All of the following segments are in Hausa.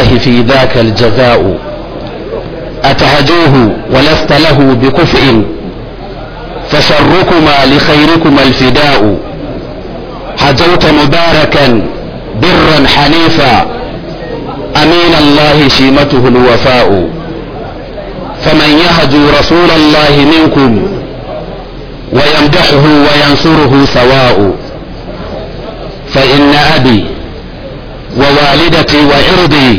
الله في ذاك الجزاء أتهجوه ولست له بكفء فشركما لخيركما الفداء هجوت مباركا برا حنيفا أمين الله شيمته الوفاء فمن يهجو رسول الله منكم ويمدحه وينصره سواء فإن أبي ووالدتي وعرضي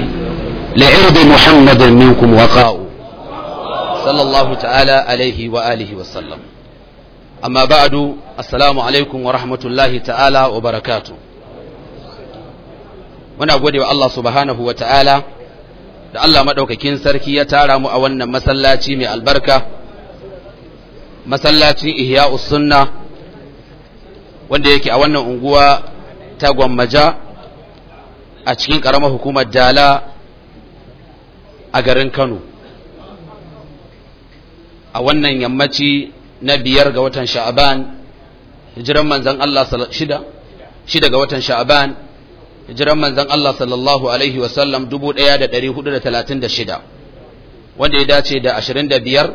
لعرض محمد منكم وقاء صلى الله تعالى عليه وآله وسلم أما بعد السلام عليكم ورحمة الله تعالى وبركاته muna gode wa Allah subhanahu wa ta'ala da Allah maɗaukakin sarki ya tara mu a wannan masallaci mai albarka, masallacin Ihya sunna wanda yake a wannan unguwa ta gwammaja a cikin ƙaramar hukumar dala a garin kano a wannan yammaci na biyar ga watan sha'aban hijiran manzan Allah shida shida ga watan sha'aban hijiran manzan Allah sallallahu alaihi wasallam 1436 wanda ya dace da 25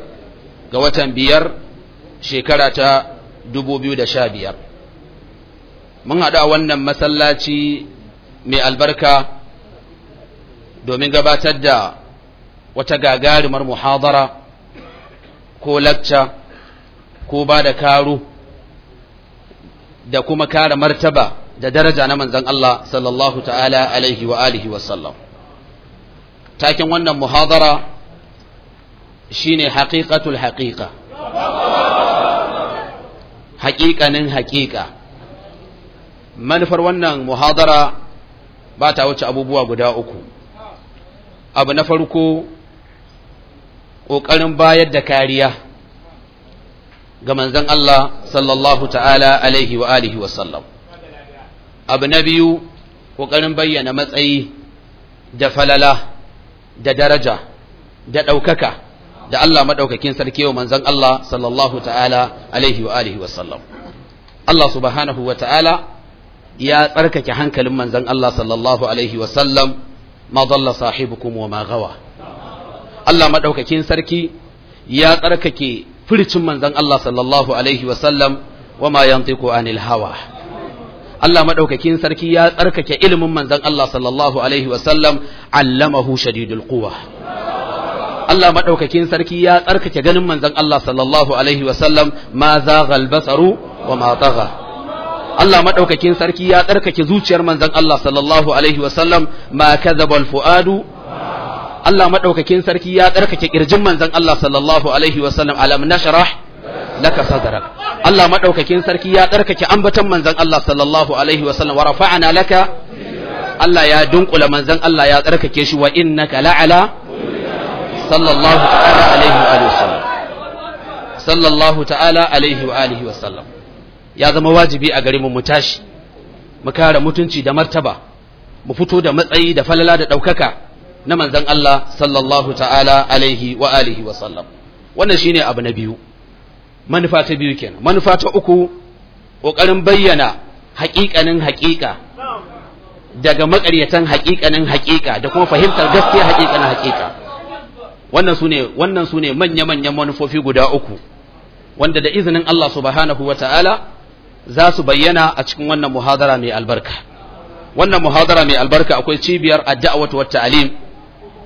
ga watan biyar shekara ta 2015 mun haɗu a wannan masallaci mai albarka domin gabatar da wata gagarumar muhadara ko lacca ko ba da da kuma kare martaba da daraja na manzan Allah sallallahu ta'ala alaihi wa alihi wa sallam takin wannan muhadara shine haqiqatul Haƙiƙa haƙiƙanin haƙiƙa manufar wannan muhadara ba ta wuce abubuwa guda uku abu na farko ƙoƙarin bayar da kariya ga manzan Allah sallallahu ta'ala alaihi wa alihi wa sallam abu na biyu ƙoƙarin bayyana matsayi da falala da daraja da ɗaukaka da Allah maɗaukakin sarki wa manzan Allah sallallahu ta'ala alaihi wa alihi wa sallam Allah subhanahu wa ta'ala ya tsarkake hankalin manzon Allah sallallahu alaihi wa sallam ma dalla sahibukum wa ma gawa Allah madaukakin sarki ya tsarkake furcin manzon Allah sallallahu alaihi wa sallam wa ma yantiqu anil hawa Allah madaukakin sarki ya tsarkake ilimin manzon Allah sallallahu alaihi wa sallam allamahu shadidul quwa Allah maɗaukakin sarki ya tsarkake ganin manzon Allah sallallahu alaihi wasallam ma zaghal basaru wa ma tagha Allah madaukakin sarki ya tsarkake zuciyar manzon Allah sallallahu alaihi wasallam ma kadhaba fuadu Allah madaukakin sarki ya tsarkake kirjin manzon Allah sallallahu alaihi wasallam alam nashrah laka sadrak Allah madaukakin sarki ya tsarkake ambaton manzon Allah sallallahu alaihi wasallam wa rafa'ana laka Allah ya dunkula manzon Allah ya tsarkake shi wa innaka la'ala sallallahu ta'ala alaihi wa sallam sallallahu ta'ala alaihi wa alihi wa sallam ya zama wajibi a gare mu mu tashi mu kare mutunci da martaba mu fito da matsayi da falala da ɗaukaka na manzon Allah sallallahu ta'ala alaihi wa alihi wa sallam wannan shine abu na biyu manufa ta biyu kenan manufa ta uku kokarin bayyana haƙiƙanin haƙiƙa daga makaryatan haƙiƙanin haƙiƙa da kuma fahimtar gaskiya haƙiƙanin haƙiƙa wannan sune wannan sune manya-manyan manufofi guda uku wanda da izinin Allah subhanahu wa ta'ala za su bayyana a cikin wannan muhadara mai albarka wannan muhadara mai albarka akwai cibiyar addu'a wa ta'alim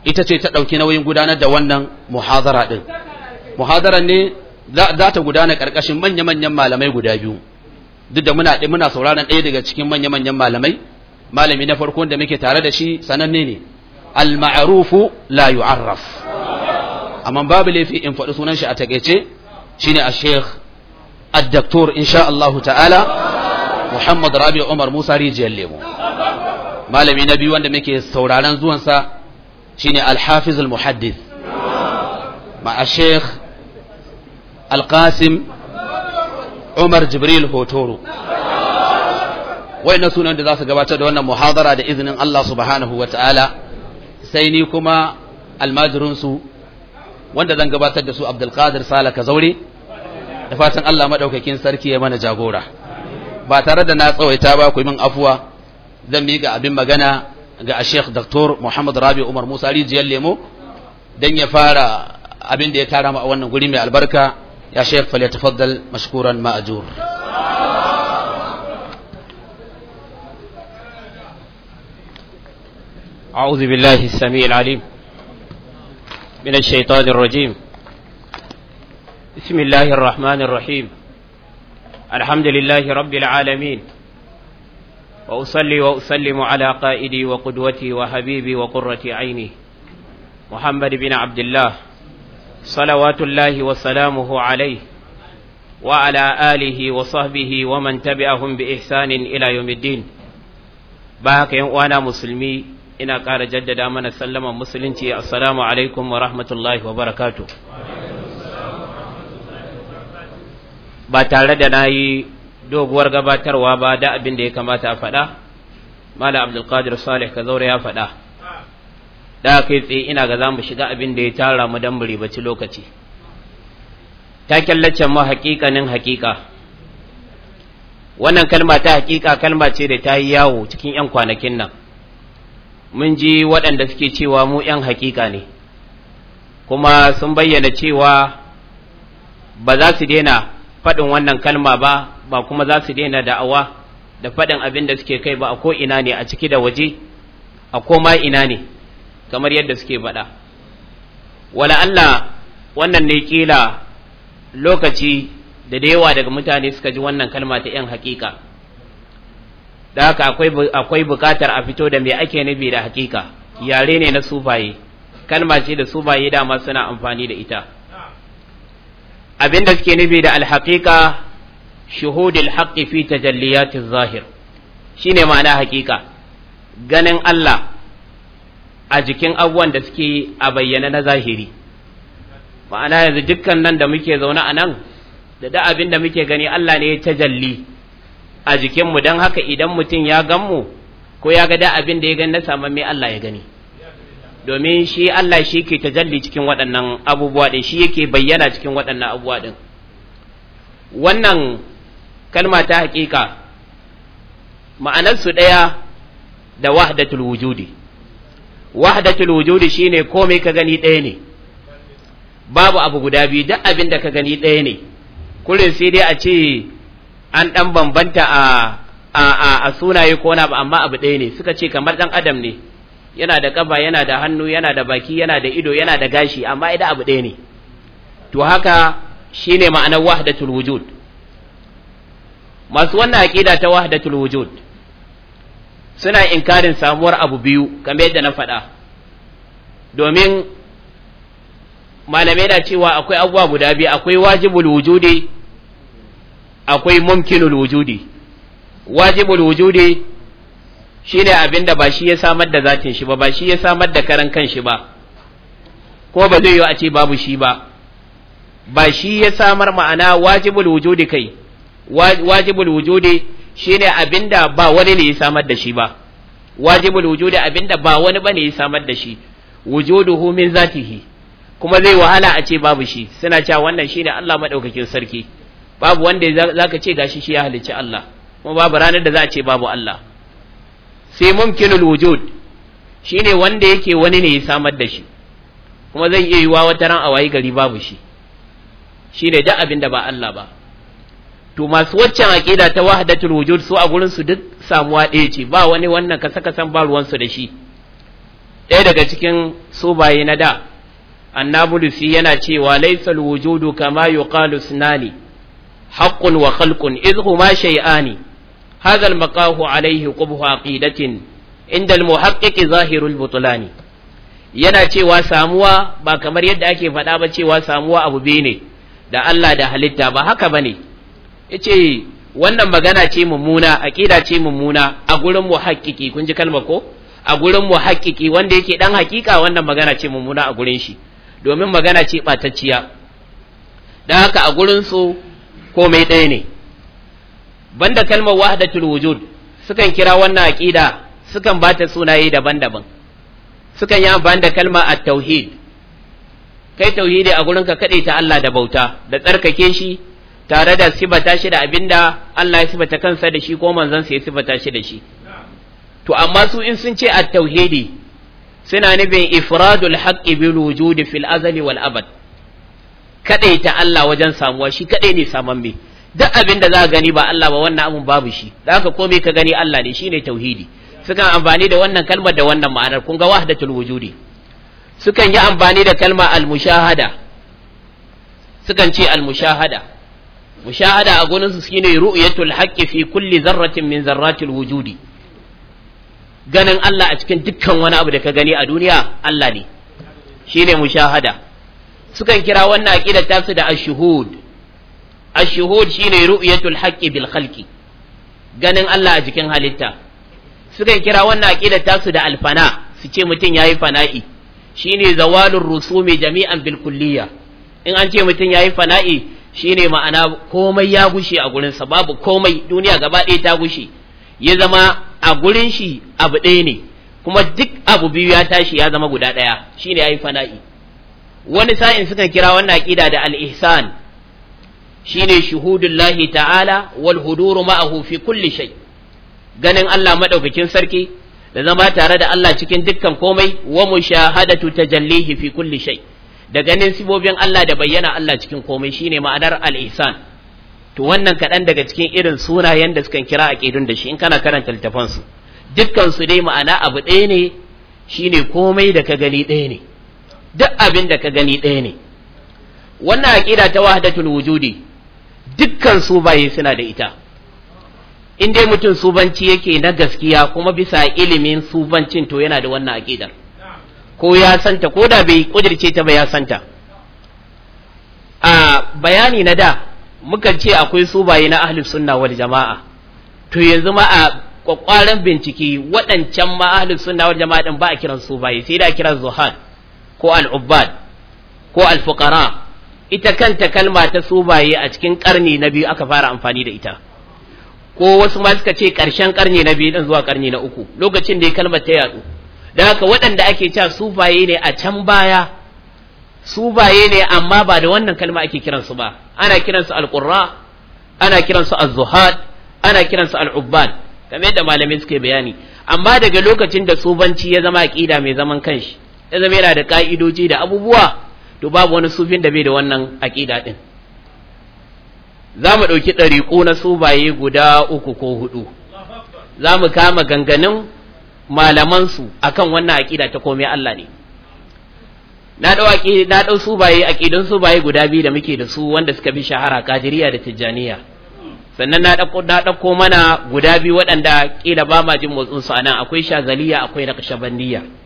ita ce ta ɗauki nauyin gudanar da wannan muhadara ɗin muhadara ne za ta gudana ƙarƙashin manya-manyan malamai guda biyu duk da muna muna sauraron ɗaya daga cikin manya-manyan malamai malami na farko da muke tare da shi sananne ne al-ma'rufu la yu'arraf amma babu laifi in faɗi sunan shi a takeice shine a sheikh الدكتور إن شاء الله تعالى محمد رابع عمر موسى ريجي الليمو malami na biyu wanda muke sauraron zuwansa shine al-hafiz al-muhaddith ma'a sheikh al umar jibril hotoro wayannan sunan da za su gabatar da wannan muhadara da izinin Allah subhanahu wa ta'ala sai ni kuma almajirinsu wanda zan gabatar da su abdulkadir salaka zaure da fatan Allah madaukakin sarki ya mana jagora ba tare da na tsawaita ba ku min afuwa zan bi ga abin magana ga Sheikh Dr. Muhammad Rabi Umar Musa Rijiyar Lemo dan ya fara abin da ya tara mu a wannan guri mai albarka ya Sheikh falyatafaddal mashkuran ma'jur أعوذ بالله السميع العليم من shaytanir rajim بسم الله الرحمن الرحيم الحمد لله رب العالمين وأصلي وأسلم على قائدي وقدوتي وحبيبي وقرة عيني محمد بن عبد الله صلوات الله وسلامه عليه وعلى آله وصحبه ومن تبعهم بإحسان إلى يوم الدين باك وأنا مسلمي إن قال جدد من سلم مسلمتي السلام عليكم ورحمة الله وبركاته ba tare da na yi doguwar gabatarwa ba da abin da ya kamata a faɗa mala qadir salih ka zaure ya faɗa da kai tsaye ina ga zamu shiga abin da ya tara mu dan mu ribaci lokaci ta laccen mu haƙiƙanin haƙiƙa wannan kalma ta haƙiƙa kalma ce da ta yi yawo cikin 'yan kwanakin nan mun ji waɗanda suke cewa mu 'yan haƙiƙa ne kuma sun bayyana cewa ba za su daina faɗin wannan kalma ba ba kuma za su daina da'awa da faɗin abin da suke kai ba a ko ina ne a ciki da waje a koma ina ne kamar yadda suke faɗa wala Allah wannan ne kila lokaci da da yawa daga mutane suka ji wannan kalma ta yan hakika da haka akwai bukatar a fito da me ake nufi da hakika yare ne na sufaye kalma ce da sufaye dama suna amfani da ita abinda suke nufi da alhaƙiƙa shuhudul haqqi fi tajalliyatiz zahir shine ma'ana haƙiƙa ganin Allah a jikin abubuwan da suke a bayyana na zahiri ma'ana yanzu dukkan nan da muke zaune a nan da da abin da muke gani Allah ne ya tajalli a jikinmu don haka idan mutum ya ganmu ko ya ga da abin da ya gani na samamme Allah ya gani domin shi Allah shi ke tajalli cikin waɗannan abubuwa ɗin shi yake bayyana cikin waɗannan abubuwa ɗin wannan kalma ta haƙiƙa ma'anarsu ɗaya da wahdatul wujudi wahdatul wujudi shine komai ka gani ɗaya ne babu abu guda biyu duk abin da ka gani ɗaya ne kurin sai dai a ce an ɗan bambanta a a sunaye ko na ba amma abu ɗaya ne suka ce kamar ɗan adam ne yana da ƙafa yana da hannu yana da baki yana da ido yana da gashi amma idan abu ɗaya ne to haka shine ma'anar wahdatul wujud masu wannan aqida ta wahdatul wujud suna inkarin samuwar abu biyu kamar yadda na faɗa domin malamai na cewa akwai abubuwa guda biyu akwai wajibul wujudi akwai mumkinul wujudi wajibul wujudi shine abin da ba shi ya samar da zatin shi ba ba shi ya samar da karan kan shi ba ko ba zai yi a ce babu shi ba ba shi ya samar ma'ana wajibul wujudi kai wajibul wujudi shine abin da ba wani ne ya samar da shi ba wajibul wujudi abin da ba wani bane ya samar da shi wujuduhu min zatihi kuma zai wahala a ce babu shi suna cewa wannan shine Allah madaukakin sarki babu wanda zaka ce gashi shi ya halicci Allah kuma babu ranar da za a ce babu Allah sai mumkinul wujud shine wanda yake wani ne ya samar da shi kuma zai iya yiwa wata ran a wayi gari babu shi shine da abin da ba Allah ba to masu waccan aqida ta wahdatul wujud su a gurin su duk samuwa ɗaya ce ba wani wannan ka saka san baruwan su da shi ɗaya daga cikin subaye na da annabulusi yana cewa laysal wujudu kama yuqalu sunani haqqun wa khalqun idh huma shay'ani هذا المقاه عليه قبه عقيدة عند المحقق ظاهر البطلان yana cewa samuwa ba kamar yadda ake faɗa ba cewa samuwa abu biyu ne da Allah da halitta ba haka ba bane ce wannan magana ce mummuna aƙida ce mummuna a gurin mu muhakkiki kun ji kalma ko a gurin mu muhakkiki wanda yake ɗan haƙiƙa wannan magana ce mummuna a gurin shi domin magana ce ɓatacciya da haka a gurin su komai ɗaya ne banda kalmar wahdatul wujud sukan kira wannan aqida sukan bata sunaye daban-daban sukan yi amfani da kalma at-tauhid kai tauhidi a gurin ka kade ta Allah da bauta da tsarkake shi tare da sibata shi da abinda Allah ya sibata kansa da shi ko manzon sa ya sibata shi da shi to amma su in sun ce at-tauhidi suna nufin ifradul haqqi bil wujud fil azali wal abad kadaita Allah wajen samuwa shi kadai ne samamme duk abin da za a gani ba Allah ba wannan abun babu shi da haka komai ka gani Allah ne shine tauhidi sukan amfani da wannan kalmar da wannan ma'anar kun ga wahdatul wujudi sukan yi amfani da kalma al-mushahada sukan ce al-mushahada mushahada a gurin su shine ru'yatul haqqi fi kulli zarratin min zarratil wujudi ganin Allah a cikin dukkan wani abu da ka gani a duniya Allah ne shine mushahada sukan kira wannan aqidar tasu da ashuhud ashuhud shine ru'yatul haqqi bil khalqi ganin Allah a jikin halitta sukan kira wannan aqida tasu da alfana su ce mutum yayi fana'i shine zawalur rusumi jami'an bil kulliya in an ce mutum yayi fana'i shine ma'ana komai ya gushe a gurin sa babu komai duniya gaba ɗaya ta gushe ya zama a gurin shi abu ɗaya ne kuma duk abu biyu ya tashi ya zama guda ɗaya shine yayi fana'i wani sa'in suka kira wannan aqida da al-ihsan shine shuhudullahi ta'ala wal huduru ma'ahu fi kulli shay ganin Allah madaukakin sarki da zama tare da Allah cikin dukkan komai wa mushahadatu tajallihi fi kulli shay da ganin sibobin Allah da bayyana Allah cikin komai shine ma'anar al-ihsan to wannan kaɗan daga cikin irin sunayen da suka kira aqidun da shi in kana karanta littafan su dukkan su dai ma'ana abu ɗaya ne shine komai da ka gani ɗaya ne duk abin da ka gani ɗaya ne wannan aqida ta wahdatul wujudi dukkan subaye suna da ita in dai mutum subanci yake na gaskiya kuma bisa ilimin subancin to yana da wannan aƙidar ko ya santa ko da bai kudirce ta ba ya santa a bayani na da muka ce akwai subaye na ahlus sunna wal jama'a to yanzu ma a kwakwaran bincike waɗancan ma ahlus sunna wal jama'a din ba a kiran subaye sai da kiran zuhad ko al-ubbad ko al-fuqara ita kanta kalma ta subaye a cikin karni na biyu aka fara amfani da ita ko wasu ma suka ce karshen karni na biyu dan zuwa karni na uku lokacin da kalmar ta yadu dan haka waɗanda ake cewa subaye ne a can baya subaye ne amma ba da wannan kalma ake kiransu ba ana kiransu alqurra ana kiransu az-zuhad ana kiransu al-ubbad kamar yadda malamin suke bayani amma daga lokacin da subanci ya zama aqida mai zaman kanshi ya zama yana da ka'idoji da abubuwa to babu wani sufin da bai da wannan aƙida ɗin za mu ɗauki ɗariƙu na subaye guda uku ko hudu za mu kama ganganin malamansu akan wannan aƙida ta komai Allah ne na ɗau na ɗau subaye aƙidun subaye guda biyu da muke da su wanda suka bi shahara kadiriya da tijjaniya sannan na ɗauko mana guda biyu waɗanda ƙila ba ma jin motsin su anan akwai shazaliya akwai naqshbandiyya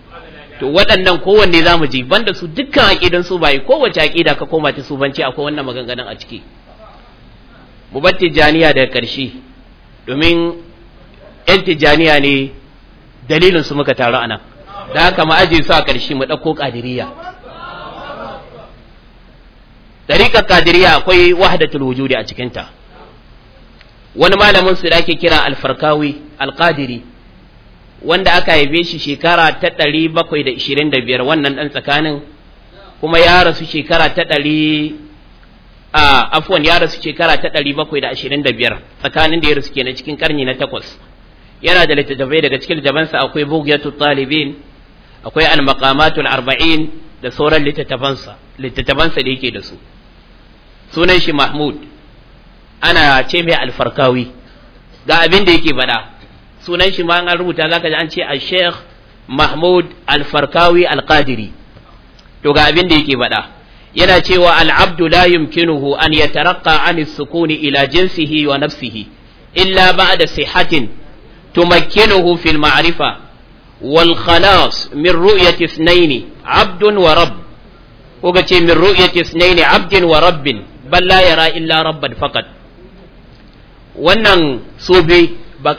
to waɗannan kowanne za mu ji banda su dukkan aƙidan su bai kowace aƙida ka koma ta subanci akwai wannan maganganun a ciki mu bar tijaniya daga ƙarshe domin yan tijaniya ne dalilin su muka taru nan da haka mu aje su a ƙarshe mu ɗauko ƙadiriya Ɗariƙar ƙadiriya akwai wahdatul wujudi a cikinta wani malamin su da ake kira alfarkawi alƙadiri wanda aka haife shi shekara ta ɗari bakwai da ishirin da biyar wannan ɗan tsakanin kuma ya rasu shekara ta ɗari a afuwan ya rasu shekara ta ɗari bakwai da ashirin da biyar tsakanin da ya rasu kenan cikin karni na takwas yana da littattafai daga cikin littattafansa akwai bugiyatul talibin akwai al-maqamatul arba'in da sauran littattafansa littattafansa da yake da su sunan shi mahmud ana ce mai alfarkawi ga abin da yake faɗa sunan shi ma an rubuta zaka ji an ce a sheikh mahmud alfarkawi farkawi to ga abin da yake faɗa yana cewa al-abdu la yumkinuhu an taraƙa an sukuni ila jinsihi wa nafsihi illa da sihatin tumakkinuhu fil ma'rifa wal khalas min ru'yati ithnaini abdun wa rabb ko ga ce min ru'yati ithnaini abdin wa rabbin bal la yara illa rabban faqat wannan sobe ba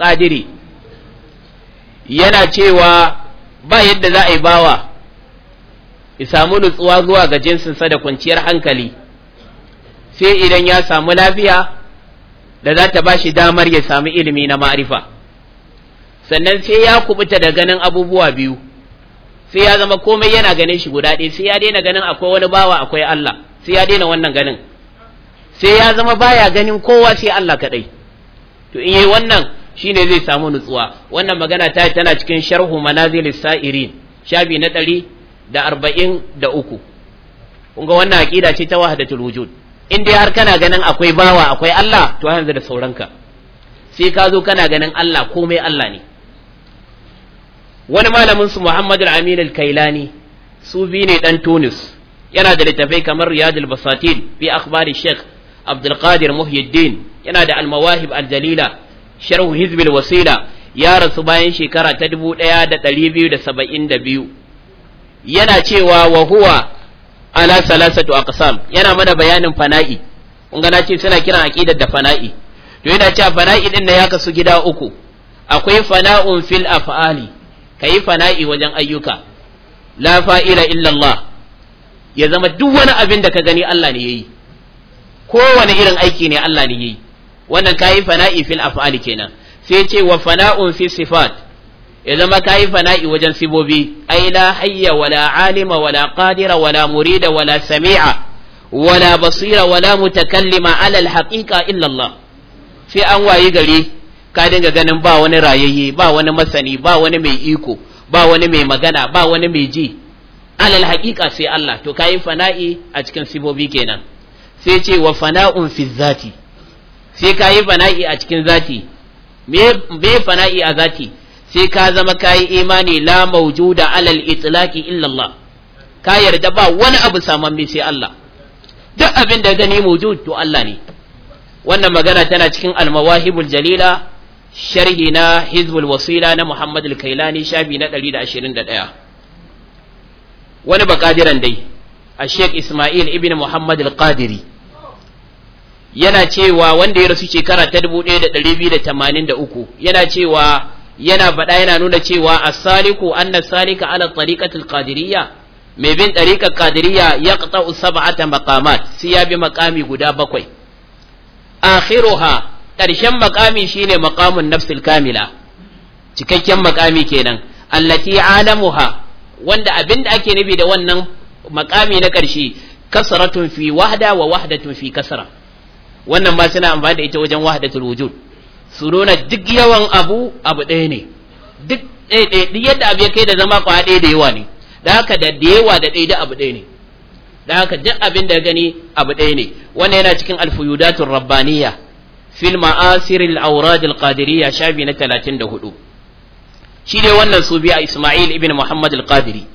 yana cewa ba yadda za a yi bawa ya samu nutsuwa zuwa ga jinsinsa da kwanciyar hankali sai idan ya samu lafiya da za ta ba shi damar ya samu ilimi na ma'arifa sannan sai ya kubuta da ganin abubuwa biyu sai ya zama komai yana ganin shi guda ɗaya sai ya daina ganin akwai wani bawa akwai Allah sai ya daina wannan ganin sai ya zama baya ganin kowa sai Allah kaɗai to in yi wannan shine zai samu nutsuwa wannan magana ta tana cikin sharhu manazilis sa'irin shabi na ɗari da arba'in da uku kun wannan aƙida ce ta wahdatul wujud in dai har kana ganin akwai bawa akwai Allah to yanzu da sauranka sai ka zo kana ganin Allah komai Allah ne wani malamin su Muhammad al-Amin al-Kailani su bi ne dan Tunis yana da littafai kamar Riyadul Basatin fi akhbari Sheikh Abdul Qadir Muhyiddin yana da al-Mawahib al-Jalila sharhu hizbil wasila ya rasu bayan shekara ta ɗaya da biyu 1272 yana cewa wa huwa ala salasatu aqsam yana mana bayanin fana'i kun ga ce suna kiran aqidar da fana'i to yana cewa fana'i din ne ya kasu gida uku akwai fana'un fil af'ali kai fana'i wajen ayyuka la fa'ila illa Allah ya zama duk wani abin da ka gani Allah ne yayi kowane irin aiki ne Allah ne yayi wannan kayi fana'i fil af'ali kenan sai ce wa fana'un fi sifat ya zama kayi fana'i wajen sibobi ai la hayya wala alima wala qadira wala murida wala sami'a wala basira wala mutakallima ala alhaqiqa illa Allah sai an wayi gari ka dinga ganin ba wani rayayye ba wani masani ba wani mai iko ba wani mai magana ba wani mai ji alal haqiqa sai Allah to kayi fana'i a cikin sibobi kenan sai ce wa fana'un fi zati sai ka yi fana'i a cikin zati me fana'i a zati sai ka zama ka yi imani la da alal itlaqi illallah ka yarda ba wani abu samamme sai Allah duk abin da gani mawjud to Allah ne wannan magana tana cikin almawahibul jalila sharhi na hizbul wasila na Muhammad al-Kailani shafi na 121 wani bakadiran dai a shek Ismail ibn Muhammad al-Qadiri yana cewa wanda ya rasu shekara ta dubu ɗaya da da da ɗari biyu tamanin uku yana cewa yana faɗa yana nuna cewa a saliku anna salika ala tariqatil qadiriyya mai bin tariqar qadiriyya yaqta'u sab'ata maqamat sai ya bi maqami guda bakwai akhiruha ƙarshen maqami shine maqamun nafsil kamila cikakken maqami kenan allati alamuha wanda abinda ake nufi da wannan maqami na karshe kasratun fi wahda wa wahdatun fi kasra wannan ma suna amfani da ita wajen wahdatul wujud su nuna duk yawan abu abu ɗaya ne duk ɗaya yadda abu ya kai da zama kwa ɗaya da yawa ne da haka da da yawa da ɗaya da abu ɗaya ne da haka duk abin da gani abu ɗaya ne wannan yana cikin alfuyudatul rabbaniya fil ma'asiril auradil qadiriyya shabi na 34 shi ne wannan su biya Isma'il ibn Muhammad al-Qadiri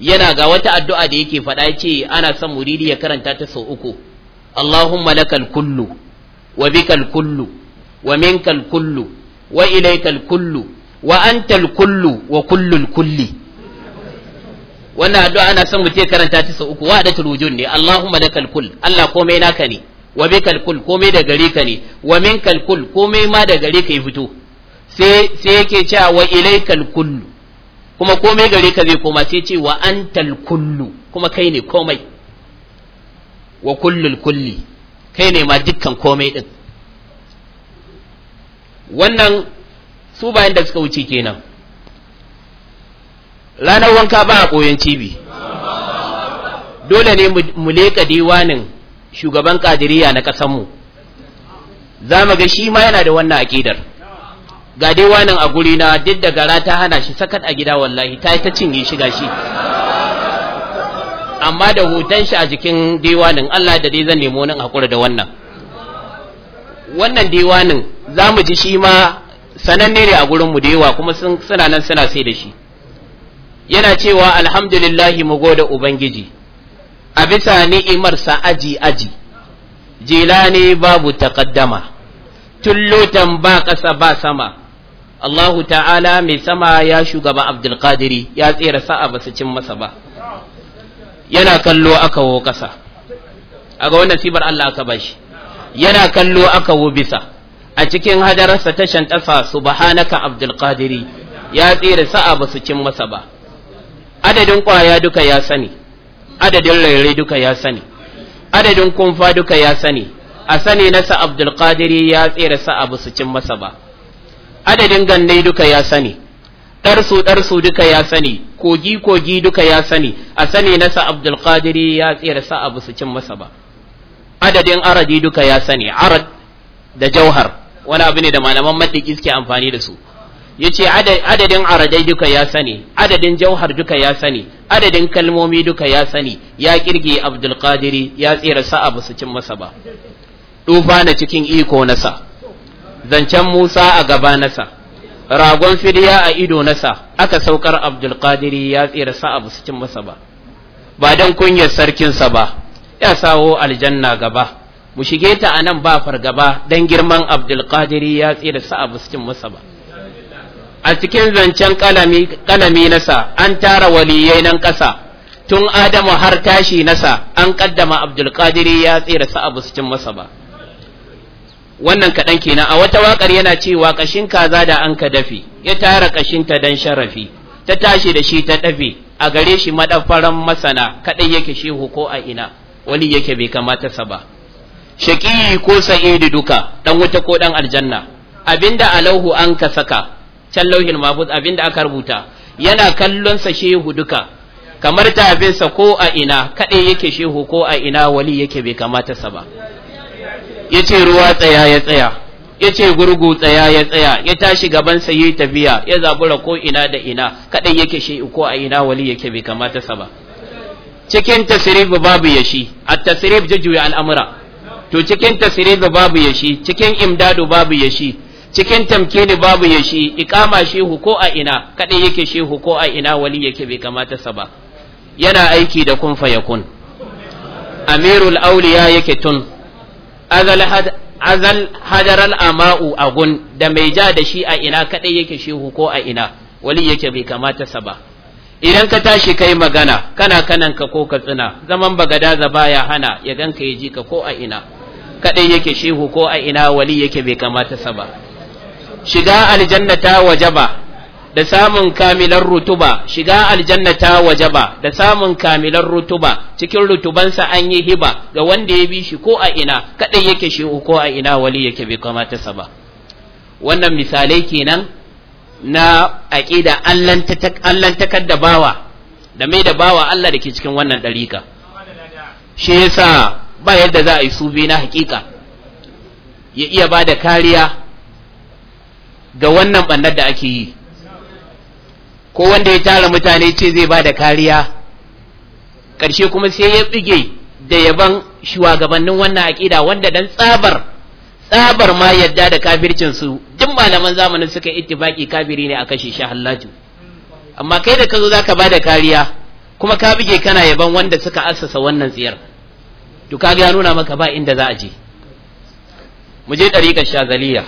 yana ga wata addu'a da yake faɗa ce ana son muridi ya karanta ta sau uku Allahumma lakal kullu wa bikal kullu wa minkal kullu wa ilaikal wa wa wannan addu'a ana son mutum karanta ta sau uku wahdatul wujud ne Allahumma lakal kul Allah komai naka ne wa bi kull komai da gare ka ne wa min kull komai ma da gare ka ya fito sai sai yake cewa wa ilaikal kuma komai gare ka zai koma sai ce wa antal kullu kuma kai ne komai wa kullul kulli kai ne ma dukkan komai din wannan su bayan da suka wuce kenan ranar wanka ba a koyon cibi dole ne mu leƙa diwanin shugaban kadiriya na ƙasanmu za mu ga shi ma yana da wannan aƙidar ga diwanin a guri na duk da gara ta hana shi sakat a gida wallahi ta yi ta cinye shi gashi amma da hoton shi a jikin diwanin Allah da dai zan nemo nan hakura da wannan wannan diwanin za mu ji shi ma sananne ne a mu da yawa kuma suna nan suna sai da shi yana cewa alhamdulillahi mu gode ubangiji a bisa ni'imarsa aji aji jilani babu takaddama tullutan ba kasa ba sama Allahu ta'ala mai sama ya shugaba Abdul Abdulkadiri ya tsira sa'a ba su cin masa ba yana kallo aka wo ƙasa a ga wannan sibar Allah aka bashi yana kallo aka wo bisa a cikin hadararsa ta shantasa subhanaka abdul qadiri ya tsere sa'a ba su cin masa ba adadin ƙwaya duka ya sani adadin raire duka ya sani adadin kumfa duka ya sani a sani nasa abdul qadiri ya tsere sa'a ba su cin masa ba adadin gannai duka ya sani ɗarsu ɗarsu duka ya sani kogi kogi duka ya sani a sani nasa abdul qadiri ya tsira sa abu su cin masa ba adadin aradi duka ya sani arad da jauhar wani abu ne da malaman madiki suke amfani da su yace adadin aradai duka ya sani adadin jauhar duka ya sani adadin kalmomi duka ya sani ya kirge abdul qadiri ya tsira sa abu su cin masa ba dufa na cikin iko nasa zancen musa a gaba nasa ragon fidiya a ido nasa aka saukar abdulkadiri ya tsira sa abu cikin masa ba ba don kunyar sarkinsa ba ya sawo aljanna gaba mu shige ta a nan ba fargaba don girman abdulkadiri ya tsira sa abu cikin masa ba a cikin zancen kalami nasa an tara waliyai nan ƙasa tun adamu har tashi nasa an ƙaddama abdulkadiri ya tsira sa abu cikin masa ba wannan kaɗan kenan a wata waƙar yana cewa ƙashin kaza da an ka dafe ya tara ƙashinta don sharafi ta tashi da shi ta dafe a gare shi madafaran masana kaɗai yake shehu ko a ina wani yake bai kamata sa ba shaƙiyi ko sa'idu duka ɗan wuta ko ɗan aljanna abinda a lauhu an ka saka can lauhin mafuz abinda aka rubuta yana kallon sa shehu duka kamar tafinsa ko a ina kaɗai yake shehu ko a ina wali yake bai kamata sa ba ya ce ruwa tsaya ya tsaya ya ce gurgu tsaya ya tsaya ya tashi gaban sa yi tafiya ya zabura ko ina da ina kadai yake shi ko a ina wali yake bai kamata sa ba cikin tasirif babu yashi a tasirif jujuya al'amura to cikin tasirif babu yashi cikin imdadu babu yashi cikin tamkini babu yashi ikama shehu ko a ina kadai yake shehu ko a ina wali yake bai kamata sa ba yana aiki da kun fayakun amirul auliya yake tun azal hadaral ama'u agun da mai ja da shi a ina kadai yake shehu ko a ina wali yake bai kamata sa ba idan ka tashi kai magana kana kananka ko ka tsina zaman ba ya hana ya ganka ya ji ka ko a ina kadai yake shehu ko a ina wali yake bai kamata sa ba shiga aljanna ta wajaba da samun kamilan rutuba shiga aljannata ta wajaba da samun kamilan rutuba cikin rutubansa an yi hiba ga wanda ya bi shi ko a ina kadai yake shi ko a ina wali yake bai kamata sa ba wannan misalai kenan na aqida Allah takar da bawa da mai da bawa Allah dake cikin wannan dariƙa shi yasa ba yadda za a yi bi na hakika ya iya bada kariya ga wannan bannar da ake yi ko wanda ya tara mutane ce zai ba da kariya ƙarshe kuma sai ya buge da yaban shugabannin wannan aƙida wanda dan tsabar tsabar ma yadda da kafircinsu duk malaman zamanin suka ittifaki kafiri ne a kashe shi hallaju amma kai da ka zo zaka bada kariya kuma ka bige kana yaban wanda suka asasa wannan tsiyar to ka ga nuna maka ba inda za a je mu je ɗariƙar shazaliya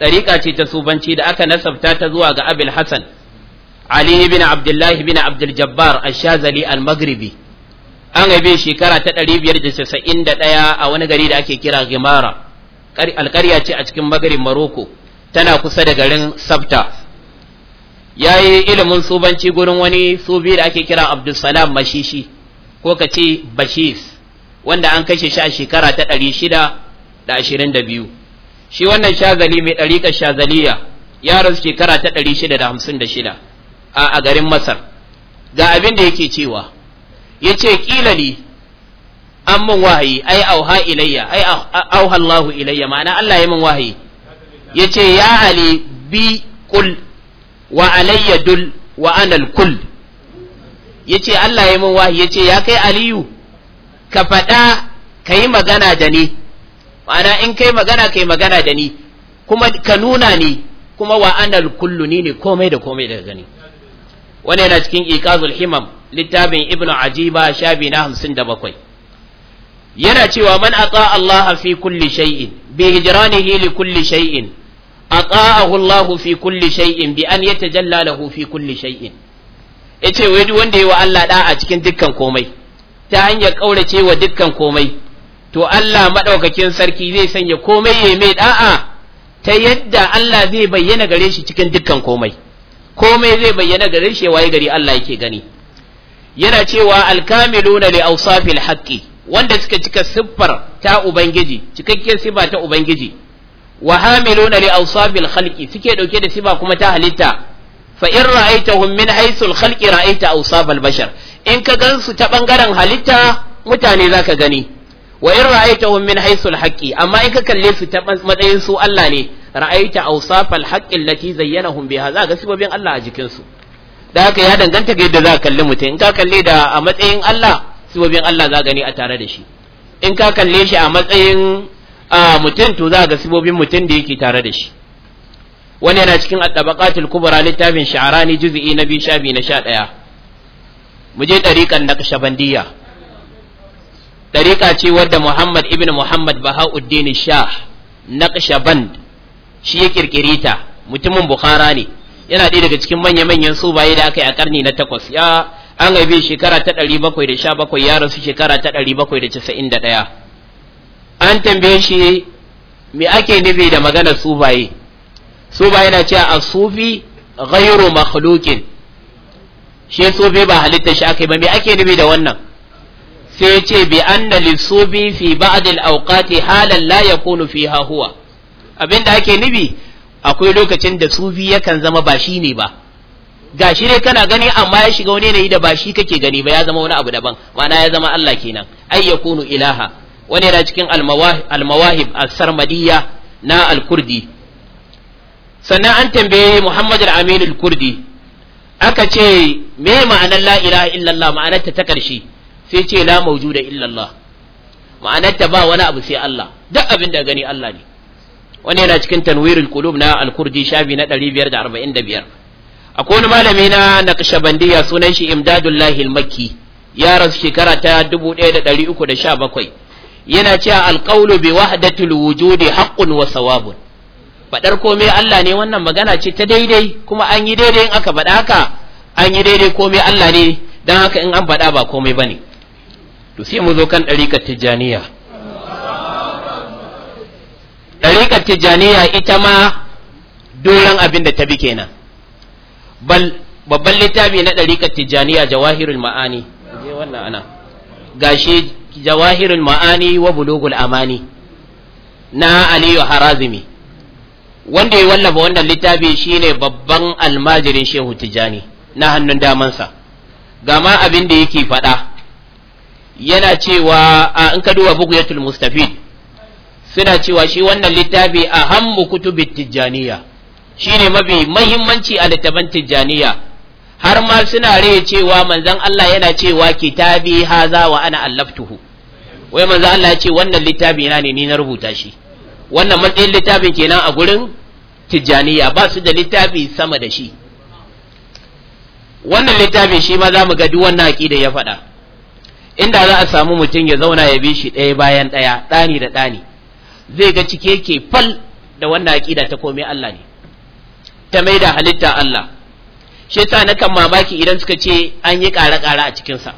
ɗariƙa ce ta subanci da aka nasabta ta zuwa ga abul Hassan علي بن عبد الله بن عبد الجبار shazali المغربي maghribi an haife shekara ta ɗaya a wani gari da ake kira Gimara alƙarya ce a cikin Maghrib Maroko tana kusa da garin Sabta yayi ilimin subanci gurin wani subi da ake kira Abdul Salam Mashishi ko ka ce Bashis wanda an kashe shi a shekara ta 622 shi wannan Shazali mai ɗariƙar Shazaliya ya rasu shekara ta shida. a garin masar ga abin da yake cewa yace ce amman an min wahayi ai auha ilayya ai auha Allahu ilayya ma'ana Allah ya min wahayi ya ya ali bi kul wa alayya dul wa al kul ya Allah ya min wahayi ya ya kai aliyu ka faɗa ka magana da ni ma'ana in kai magana kai magana da ni kuma ka nuna ni kuma wa al kullu ni ne komai da komai daga gani wani yana cikin Ikazul himam littafin ibn ajiba shabi na hamsin da bakwai yana cewa man ata Allah fi kulli shay'in bi hijranihi li kulli shay'in ata'ahu Allah fi kulli shay'in bi an yatajalla lahu fi kulli shay'in yace wai duk wanda yayi wa Allah da a cikin dukkan komai ta hanyar kaurace wa dukkan komai to Allah madaukakin sarki zai sanya komai yayi mai da'a ta yadda Allah zai bayyana gare shi cikin dukkan komai komai zai bayyana gare shi waye gari Allah yake gani yana cewa alkamiluna li awsafil haqqi wanda suka cika siffar ta ubangiji cikakken sifa ta ubangiji wa hamiluna li awsafil khalqi suke dauke da sifa kuma ta halitta fa in ra'aytahum min haythul khalqi ra'ayta awsafal bashar in ka gansu ta bangaren halitta mutane zaka gani wa in ra'aytahum min haythul haqqi amma in ka kalle su ta matsayin su Allah ne ra'aita awsafal haqqi allati zayyanahum biha za ga sibobin Allah a jikin su da haka ya danganta ga yadda za ka kalli mutum in ka kalle da a matsayin Allah sibobin Allah za gani a tare da shi in ka kalle shi a matsayin mutum to za ga sibobin mutum da yake tare da shi wani yana cikin at-tabaqatul kubra littafin sha'arani juz'i na biyu shabi na sha ɗaya mu je ɗariƙan naqshbandiyya ɗariƙa ce wadda Muhammad ibn Muhammad Bahauddin Shah naqshband shi ya kirkire ta mutumin bukhara ne yana ɗaya daga cikin manya-manyan subaye da aka yi a karni na takwas ya an haife shekara ta ɗari bakwai da sha bakwai ya rasu shekara ta ɗari bakwai da casa'in da ɗaya an tambaye shi me ake nufi da maganar subaye subaye na cewa a sufi ghairu makhluqin shi sufi ba halittar shi aka yi ba me ake nufi da wannan sai ya ce bi anna lisufi fi ba'd al-awqati halan la yakunu fiha huwa abin da ake nubi akwai lokacin da sufi yakan zama ba shi ne ba ga shi ne kana gani amma ya shiga wani yanayi da ba shi kake gani ba ya zama wani abu daban ma'ana ya zama Allah kenan ai yakunu ilaha wani yana cikin almawahib al-sarmadiyya na al-kurdi sannan an tambaye Muhammad al-Amin al-Kurdi aka ce me ma'anar la ilaha illallah ma'anar ta ta karshe sai ce la mawjuda illallah ma'anar ta ba wani abu sai Allah duk abin da gani Allah ne wani yana cikin tanwirul qulub na al-kurdi shafi na 545 akwai wani malami na naqshbandiya sunan shi imdadullahi al-makki ya rasu shekara ta 1317 yana cewa al-qawlu bi wahdatil wujudi haqqun wa sawabun fadar komai Allah ne wannan magana ce ta daidai kuma an yi daidai in aka faɗa haka an yi daidai komai Allah ne dan haka in an faɗa ba komai bane to sai mu zo kan ɗarikar tijjaniya ɗariƙar tijjaniya ita ma doron abin da ta bi kenan babban littafi na ɗariƙar tijjaniya jawahirul ma'ani wannan ana gashi jawahirul ma'ani wa bulugul amani na aliyu harazimi wanda ya wallafa wannan littafi shine babban almajirin shehu tijjani na hannun damansa gama abin da yake faɗa yana cewa in ka duba bugu yatul mustafid suna cewa shi wannan littafi a hammu kutubin tijjaniya shine mafi mahimmanci a littafin tijjaniya har ma suna rai cewa manzan Allah yana cewa kitabi haza wa ana allaftuhu wai manzan Allah ya ce wannan littafi na ne ni na rubuta shi wannan matsayin littafin kenan a gurin tijjaniya ba su da littafi sama da shi wannan littafin shi ma za mu ga duk wannan aƙida ya faɗa inda za a samu mutum ya zauna ya bi shi ɗaya bayan ɗaya ɗani da ɗani zai ga cike yake fal da wannan aƙida ta komai Allah ne ta mai da halitta Allah shi yasa na kan mamaki idan suka ce an yi ƙara-ƙara a cikinsa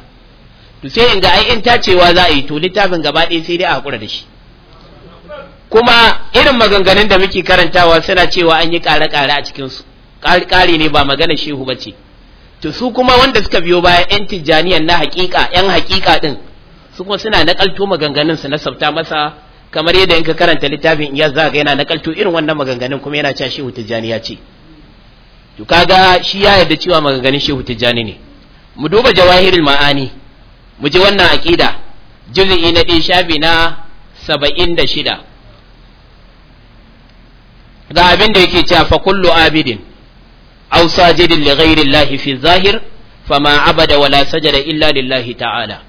to sai in ga ai in tacewa za a yi to littafin gaba ɗaya sai dai a haƙura da shi kuma irin maganganun da muke karantawa suna cewa an yi ƙara-ƙara a cikinsu ƙari ne ba magana shehu ba ce to su kuma wanda suka biyo baya 'yan tijjaniyan na haƙiƙa 'yan haƙiƙa ɗin su kuma suna naƙalto maganganun su na sabta masa kamar yadda in ka karanta littafin iyaz za ga yana nakalto irin wannan maganganun kuma yana cewa shehu tijjani ya ce to kaga shi ya yarda cewa maganganun shehu tijjani ne mu duba jawahirul ma'ani mu ji wannan aqida juz'i na ɗin shafi na saba'in da shida ga abin da yake cewa fa kullu abidin aw sajidin li ghairi llahi fi zahir fama abada wala sajada illa lillahi ta'ala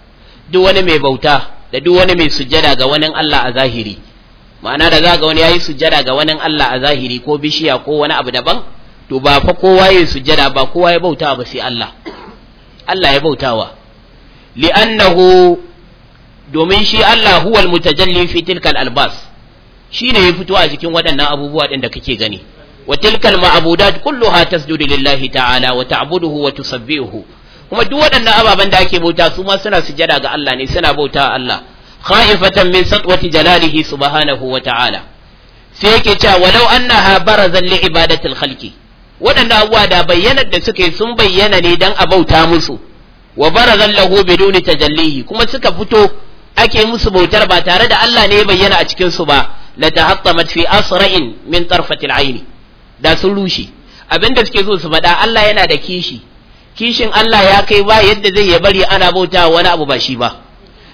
duk wani mai bauta da duk wani mai sujjada ga wani Allah a zahiri ma'ana da za ga wani yayi sujjada ga wani Allah a zahiri ko bishiya ko wani abu daban to ba fa kowa yayi sujjada ba kowa ya bauta ba sai Allah Allah ya bautawa li'annahu domin shi Allah huwal mutajalli fi tilkal albas shine ya fito a cikin waɗannan abubuwa ɗin da kake gani wa tilkal ma'budat kulluha tasjudu lillahi ta'ala wa ta'buduhu wa tusabbihuhu kuma duk waɗannan ababen da ake bauta su ma suna sujada ga Allah ne suna bauta Allah khaifatan min satwati jalalihi subhanahu wa ta'ala sai yake cewa walau annaha barazan li ibadatil khalqi waɗannan abuwa da bayyanar da suka sun bayyana ne dan a bauta musu wa barazan lahu biduni tajallihi kuma suka fito ake musu bautar ba tare da Allah ne ya bayyana a cikin su ba la tahattamat fi asra'in min tarfatil aini da sun rushe abinda suke so su faɗa Allah yana da kishi kishin Allah ya kai ba yadda zai ya bari ana bauta wani abu ba shi ba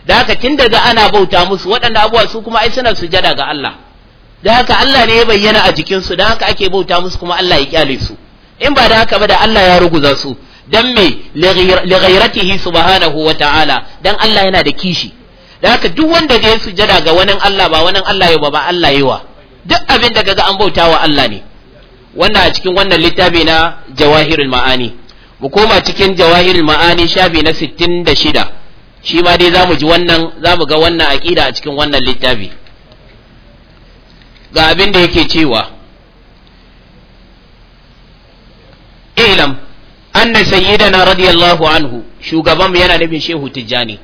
da haka tun daga ana bauta musu waɗanda abuwa su kuma ai suna sujada ga Allah da haka Allah ne ya bayyana a jikin su da haka ake bauta musu kuma Allah ya kyale su in ba da haka ba da Allah ya ruguza su dan me li ghayratihi subhanahu wa ta'ala dan Allah yana da kishi da haka duk wanda ya sujada ga wani Allah ba wani Allah ya ba Allah yawa duk abin da kaga an wa Allah ne wannan a cikin wannan littafi na jawahirul ma'ani mu koma cikin jawahirul ma'ani shafi na 66 shi ma dai za mu ji wannan za mu ga wannan aqida a cikin wannan littafi ga abin da yake cewa ilam anna sayyidana radiyallahu anhu shugaban yana nufin shehu tijjani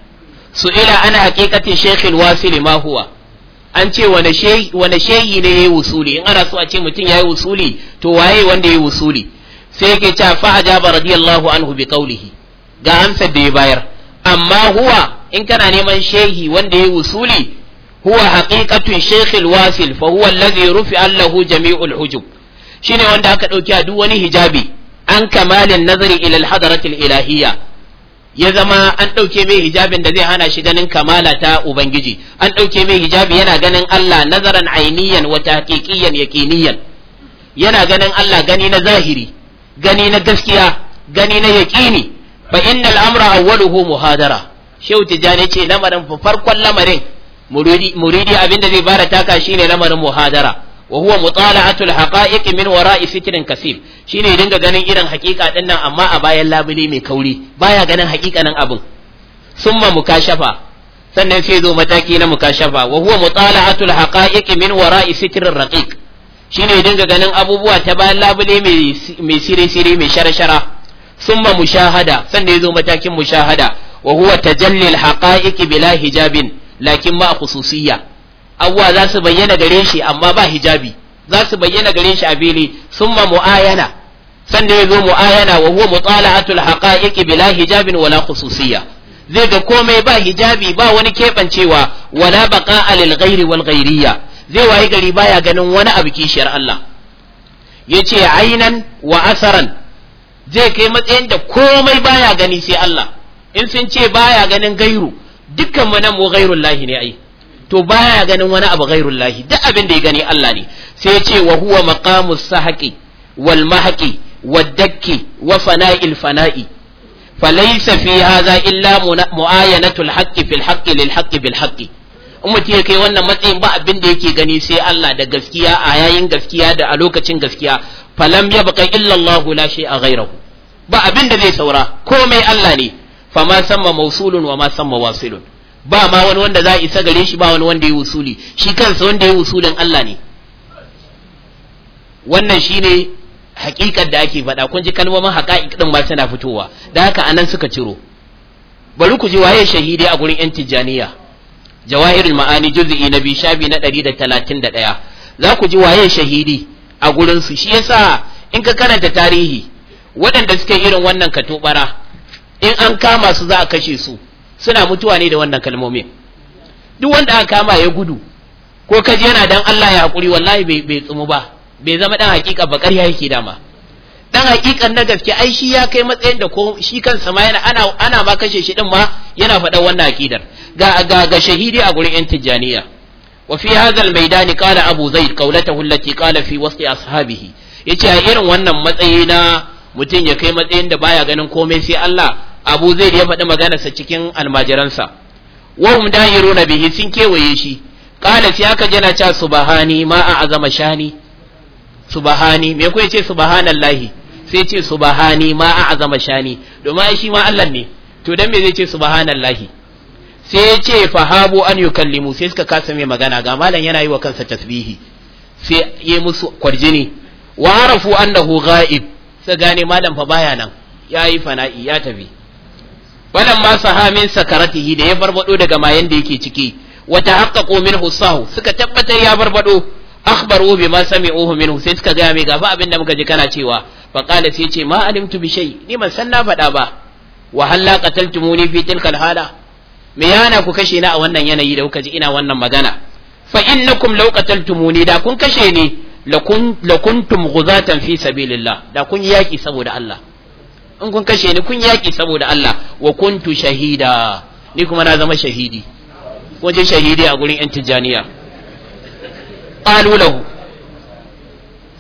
su ila ana hakikatin shekhin wasu ma huwa an ce wane shehi ne ya yi wusuli in ana so a ce mutum ya yi wusuli to waye wanda ya yi wusuli sai yake cewa fa ajaba radiyallahu anhu bi qawlihi ga amsar da ya bayar amma huwa in kana neman shehi wanda ya usuli huwa haqiqatun shaykhil wasil fa huwa allazi rufi'a lahu jami'ul hujub shine wanda aka dauki a duk wani hijabi an kamalin nazari ila al-hadaratil ilahiyya ya zama an ɗauke mai hijabin da zai hana shi ganin kamala ta Ubangiji, an ɗauke mai hijabi yana ganin Allah nazaran ainiyan wata haƙiƙiyan yaƙiniyan, yana ganin Allah gani na zahiri, gani na gaskiya gani na yaƙini fa innal amra awwaluhu muhadara shehu tijani ce lamarin farkon lamarin muridi muridi abinda zai fara taka shine lamarin muhadara wa huwa mutala'atul haqa'iq min wara'i sitrin kasib shine dinga ganin irin haƙiƙa din nan amma a bayan labule mai kauri baya ganin haƙiƙanin abin summa mukashafa sannan sai zo mataki na mukashafa wa huwa mutala'atul haqa'iq min wara'i sitrin raqiq Shi ne dinga ganin abubuwa ta bayan labule mai sire-sire mai shara-shara sun ma mushahada sannan ya zo matakin mushahada wa huwa tajallil haqa'iqi bila hijabin lakin ma khususiyya abuwa za su bayyana gare shi amma ba hijabi za su bayyana gare shi a fili sun ma mu'ayana sannan ya zo mu'ayana wa huwa mutala'atul haqa'iqi bila hijabin wala khususiyya zai ga komai ba hijabi ba wani keɓancewa wala baqa'a lil ghairi wal ghairiyya zai wayi gari baya ganin wani abu kishiyar Allah yace ainan wa asaran zai kai matsayin da komai baya gani sai Allah in sun ce baya ganin gairu dukkan mu nan mu gairul lahi ne ai to baya ganin wani abu gairul lahi duk abin da ya gani Allah ne sai ya ce wa huwa maqamus sahaqi wal mahaqi wad wa fana'il fana'i falaysa fi hadha illa mu'ayanatul haqqi fil haqqi lil haqqi bil haqqi in mutum ya kai wannan matsayin ba abin da yake gani sai Allah da gaskiya a yayin gaskiya da a lokacin gaskiya falam ya baka illallahu la shay'a ghayrahu ba abin da zai saura komai Allah ne ma samma mausulun wa ma samma wasilun ba ma wani wanda za a isa gare shi ba wani wanda ya wusuli shi kansa wanda ya wusulin Allah ne wannan shine hakikar da ake faɗa kun ji kalmomin haƙa'iq din ba tana fitowa da haka anan suka ciro bari ku ji waye shahidi a gurin yan tijjaniya jawahirul ma'ani juz'i na biyu shabi na 131 za ku ji waye shahidi a gurin su shi yasa in ka karanta tarihi waɗanda suke irin wannan katubara, in an kama su za a kashe su suna mutuwa ne da wannan kalmomin duk wanda aka kama ya gudu ko kaji yana dan Allah ya hakuri wallahi bai bai tsumu ba bai zama dan hakika ba ƙarya yake dama dan hakikan na gaske ai shi ya kai matsayin da ko shi kansa ma yana ana ana ma kashe shi din ma yana faɗa wannan akidar ga ga ga shahidi a gurin yan tijjaniya wa fi mai al-maidan qala abu zaid qawlatahu hullaci kala fi wasti ashabihi yace a irin wannan matsayi na mutum ya kai matsayin da baya ganin komai sai Allah abu zai ya faɗi maganarsa cikin almajiransa wa hum dahiruna bihi sun kewaye shi kala sai aka jana ca subhani ma a azama shani subhani me ko yace subhanallahi sai ce subhani ma a azama shani domin shi ma Allah ne to dan me zai ce subhanallahi sai ya ce fahabu an yukallimu sai suka kasa mai magana ga malam yana yi wa kansa tasbihi sai ya musu kwarjini wa harafu annahu ghaib sai gane malam fa baya nan yayi fana'i ya tafi wannan ma sahamin sakaratihi da ya barbado daga mayan da yake ciki wata haƙa komin sahu suka tabbatar ya barbado akhbaru ma sami'uhu minhu sai suka gaya mai gafa abinda muka ji kana cewa fa qala sai ce ma alimtu bi shay ni ban san na faɗa ba wa halla qataltumuni fi tilkal hala me yana ku kashe ni a wannan yanayi da kuka ji ina wannan magana fa innakum law qataltumuni da kun kashe ni lakuntum ghuzatan fi sabilillah da kun yaki saboda Allah in kun kashe ni kun yaki saboda Allah wa kuntu shahida ni kuma na zama shahidi ko je shahidi a gurin yan tijaniya qalu lahu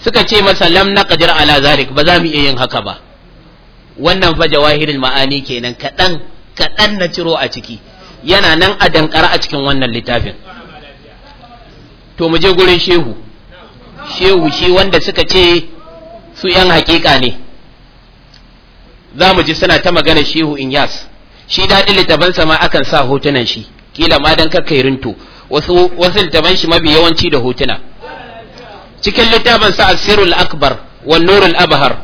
suka ce masa lam naqdir ala zalik ba za mu iya yin haka ba wannan fa jawahirul ma'ani kenan kadan kadan na ciro a ciki yana nan a dankara a cikin wannan littafin to mu je gurin shehu shehu shi wanda suka ce su yan hakika ne za mu ji suna ta magana shehu in yas shi daɗin littafin ma akan sa hotunan shi kila ma dan kakkai rinto wasu wasu shi mabi yawanci da hotuna cikin littafin sa asirul akbar wa nurul abhar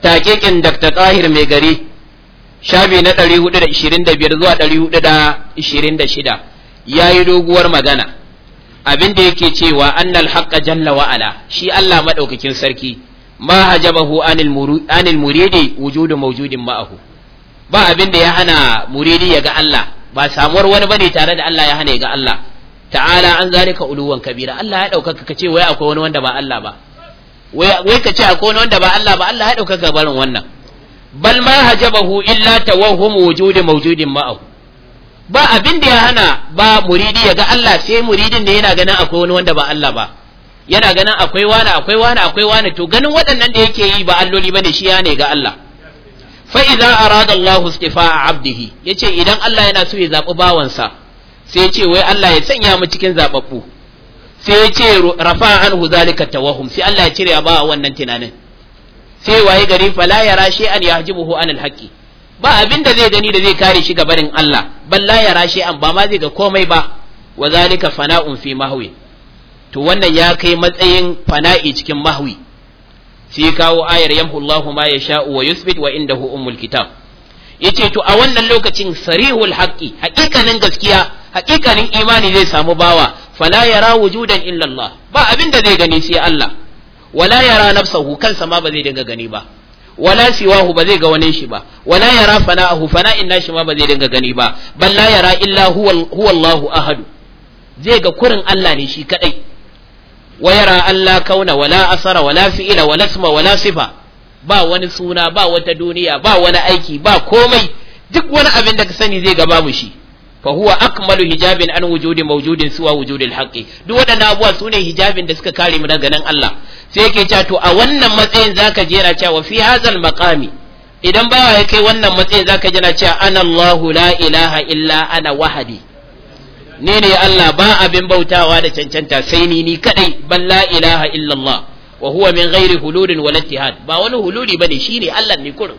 taqiqin dr tahir mai gari shafi na 425 zuwa 426 yi doguwar magana abin da yake cewa annal haqqa jalla wa ala shi Allah madaukakin sarki ma hajabahu anil anil muridi wujudu mawjudin ma'ahu ba abin da ya hana muridi ya ga Allah ba samuwar wani bane tare da Allah ya hana ya ga Allah ta'ala an zalika uluwan kabira Allah ya daukaka kace wai akwai wani wanda ba Allah ba wai kace akwai wani wanda ba Allah ba Allah ya daukaka barin wannan bal ma hajabahu illa tawahum wujudi mawjudin ma'ahu ba abin da ya hana ba muridi ya ga Allah sai muridin da yana ganin akwai wani wanda ba Allah ba yana ganin akwai wani akwai wani akwai wani to ganin waɗannan da yake yi ba alloli bane shi ya ne ga Allah fa idza arada Allah istifa'a abdihi yace idan Allah yana so ya zabi bawansa sai yace wai Allah ya sanya mu cikin zababbu sai yace rafa anhu zalika tawahum sai Allah ya cire ba wannan tunanin sai waye gari fala yara shay'an yahjibuhu An haqqi ba abin da zai gani da zai kare shi gabarin Allah balla ya shi an ba ma zai ga komai ba wa zalika fana'un fi mahwi to wannan ya kai matsayin fana'i cikin mahwi sai kawo ayar yamhu Allahu ma yasha'u wa yusbit wa indahu ummul kitab yace to a wannan lokacin sarihul haqqi hakikanin gaskiya hakikanin imani zai samu bawa fala yara wujudan illa Allah ba abin da zai gani sai Allah wala yara nafsahu kansa ma bazai zai dinga gani ba wala siwahu ba zai ga wani shi ba wala yara fana'ahu fana'in shi ma bazai zai dinga gani ba Balla yara illa huwa Allahu ahadu zai ga kurin Allah ne shi kadai wa yara Allah kauna wala asara wala fi'ila wala isma wala sifa ba wani suna ba wata duniya ba wani aiki ba komai duk wani abin da ka sani zai ga babu shi fa huwa akmalu hijabin an wujudi mawjudin suwa wujudil haqqi duk waɗannan abubuwa sune hijabin da suka kare mu daga nan Allah sai yake cewa to a wannan matsayin zaka jera cewa fi hazal maqami idan bawa ya kai wannan matsayin zaka jira cewa ana Allahu la ilaha illa ana wahadi ni ne Allah ba abin bautawa da cancanta sai ni ni kadai ban la ilaha illa Allah wa huwa min ghairi huludin wal ittihad ba wani huludi bane shine Allah ne kurin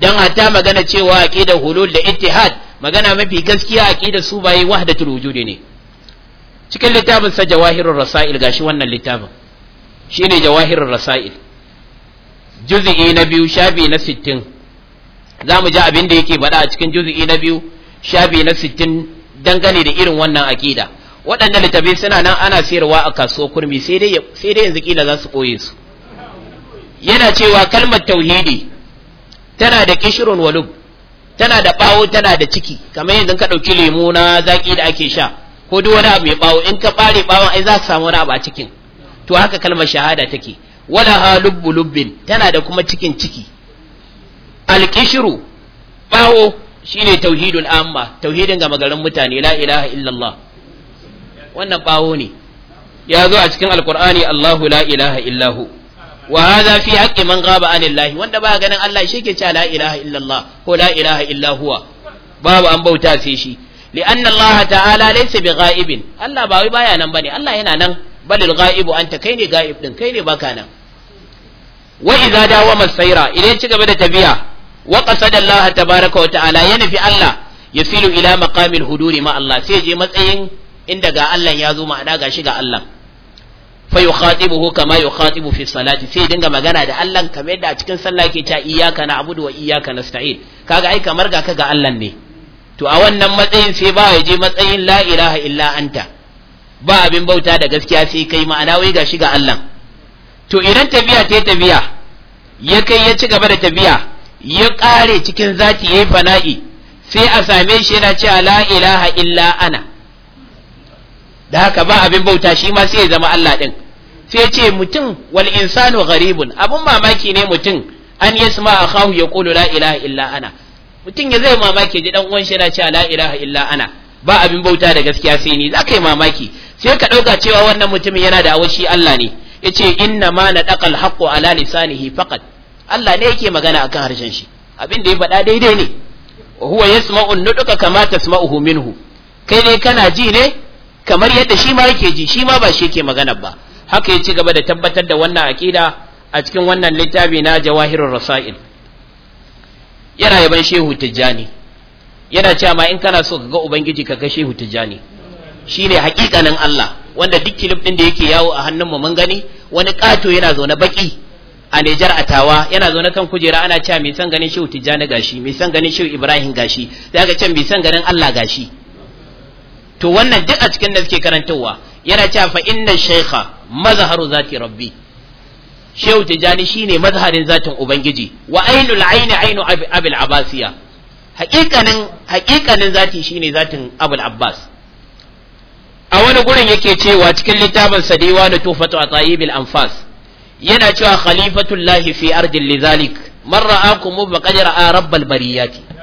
dan hata magana cewa aqidar hulul da ittihad magana mafi gaskiya aqida su baye wahdatul wujudi ne cikin littafin sa jawahirur rasail gashi wannan littafin shine jawahirur rasail juz'i na biyu shafi na 60 zamu ji abin da yake bada a cikin juz'i na biyu shafi na 60 dangane da irin wannan aqida waɗannan littafi suna nan ana sayarwa a kasuwar kurmi sai dai sai dai yanzu kila za su koye su yana cewa kalmar tauhidi tana da kishrun walub tana da bawo tana da ciki kamar yanzu ka ɗauki lemu na zaƙi da ake sha ko duk wani abu mai bawo in ka ɓare bawon ai za ka samu wani abu a cikin to haka kalmar shahada take wala ha tana da kuma cikin ciki alkishiru bawo shine tauhidul amma tauhidin ga magarin mutane la ilaha illallah wannan bawo ne ya zo a cikin alkur'ani allahu la ilaha illahu wa hadha fi haqqi man ghaba anillahi wanda ba ganin Allah shi ke cewa la ilaha illallah ko la ilaha illa huwa babu an bauta sai shi li'anna Allah ta'ala laysa bi ghaibin Allah ba wai baya nan bane Allah yana nan balil ghaibu anta kai ne ghaib din kai ne baka nan wa idza dawama masaira? idan ci gaba da tafiya wa qasada Allah tabaraka wa ta'ala ya fi Allah yasilu ila maqamil huduri ma Allah sai je matsayin inda ga Allah ya zo ga shi ga Allah fa yukhatibuhu kama yukhatibu fi salati sai dinga magana da Allah kamar yadda a cikin sallah yake ta iyyaka na'budu wa iyyaka nasta'in kaga ai kamar ga ka ga Allah ne to a wannan matsayin sai ba ya je matsayin la ilaha illa anta ba abin bauta da gaskiya sai kai ma'ana wai gashi ga Allah to idan tafiya ta tafiya ya kai ya ci gaba da tafiya ya kare cikin zati yayi fana'i sai a same shi yana cewa la ilaha illa ana da haka ba abin bauta shi ma sai ya zama Allah din sai ya ce mutum wal insanu gharibun abun mamaki ne mutum an yasma akahu yaqulu la ilaha illa ana mutum ya zai mamaki ji dan uwan shi yana cewa la ilaha illa ana ba abin bauta da gaskiya sai ni zaka yi mamaki sai ka ɗauka cewa wannan mutumin yana da awashi Allah ne ce inna ma nadaqal haqqu ala lisanihi faqat Allah ne yake magana akan harshen shi abin da ya faɗa daidai ne wa huwa yasma'u nuduka kama tasma'uhu minhu kai ne kana ji ne kamar yadda shi ma yake ji shi ma ba shi yake magana ba haka ya ci gaba da tabbatar da wannan aqida a cikin wannan littafi na jawahirur rasail yana yaban shehu tijjani yana cewa ma in kana so ka ga ubangiji ka ga shehu tijjani shine hakikanin Allah wanda duk kilif din da yake yawo a hannun mu mun gani wani kato yana zaune baki a Nijar a tawa yana zaune kan kujera ana cewa mai san ganin shehu tijjani gashi mai san ganin shehu ibrahim gashi zaka ce mai san ganin Allah gashi to wannan duk a cikin da suke karantarwa yana cewa fa inna shaykha mazharu zati rabbi shehu tijani shine mazharin zatin ubangiji wa ainul aini ainu abul abasiya haƙiƙanin hakikanin zati shine zatin abul abbas a wani gurin yake cewa cikin littafin sadewa na tufatu a tsayibil anfas yana cewa khalifatullahi fi ardil lidhalik man ra'akum faqad ra'a rabbal bariyati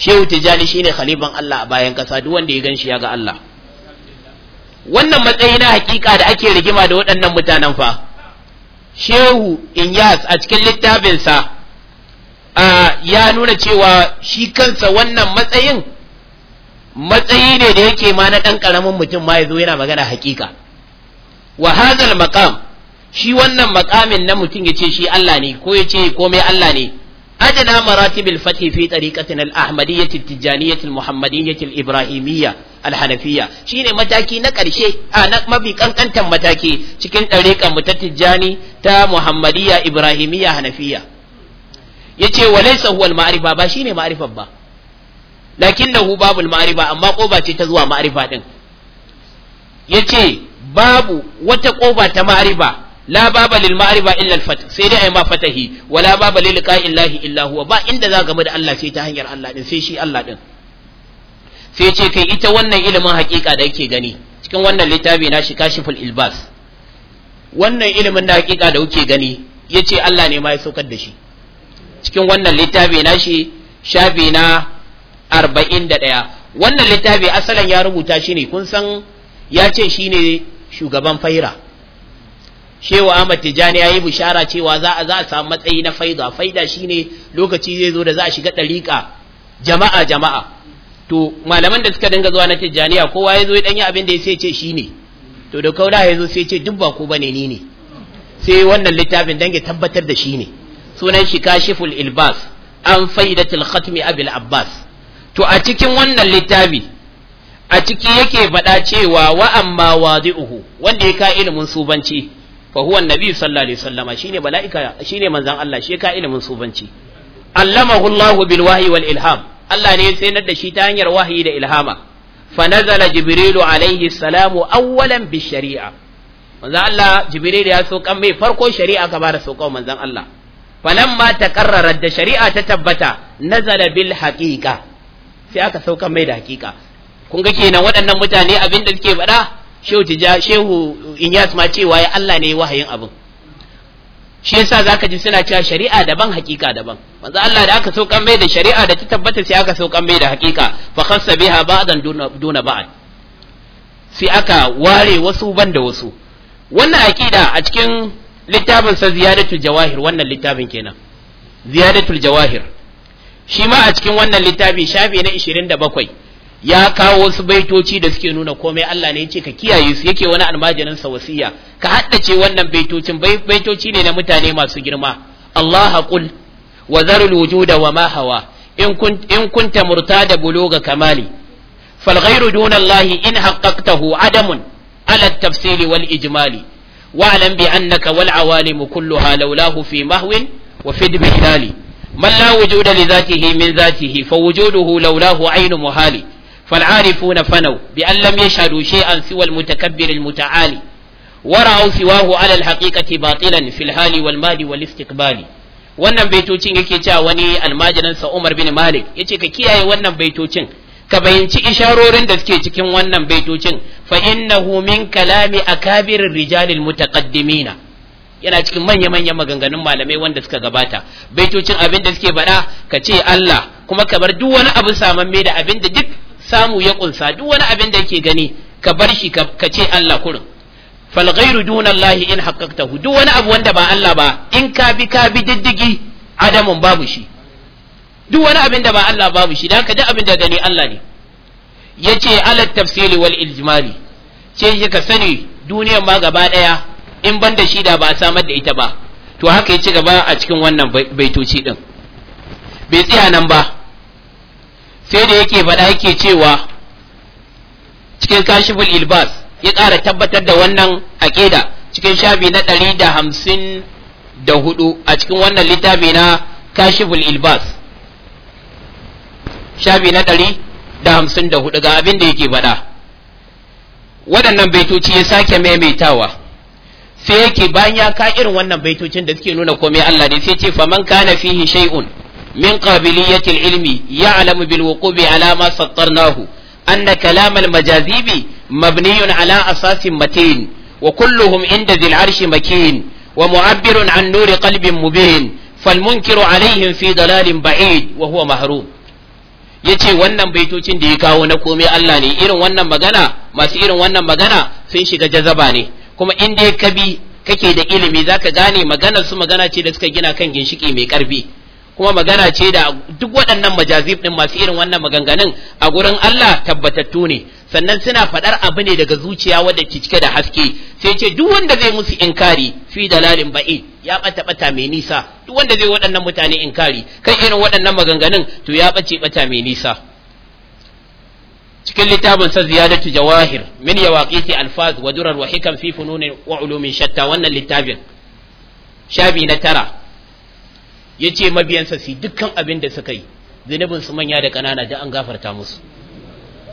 shehu tijani shine khalifan Allah a bayan kasa duk wanda ya ganshi ya ga Allah wannan matsayi na hakika da ake rigima da waɗannan mutanen fa shehu inyas a cikin littafinsa ya nuna cewa shi kansa wannan matsayin matsayi ne da yake ma na ɗan ƙaramin mutum ma ya zo yana magana hakika wa hazal maqam shi wannan maqamin na mutum ya ce shi Allah ne ko ya ce komai Allah ne أدنى مراتب الفتح في طريقتنا الأحمدية التجانية المحمدية الإبراهيمية الحنفية شين متاكي نكر شيء أنا ما في كان أنت متاكي شكل طريقة متتجاني تا محمدية إبراهيمية حنفية يتي وليس هو المعرفة با شين معرفة با لكنه باب المعرفة أما قوبة تزوى معرفة دن. يتي babu wata ƙofa ta mariba la baba lil ma'rifa illa al sai dai ai ma fatahi wala baba lil liqa'i illahi illa ba inda za game da Allah sai ta hanyar Allah din sai shi Allah din sai ce kai ita wannan ilimin hakika da yake gani cikin wannan littafi na shi kashiful ilbas wannan ilimin na hakika da kuke gani yace Allah ne ma ya saukar da shi cikin wannan littafi na shi shafi na wannan littafi asalin ya rubuta shi ne kun san ya ce shi ne shugaban faira shewa Ahmad Tijani yayi bishara cewa za a za a samu matsayi na faida faida shine lokaci zai zo da za a shiga dariƙa jama'a jama'a to malaman da suka dinga zuwa na Tijaniya kowa ya zo ya danyi abin da ya ce shine to da kauda ya zo sai ce duk ba ko bane ni ne sai wannan littafin dange tabbatar da shine sunan shi kashiful ilbas an faidatul khatmi abil abbas to a cikin wannan littafi a ciki yake faɗa cewa wa amma wadi'uhu wanda ya ka ilimin subanci fa huwa annabi sallallahu alaihi wasallama shine malaika shine manzon Allah shi ka ilimin sufanci allamahu Allah bil wahyi wal ilham Allah ne ya sanar da shi ta hanyar wahyi da ilhama fa nazala jibrilu alaihi salamu awwalan bi shari'a manzon Allah jibril ya so kan mai farko shari'a ka bara so kan manzon Allah falamma taqarrara da shari'a ta tabbata nazala bil haqiqa sai aka sauka mai da haqiqa kun ga kenan waɗannan mutane abin da suke faɗa shehu tija shehu inyas ma cewa ya Allah ne wahayin abin shi yasa zaka ji suna cewa shari'a daban hakika daban manzo Allah da aka saukan mai da shari'a da ta tabbata sai aka saukan mai da hakika fa khassa biha ba'dan duna ba'd sai aka ware wasu banda wasu wannan aqida a cikin littafin sa ziyadatul jawahir wannan littafin kenan ziyadatul jawahir shi ma a cikin wannan littafi shafi na 27 ya kawo wasu baitoci da suke nuna komai Allah ne ya ce ka kiyaye su yake wani almajirin sa wasiya ka haddace wannan baitocin baitoci ne na mutane masu girma Allah haƙul. wa zarul wujuda wa ma hawa in kun in kunta murtada buluga kamali fal ghayru duna Allah in haqqaqtahu adamun ala at-tafsili wal ijmali واعلم بأنك والعوالم كلها لولاه في مهو وفي بهلال من لا وجود لذاته من ذاته فوجوده لولاه عين محال فالعارفون فنوا بأن لم يشهدوا شيئا سوى المتكبر المتعالي ورأوا سواه على الحقيقة باطلا في الحال والمال والاستقبال wannan baitocin yake cewa wani sa Umar bin Malik yace ka kiyaye wannan baitocin ka bayyanci isharorin da suke cikin wannan baitocin fa innahu min kalami akabir rijalil mutaqaddimina yana cikin manya-manyan maganganun malamai wanda suka gabata baitocin abin da suke baɗa, ka ce Allah kuma ka bar duk wani abu samamme da abin da duk samu ya kunsa duk wani abin da yake gani ka bar shi ka ce Allah kurin fal ghairu dunallahi in haqqaqtahu duk wani abu wanda ba Allah ba in ka bi ka bi diddigi adamun babu shi duk wani abin da ba Allah babu shi da ka duk abin da gani Allah ne yace ala tafsili wal ijmali ce ka sani duniyar ma gaba daya in ban da shi da ba a samar da ita ba to haka ya ci gaba a cikin wannan baitoci din bai tsaya nan ba sai da yake faɗa yake cewa cikin kashiful ilbas ya ƙara tabbatar da wannan aƙida cikin shafi na ɗari da hamsin da hudu a cikin wannan littafi na kashiful ilbas shafi na ɗari da hamsin da hudu ga abin da yake faɗa waɗannan baitoci ya sake maimaitawa sai yake bayan ya ka irin wannan baitocin da suke nuna komai Allah ne sai ce faman kana fihi shay'un من قابلية العلم يعلم بالوقوف على ما سطرناه أن كلام المجاذيب مبني على أساس متين وكلهم عند ذي العرش مكين ومعبر عن نور قلب مبين فالمنكر عليهم في ضلال بعيد وهو محروم yace wannan baitocin da ya kawo na komai Allah ne irin wannan magana masu irin wannan magana sun shiga jazaba ne kuma in dai kabi kake da ilimi zaka gane maganar su magana ce da suka gina kan ginshiki mai karfi kuma magana ce da duk waɗannan majazib ɗin masu irin wannan maganganun a gurin Allah tabbatattu ne sannan suna faɗar abu ne daga zuciya wadda ke cike da haske sai ce duk wanda zai musu inkari fi dalalin ba'i ya bata bata mai nisa duk wanda zai waɗannan mutane inkari kan irin waɗannan maganganun to ya bace bata mai nisa cikin littafin sa ziyadatu jawahir min yawaqiti alfaz wa durar wa hikam fi funun wa ulumin shatta wannan littafin shabi na tara ya ce mabiyansa su dukkan abin da suka yi zunubin su manya da ƙanana da an gafarta musu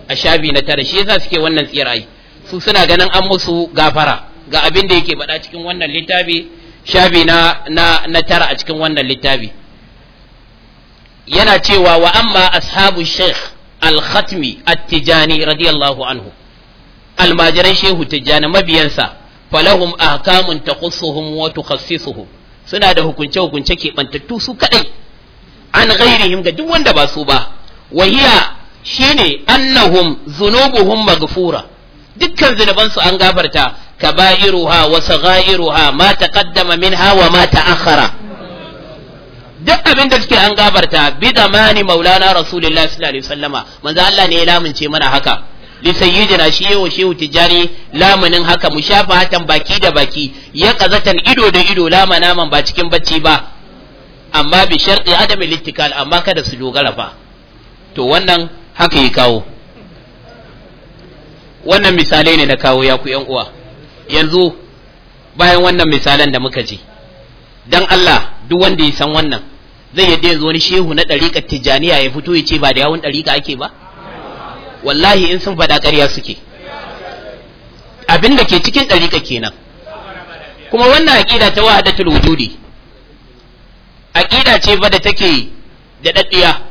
a shabi na tara shi yasa suke wannan tsirai su suna ganin an musu gafara ga abin da yake faɗa cikin wannan littafi shabi na na na tara a cikin wannan littafi yana cewa wa amma ashabu sheikh al-khatmi at-tijani radiyallahu anhu almajiran shehu tijjani mabiyansa falahum ahkamun taqussuhum wa tukhassisuhum suna da hukunce hukunce keɓantattu su kaɗai an ghairihim ga duk wanda ba su ba wahiya shine annahum zunubuhum maghfura dukkan zunubansu an gafarta kaba'iruha wa sagha'iruha ma taqaddama minha wa ma duk abin da suke an gafarta bi zamani maulana rasulullahi sallallahu alaihi wasallama manzo Allah ne ya lamunce mana haka li sayyidina shi yau shehu tijjani lamunin haka mu shafa hatan baki da baki ya kazatan ido da ido lama naman ba cikin bacci ba amma bi sharti adami littikal amma kada su dogara fa to wannan haka ya kawo wannan misalai ne na kawo ya ku yan uwa yanzu bayan wannan misalan da muka ji dan Allah duk wanda ya san wannan zai yadda yanzu wani shehu na ɗariƙar tijaniya ya fito ya ce ba da yawon ɗariƙa ake ba wallahi in sun faɗa ƙarya suke abinda ke cikin ɗariƙa kenan kuma wannan aƙida ta wahadatul wujudi aƙida ce ba da take da daddiya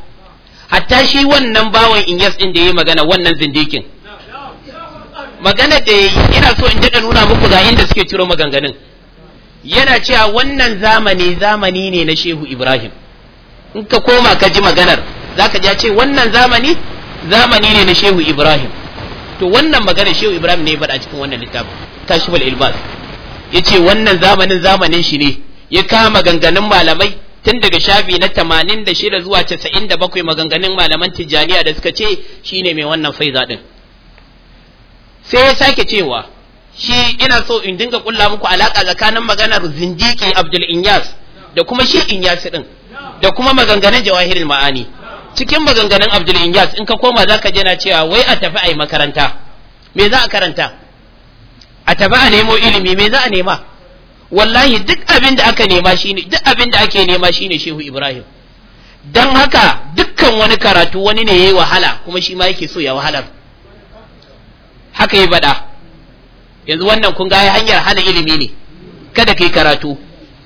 hatta shi wannan bawan inyas din da yayi magana wannan zindikin magana da ina so in daɗa nuna muku ga inda suke ciro maganganun yana cewa wannan zamani zamani ne na shehu ibrahim in ka koma ka ji maganar zaka ka ya ce wannan zamani zamani ne na shehu ibrahim to wannan magana shehu ibrahim ne ya faɗa cikin wannan littafin kashifal ilbas ya ce wannan zamanin zamanin shi ne ya kama ganganin malamai tun daga shafi na tamanin da shida zuwa casa'in da bakwai maganganun malaman tijjaniya da suka ce shi ne mai wannan faiza ɗin sai ya sake cewa shi ina so in dinga kulla muku alaƙa tsakanin maganar zindiki abdul inyas da kuma shi inyas din da kuma maganganun jawahirin ma'ani cikin maganganun Abdul injaz in ka koma za ka jina cewa wai a tafi a yi makaranta me za a karanta a tafi a nemo ilimi me za a nema wallahi duk abin da aka nema shine duk abin da ake nema shine Shehu Ibrahim dan haka dukkan wani karatu wani ne yayi wahala kuma shi ma yake so ya wahalar haka yi bada yanzu wannan kun ga hanyar hana ilimi ne kada kai karatu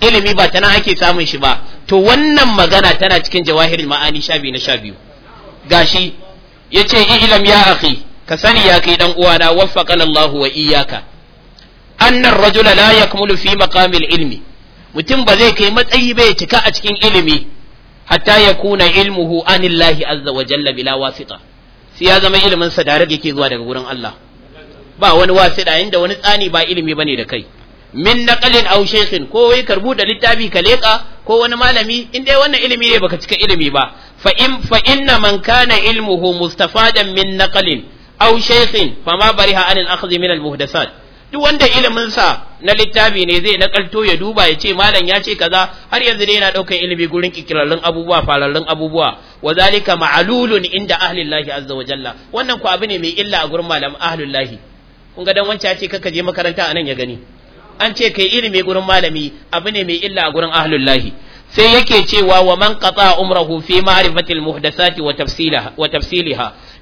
ilimi ba ta nan ake samun shi ba to wannan magana tana cikin jawahirin ma'ani sha biyu na sha biyu gashi ya ce ilam ya akhi ka sani ya kai dan uwana waffaqana Allahu wa iyyaka annar rajula la yakmulu fi maqamil ilmi mutum ba zai kai matsayi bai cika a cikin ilimi hatta yakuna ilmuhu anillahi azza wa jalla bila wasita sai ya zama ilimin sa da yake zuwa daga gurin Allah ba wani wasita inda wani tsani ba ilimi bane da kai min naqalin aw shaykhin ko wai ka da littafi ka leka ko wani malami in dai wannan ilimi ne baka cika ilimi ba fa in fa inna man kana ilmuhu mustafadan min naqalin aw shaykhin fa ma bariha anil akhdhi min al muhdasat duk wanda ilimin sa na littafi ne zai nakalto ya duba ya ce malam ya ce kaza har yanzu dai yana daukan ilimi gurin kikirarrun abubuwa fararrun abubuwa wa zalika ma'alulun inda ahli llahi azza wa jalla wannan ku abu ne mai illa a gurin malam ahli llahi kun ga dan wancan ya ce kaka je makaranta anan ya gani an ce kai ilimi gurin malami abu ne mai illa a gurin ahlullahi sai yake cewa wa man qata umrahu fi ma'rifatil muhdathati wa tafsilaha wa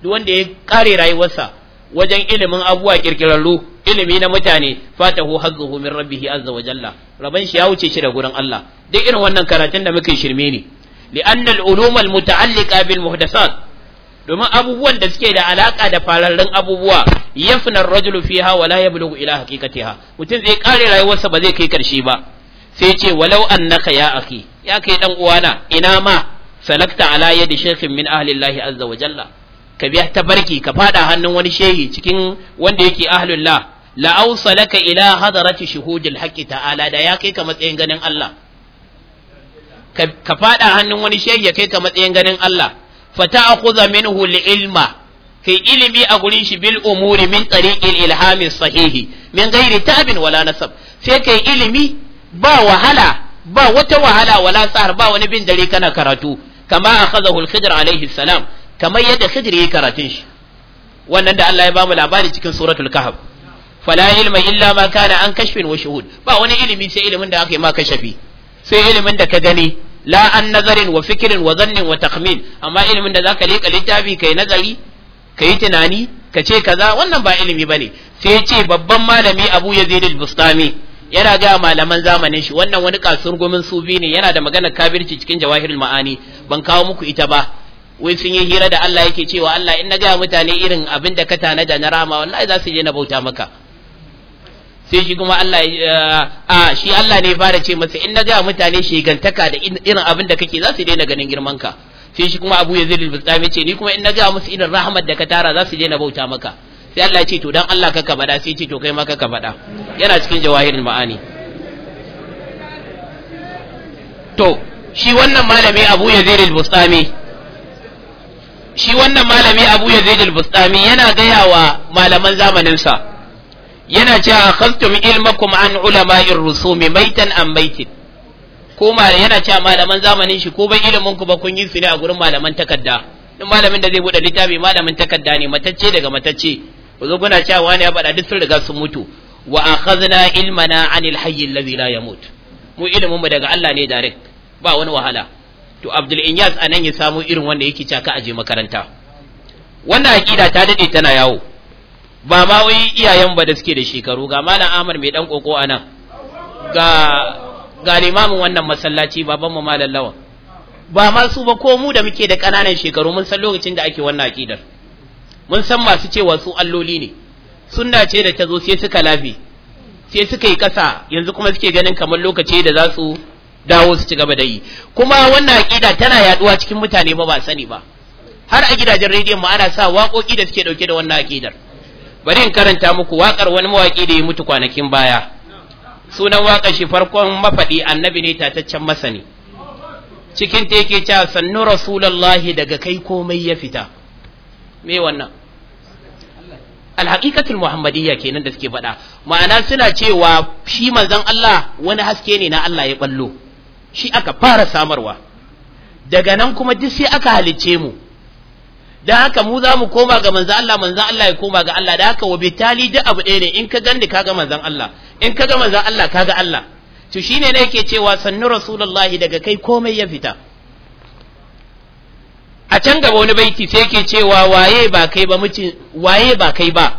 duk wanda ya kare rayuwarsa wajen ilimin abuwa kirkirarru ilimi na mutane fatahu hazzuhu min rabbih azza wa jalla raban shi ya wuce shi da gurin Allah duk irin wannan karatun da muke shirme ne li'anna al-ulum al-muta'alliqa bil muhdathat domin abubuwan da suke da alaka da fararren abubuwa yafna na rajulu fiha wala yablughu ila haqiqatiha mutum zai kare rayuwarsa ba zai kai karshe ba sai ce walau annaka ya akhi ya kai dan uwana ina ma salakta ala yadi shaykhin min ahli Allah azza wa jalla ka biya barki ka fada hannun wani shehi cikin wanda yake ahlullah la awsalaka ila hadarati shuhudil haqqi ta'ala da ya kai ka matsayin ganin Allah ka fada hannun wani shehi ya kai ka matsayin ganin Allah akuza minhu al-ilma kai ilimi a gurin shi bil umuri min tariqil ilhami sahihi min gairi tabin wala nasab sai kai ilimi ba wahala ba wata wahala wala sahar ba wani bin dare kana karatu kama a al-khidr alayhi salam kamar yadda khidr yi karatun shi wannan da Allah ya bamu labari cikin suratul kahf fala ilma illa ma kana an kashfin wa shuhud ba wani ilimi sai ilimin da aka yi ma kashafi sai ilimin da ka gani la an nazarin wa fikirin wa zannin wa takmin amma ilimin da zaka leka littafi kai nazari kai tunani ka ce kaza wannan ba ilimi bane sai ya ce babban malami Abu Yazid al-Bustami yana ga malaman zamanin shi wannan wani kasurgumin sufi ne yana da maganar kabirci cikin jawahirul ma'ani ban kawo muku ita ba wai sun yi hira da Allah yake cewa Allah in na ga mutane irin abin da ka tanada na rama wallahi za su je na bauta maka sai shi kuma Allah eh, a shi Allah ne fara ce masa in na ga mutane shegantaka da irin abin da kake za su daina ganin girman ka sai shi kuma Abu Yazid al bustami ce ni kuma in na ga musu irin rahmat da ka tara za su daina bauta maka sai Allah ya ce to dan Allah ka faɗa sai ce to kai ma ka faɗa yana cikin jawahirul ma'ani to shi wannan malami Abu Yazid al bustami shi wannan malami Abu Yazid al bustami yana gaya wa malaman zamaninsa sa yana cewa akhadtum ilmakum an rusu rusumi maitan am maitin ko yana cewa malaman zamanin shi ko ban ilimin ku ba kun yi su ne a gurin malaman takarda duk malamin da zai buɗe littafi malamin takarda ne matacce daga matacce ku zo kuna cewa wani ya faɗa duk sun riga sun mutu wa akhadna ilmana anil hayy alladhi la yamut mu ilimin mu daga Allah ne direct ba wani wahala to Abdul Inyas anan ya samu irin wanda yake caka aje makaranta wannan akida ta dade tana yawo ba ma wai iyayen ba da suke da shekaru ga malam Ahmad mai dan koko anan ga ga limamin wannan masallaci baban mu malam lawa ba ma su ba ko mu da muke da kananan shekaru mun san lokacin da ake wannan akidar mun san masu cewa su alloli ne sunna ce da ta zo sai suka lafi sai suka yi kasa yanzu kuma suke ganin kamar lokaci da za su dawo su ci gaba da yi kuma wannan akida tana yaduwa cikin mutane ba ba sani ba har a gidajen rediyon mu ana sa waƙoƙi da suke dauke da wannan akidar bari in karanta muku waƙar wani mawaƙi da ya mutu kwanakin baya sunan waƙar shi farkon mafaɗi annabi ne tataccen masani cikin ta yake cewa sannu rasulallahi daga kai komai ya fita me wannan alhaqiqatul muhammadiyya kenan da suke faɗa ma'ana suna cewa shi manzon Allah wani haske ne na Allah ya ballo shi aka fara samarwa daga nan kuma duk sai aka halicce mu da haka mu za mu koma ga manzan Allah manzan Allah ya koma ga Allah da haka wa bitali duk abu ɗaya ne in ka gani ga manzan Allah in ka ga manzan Allah ka ga Allah to shine ne yake cewa sannu rasulullahi daga kai komai ya fita a can gaba wani baiti sai yake cewa waye ba kai ba mijin waye ba kai ba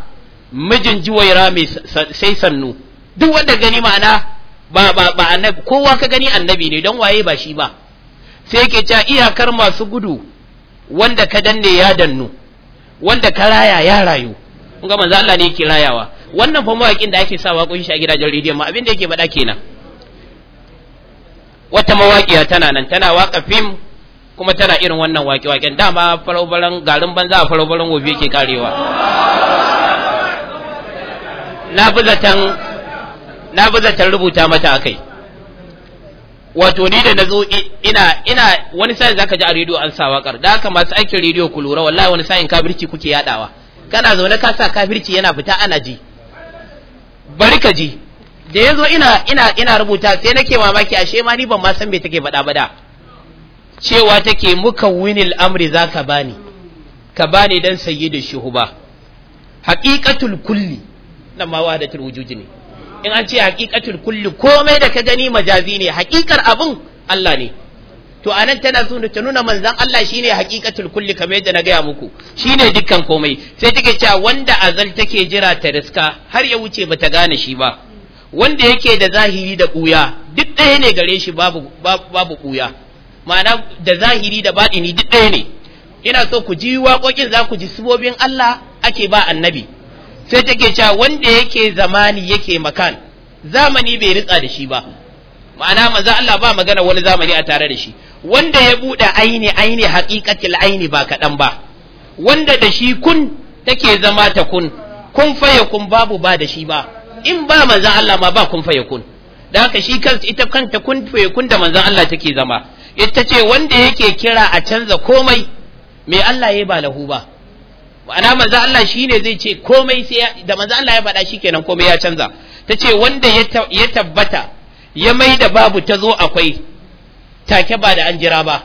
mijin juwaira mai sai sannu duk wanda gani ma'ana ba ba ba annabi kowa ka gani annabi ne don waye ba shi ba sai yake cewa iyakar masu gudu wanda ka danne ya dannu wanda ka raya ya rayu kun ga manzo Allah ne yake rayawa wannan fa mawaƙin da ake sa waƙoƙin shi a gidajen rediyon ma abin da yake faɗa kenan wata mawaƙiya tana nan tana waƙa fim kuma tana irin wannan waƙe-waƙen dama farobaran garin banza a faraubaran wobe yake karewa na bi zaton rubuta mata akai wato ni da nazo ina ina wani sai zaka ji a rediyo an sa wakar da haka masu aikin rediyo ku lura wallahi wani sa'in kafirci kuke yadawa kana zaune ka sa kafirci yana fita ana ji bari ka ji da yazo ina ina ina rubuta sai nake mamaki ashe ma ni ban ma san me take faɗa ba da cewa take muka winil amri zaka bani ka bani dan sayyidu shuhuba haqiqatul kulli nan ma wahdatul wujudi ne in an ce haqiqatul kulli komai da ka gani majazi ne hakikar abun Allah ne to anan tana so ta nuna manzon Allah shine haqiqatul kulli kamar yadda na gaya muku shine dukkan komai sai take cewa wanda azal take jira ta riska har ya wuce bata gane shi ba wanda yake da zahiri da kuya duk ɗaya ne gare shi babu babu kuya ma'ana da zahiri da baɗini duk ɗaya ne ina so ku ji waƙoƙin za ku ji subobin Allah ake ba annabi sai take cewa wanda yake zamani yake makan zamani bai ritsa da shi ba ma'ana manzo Allah ba magana wani zamani a tare da shi wanda ya bude aini aini haqiqatil aini ba kadan ba wanda da shi kun take zama ta kun kun faye kun babu ba da shi ba in ba manzo Allah ma ba kun faye kun da haka shi kansa ita kanta kun faye kun da manzo Allah take zama ita ce wanda yake kira a canza komai me Allah ya ba lahu ba ma'ana manzo Allah shi ne zai ce komai sai da manzo Allah ya faɗa kenan komai ya canza tace wanda ya tabbata ya mai da babu ta zo akwai take ba da an jira ba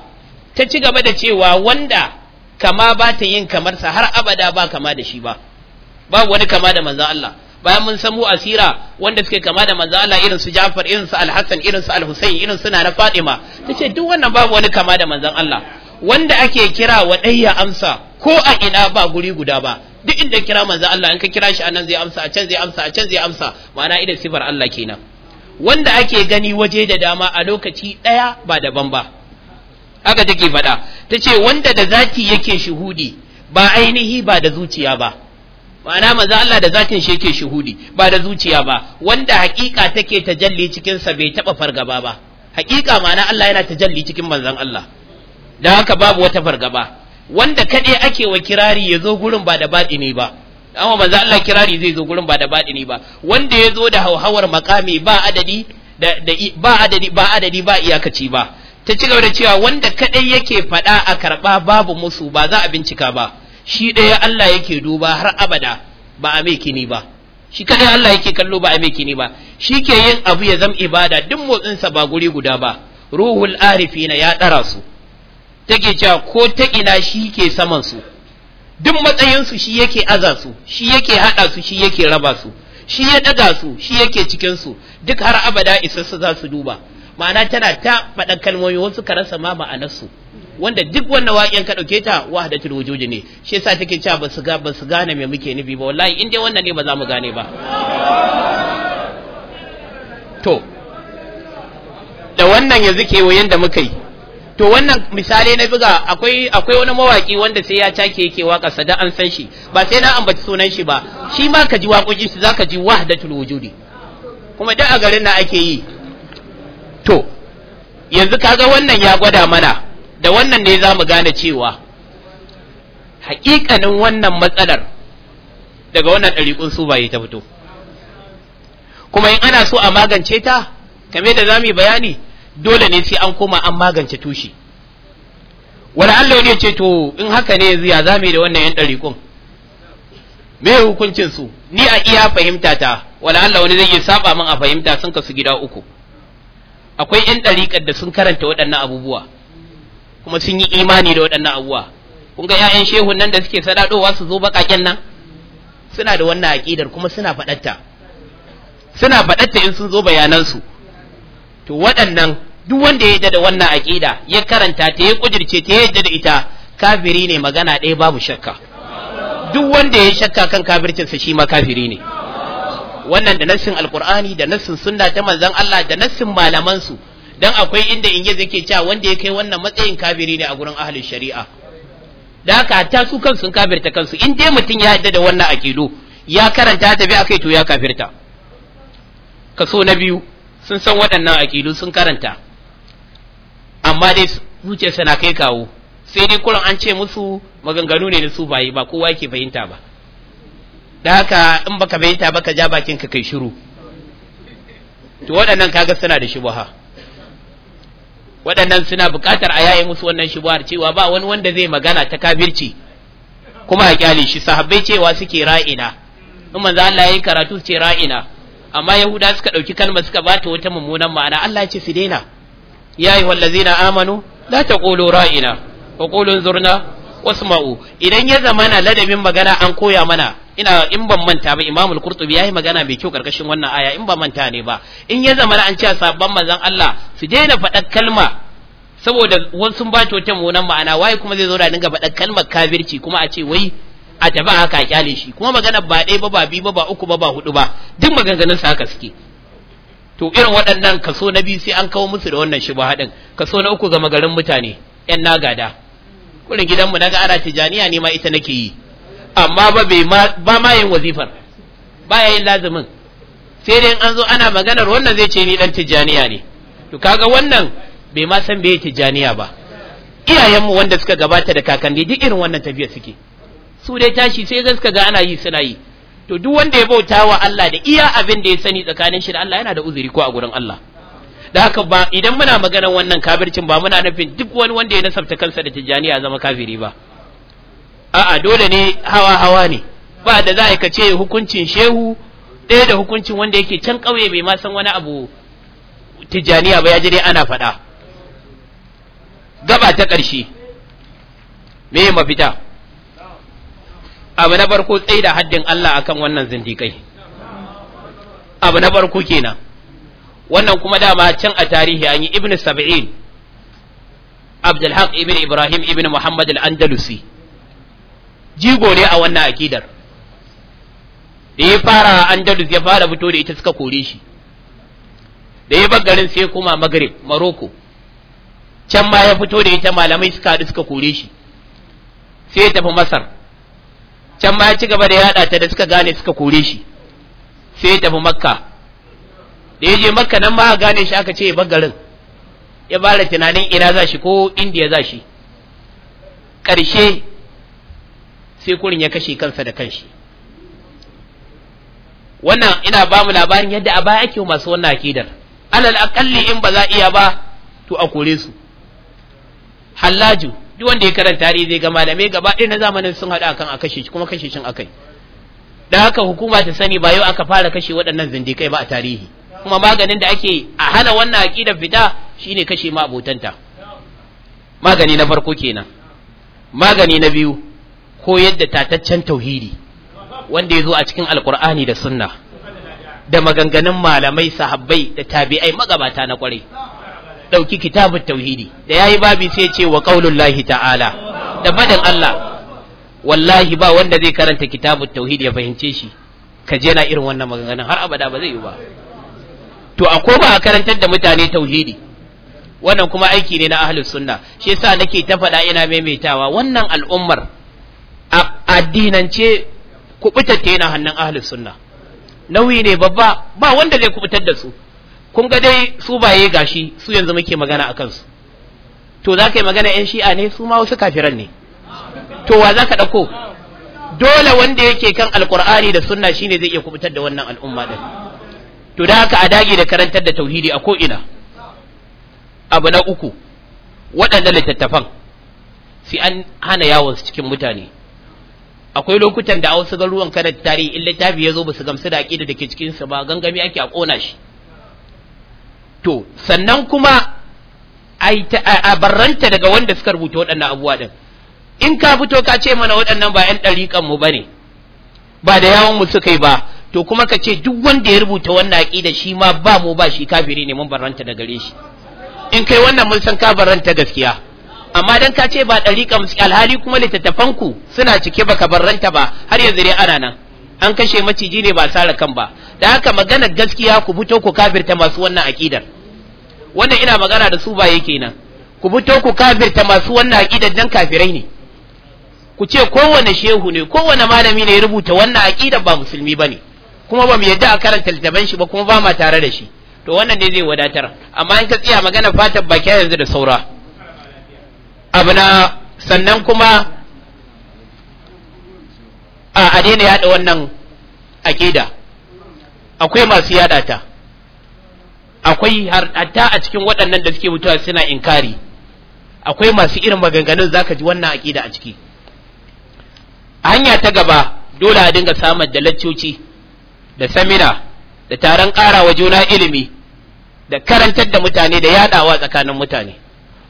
ta ci gaba da cewa wanda kama ba ta yin kamar sa har abada ba kama da shi ba babu wani kama da manzo Allah bayan mun san mu asira wanda suke kama da manzo Allah irin su Ja'far irin su Al-Hassan irin su Al-Husayn irin su na Fatima tace duk wannan babu wani kama da manzo Allah wanda ake kira waɗayya amsa ko a ina ba guri guda ba duk inda kira manzo Allah in ka kira shi anan zai amsa a can zai amsa a can zai amsa ma'ana idan sifar Allah kenan wanda ake gani waje da dama a lokaci ɗaya ba daban ba haka take faɗa tace wanda da zaki yake shuhudi ba ainihi ba da zuciya ba ma'ana maza Allah da zatin shi yake shuhudi ba da zuciya ba wanda haƙiƙa take tajalli cikinsa sa bai taba fargaba ba haƙiƙa ma'ana Allah yana tajalli cikin manzon Allah da haka babu wata fargaba wanda kaɗai ake wa kirari ya zo gurin ba da ne ba amma manzo Allah kirari zai zo gurin ba da ne ba wanda ya zo da hauhawar makami ba adadi da, ba adadi ba adadi ba iyakaci ba ta ci gaba da cewa wanda kaɗai yake faɗa a karɓa babu musu ba za a bincika ba shi ɗaya Allah yake duba har abada ba a mai kini ba shi kadai Allah yake kallo ba a mai kini ba shi ke yin abu ya zama ibada duk motsinsa ba guri guda ba ruhul arifina ya ɗara su take cewa ko ta ina shi ke saman su duk matsayinsu shi yake aza su shi yake haɗa su shi yake raba su shi ya ɗaga su shi yake cikin su duk har abada isassu za su duba ma'ana tana ta faɗa kalmomi wasu ka rasa ma ma'anarsu wanda duk wannan waƙen ka ɗauke ta wahadatul wujuji ne shi yasa take cewa ba su ga ba su gane me muke nufi ba wallahi in dai wannan ne ba za mu gane ba to da wannan yanzu wayan da muka yi to wannan misali na buga akwai akwai wani mawaki wanda sai ya take yake waka sada an san shi ba sai na ambaci sunan shi ba shi ma ka ji waƙoƙin shi zaka ji wahdatul wujudi kuma duk a garin na ake yi to yanzu kaga wannan ya gwada mana da wannan ne za mu gane cewa haƙiƙanin wannan matsalar daga wannan ɗariƙun su baye ta fito kuma in ana so a magance ta kame da za mu yi bayani dole ne sai an koma an magance tushe wala Allah ne ce to in haka ne yanzu ya zame da wannan yan ɗariƙun me hukuncin su ni a iya fahimta ta wala Allah wani zai iya saba min a fahimta sun kasu gida uku akwai yan ɗariƙar da sun karanta waɗannan abubuwa kuma sun yi imani da waɗannan abubuwa kun ga ƴaƴan shehun nan da suke sadadowa su zo baƙaƙen nan suna da wannan aƙidar kuma suna faɗatta suna faɗatta in sun zo bayanansu to waɗannan duk wanda ya da wannan aƙida ya karanta ta ya kudirce ta ya da ita kafiri ne magana ɗaya babu shakka duk wanda ya shakka kan kafircinsa shi ma kafiri ne wannan da nassin alkur'ani da nassin sunna ta manzon Allah da nassin malaman su dan akwai inda in yaje ke cewa wanda ya kai wannan matsayin kafiri ne a gurin ahli shari'a da haka ta su kansu kafirta kansu in dai mutum ya yadda da wannan aƙidu ya karanta ta bi akai to ya kafirta kaso na biyu sun san waɗannan aƙidu sun karanta amma dai zuciyarsa na kai kawo sai dai kuran an ce musu maganganu ne na su bayi ba kowa yake fahimta ba da haka in baka fahimta ba ka ja bakin ka kai shiru to waɗannan kaga suna da shubaha waɗannan suna buƙatar a yaye musu wannan shubuhar cewa ba wani wanda zai magana ta kafirci kuma a kyale shi sahabbai cewa suke ra'ina in manzo Allah yi karatu ce ra'ina amma yahuda suka ɗauki kalmar suka bata wata mummunan ma'ana Allah ya ce su daina ya yi na amanu la ƙolo ra'ina wa ƙolon zurna wasma'u idan ya zama na ladabin magana an koya mana ina in ban manta ba imamul qurtubi yayi magana mai kyau karkashin wannan aya in ba manta ne ba in ya zama na an ce sabban mazan Allah su daina faɗar kalma saboda wasu ba ta wata ma'ana waye kuma zai zo da ga faɗar kalmar kafirci kuma a ce wai a tafi haka kyale shi kuma magana ba ɗaya ba ba bi ba ba uku ba ba hudu ba duk maganganun sa haka suke to irin waɗannan kaso na biyu sai an kawo musu da wannan shubha haɗin kaso na uku gama garin mutane yan nagada kurin gidanmu na ga ara tijaniya ne ma ita nake yi amma ba bai ba ma yin wazifar ba ya yin lazumin sai dai an zo ana maganar wannan zai ce ni dan tijaniya ne to kaga wannan bai ma san bai tijaniya ba iyayenmu wanda suka gabata da kakanni duk irin wannan tafiya suke su dai tashi sai gaska ga ana yi suna yi to duk wanda ya bauta wa Allah da iya abin da ya sani tsakanin shi da Allah yana da uzuri ko a gurin Allah da haka ba idan muna maganar wannan kafircin ba muna nufin duk wani wanda ya nasabta kansa da tijjani ya zama kafiri ba a'a dole ne hawa hawa ne ba da za ka kace hukuncin shehu ɗaya da hukuncin wanda yake can ƙauye bai ma san wani abu tijjaniya ba ya ji dai ana faɗa gaba ta ƙarshe me mafita abu na farko tsaye da haddin Allah akan wannan zindikai abu na farko kenan wannan kuma dama can a tarihi an yi ibn sab'in abdulhaq ibn ibrahim ibn muhammad al-andalusi jigo ne a wannan akidar da ya fara andalus ya fara fito da ita suka kore shi da ya garin sai kuma maghrib maroko can ma ya fito da ita malamai suka haɗu suka kore shi sai ya tafi masar can ma ci gaba da yada ta da suka gane suka kore shi sai ya tafi makka da ya je makka nan ma gane shi aka ce ya garin ya bara tunanin ina za shi ko indiya za shi ƙarshe sai kurin ya kashe kansa da kanshi wannan ina ba mu labarin yadda a baya ake masu wannan akidar alal akalli in ba za iya ba to a kore su hallaju duk wanda ya karanta tarihi zai ga malamai gaba ɗaya na zamanin sun haɗa akan a kashe shi kuma kashe shin akai da haka hukuma ta sani ba yau aka fara kashe waɗannan zindikai ba a tarihi kuma maganin da ake a hana wannan aƙidar fita shine kashe ma abotanta magani na farko kenan magani na biyu ko yadda tataccen tauhidi wanda ya zo a cikin alkur'ani da sunna da maganganun malamai sahabbai da tabi'ai magabata na kwarai ɗauki kitabun tauhidi da yayi babi sai ce wa lahi ta'ala da madan Allah wallahi ba wanda zai karanta kitabun tauhidi ya fahimce shi ka na irin wannan maganganun har abada ba zai yi ba to a ko ba a karantar da mutane tauhidi wannan kuma aiki ne na ahlus sunna shi yasa nake ta faɗa ina maimaitawa wannan al'ummar addinance kubutar ta yana hannun ahlus sunna nauyi ne babba ba wanda zai kubutar da su kun ga dai su baye gashi su yanzu muke magana a kansu to za ka yi magana yan shi'a ne su ma wasu kafiran ne to wa za ka ɗauko dole wanda yake kan alkur'ani da sunna shi ne zai iya kubutar da wannan al'umma din to da haka a dage da karantar da tauhidi a ko'ina abu na uku waɗanda littattafan sai an hana yawon su cikin mutane akwai lokutan da a wasu garuruwan kan tarihi in littafi ya zo ba su gamsu da aƙida da ke cikinsa ba gangami ake a ƙona shi to sannan kuma a barranta daga wanda suka rubuta waɗannan abubuwa ɗin in ka fito ka ce mana waɗannan ba 'yan ɗariƙan mu ne, ba da yawon mu suka yi ba to kuma ka ce duk wanda ya rubuta wannan aƙida shi ma ba mu ba shi kafiri ne mun barranta da gare shi in kai wannan mun san ka barranta gaskiya amma dan ka ce ba ɗariƙan alhali kuma littattafan ku suna cike baka barranta ba har yanzu dai ana nan an kashe maciji ne ba sare kan ba da haka magana gaskiya ku fito ku kafirta masu wannan aƙidar wannan ina magana da su ba yake nan ku fito ku kafirta masu wannan aƙidar dan kafirai ne ku ce kowane shehu ne kowane malami ne ya rubuta wannan aƙidar ba musulmi ba ne kuma ba mu yadda a karanta littafin shi ba kuma ba ma tare da shi to wannan ne zai wadatar amma in ka tsaya magana fatan baki yanzu da saura abuna sannan kuma a daina yada wannan aqida akwai masu yada ta akwai hatta a cikin waɗannan da suke mutuwa suna inkari akwai masu irin maganganun zaka ji wannan aƙida a ciki hanya ta gaba dole a dinga samun da laccoci da samina da taron ƙara ƙarawa juna ilimi da karantar da mutane da yaɗawa tsakanin mutane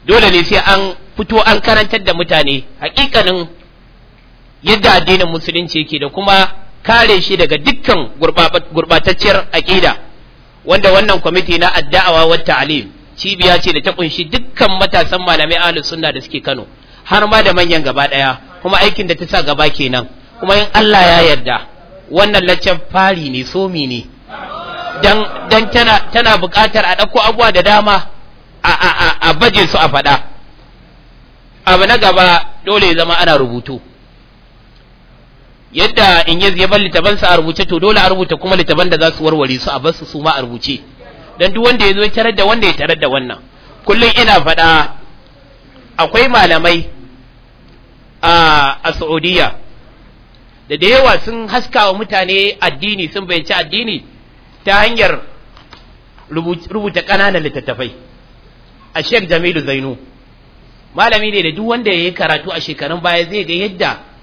dole ne sai an fito an karantar da mutane hakikanin yadda addinin musulunci yake da kuma kare shi daga dukkan gurbatacciyar aƙida wanda wannan kwamiti na adda'awa wa ta'lim cibiya ce da ta kunshi dukkan matasan malamai ahli sunna da suke Kano har ma da manyan gaba daya kuma aikin da ta sa gaba kenan kuma in Allah ya yarda wannan laccen fari ne somi ne dan dan tana tana buƙatar a dauko abuwa da dama a a a baje su a faɗa abu na gaba dole ya zama ana rubutu yadda in ya bar littafan sa a rubuce to dole a rubuta kuma littafan da za su warware su a bar su ma a rubuce dan duk wanda ya ya tarar da wanda ya tarar da wannan kullum ina faɗa akwai malamai a a Saudiya da da yawa sun haska wa mutane addini sun bayanci addini ta hanyar rubuta ƙananan littattafai a Sheikh Jamilu Zainu malami ne da duk wanda ya yi karatu a shekarun baya zai ga yadda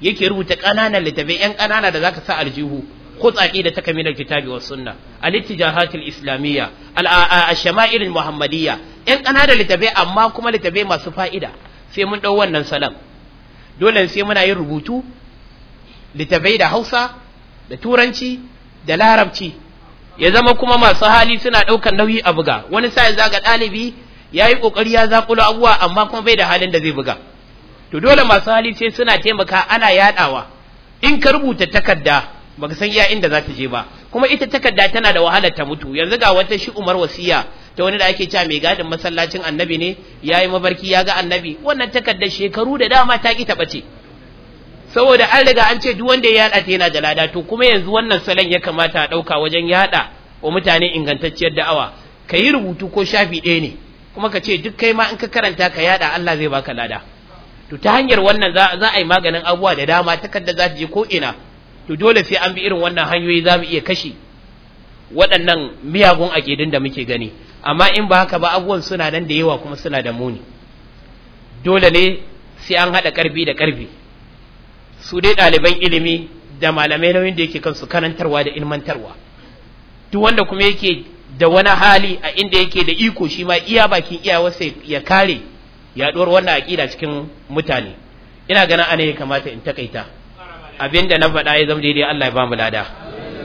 yake rubuta ƙananan littafai yan ƙanana da zaka sa aljihu tsaki da taka minal kitabi was sunna al ittijahatil islamiyya al ashama'il muhammadiyya yan ƙananan littafai amma kuma littafai masu fa'ida sai mun dau wannan salam dole sai muna yin rubutu littafai da Hausa da Turanci da Larabci ya zama kuma masu hali suna ɗaukan nauyi a buga wani sai zaga ɗalibi ya yi ya zaƙulo abubuwa amma kuma bai da halin da zai buga to dole masu hali sai suna taimaka ana yadawa in ka rubuta takarda baka san iya inda za ta je ba kuma ita takarda tana da wahalar ta mutu yanzu ga wata shi umar wasiya ta wani da ake cewa mai gadin masallacin annabi ne yayi mabarki ya ga annabi wannan takarda shekaru da dama ta ki taɓa ce saboda an riga an ce duk wanda ya yada ta yana da lada to kuma yanzu wannan salon ya kamata a ɗauka wajen yada wa mutane ingantacciyar da'awa ka yi rubutu ko shafi ɗaya ne kuma ka ce duk kai ma in ka karanta ka yada Allah zai baka lada to ta hanyar wannan za a yi maganin abubuwa da dama takarda za ta je ko ina to dole sai an bi irin wannan hanyoyi za mu iya kashe waɗannan miyagun aƙidun da muke gani amma in ba haka ba abubuwan suna nan da yawa kuma suna da muni dole ne sai an haɗa ƙarfi da ƙarfi su dai ɗaliban ilimi da malamai nauyin da yake kansu karantarwa da ilmantarwa duk wanda kuma yake da wani hali a inda yake da iko shi ma iya bakin sai ya kare yaɗuwar wannan aƙida cikin mutane ina ganin ana ya kamata in takaita abinda na faɗa ya zama daidai Allah ya ba mu lada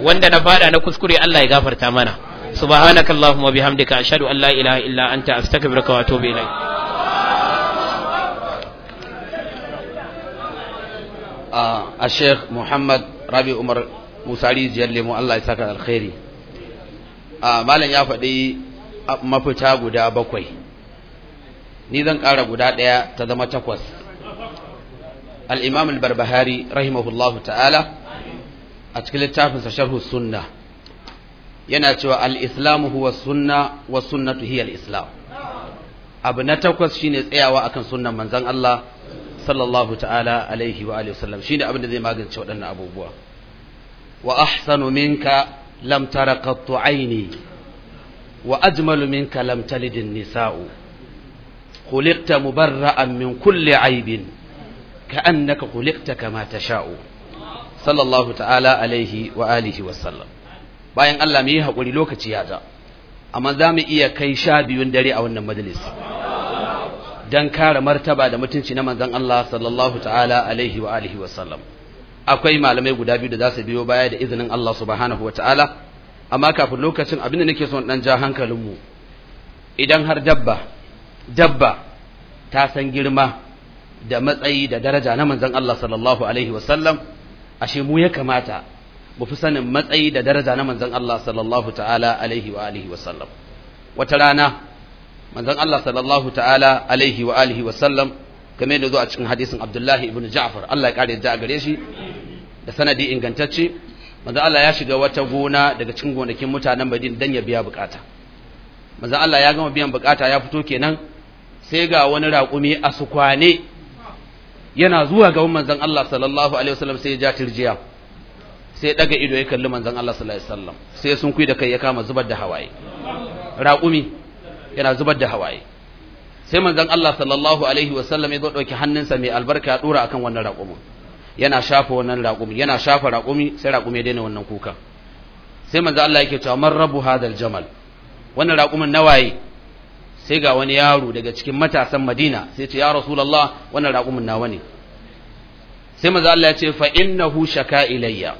wanda na faɗa na kuskure Allah ya gafarta mana subhanakallahumma bihamdika ashhadu an la ilaha illa anta astaghfiruka wa atubu ilaik a Sheikh Muhammad Rabi Umar Musari ziyar mu Allah ya saka alkhairi malam ya faɗi mafita guda bakwai ni zan ƙara guda ɗaya ta zama takwas al'imam al-barbahari rahimahullahu ta'ala a cikin littafinsa sharhu sunna yana cewa al'islamu huwa sunna wa sunnatu hiya al'islam abu na takwas shine tsayawa akan sunnan manzan Allah sallallahu ta'ala alaihi wa sallam shi ne abin da zai magance waɗannan abubuwa wa ahsanu minka lam tara qattu aini wa ajmalu minka lam talidin nisa'u khuliqta mubarra'an min kulli aibin ka'annaka khuliqta kama tasha'u sallallahu ta'ala wa sallam bayan Allah mu yi hakuri lokaci ya ta amma za mu iya kai sha biyun dare a wannan majalis dan kare martaba da mutunci na manzon Allah sallallahu ta'ala alaihi wa alihi wa sallam akwai malamai guda biyu da za su biyo baya da izinin Allah subhanahu wa ta'ala amma kafin lokacin abin da nake son dan ja hankalinmu idan har dabba dabba ta san girma da matsayi da daraja na manzon Allah sallallahu alaihi wasallam ashe mu ya kamata mu fi sanin matsayi da daraja na manzon Allah sallallahu ta'ala alaihi wa alihi wasallam wata rana manzon Allah sallallahu ta'ala alaihi wa alihi wasallam kamar da zo a cikin hadisin Abdullahi ibn Ja'far Allah ya kare da gare shi da sanadi ingantacce manzon Allah ya shiga wata gona daga cikin gonakin mutanen Madina dan ya biya bukata manzon Allah ya gama biyan bukata ya fito kenan sai ga wani raƙumi a su kwane yana zuwa ga manzon Allah sallallahu alaihi wasallam sai ya ja tirjiya sai daga ido ya kalli manzon Allah sallallahu alaihi wasallam sai sun kui da kai ya kama zubar da hawaye raƙumi yana zubar da hawaye sai manzon Allah sallallahu alaihi wasallam ya zo dauki hannunsa mai albarka ya dora akan wannan raƙumin yana shafa wannan raƙumi yana shafa raƙumi sai raƙumi ya daina wannan kuka sai manzon Allah yake cewa man rabu hadal jamal wannan raƙumin nawaye sai ga wani yaro daga cikin matasan madina sai ce ya rasulallah wannan raƙumin nawa ne sai maza Allah ya ce fa innahu shaka ilayya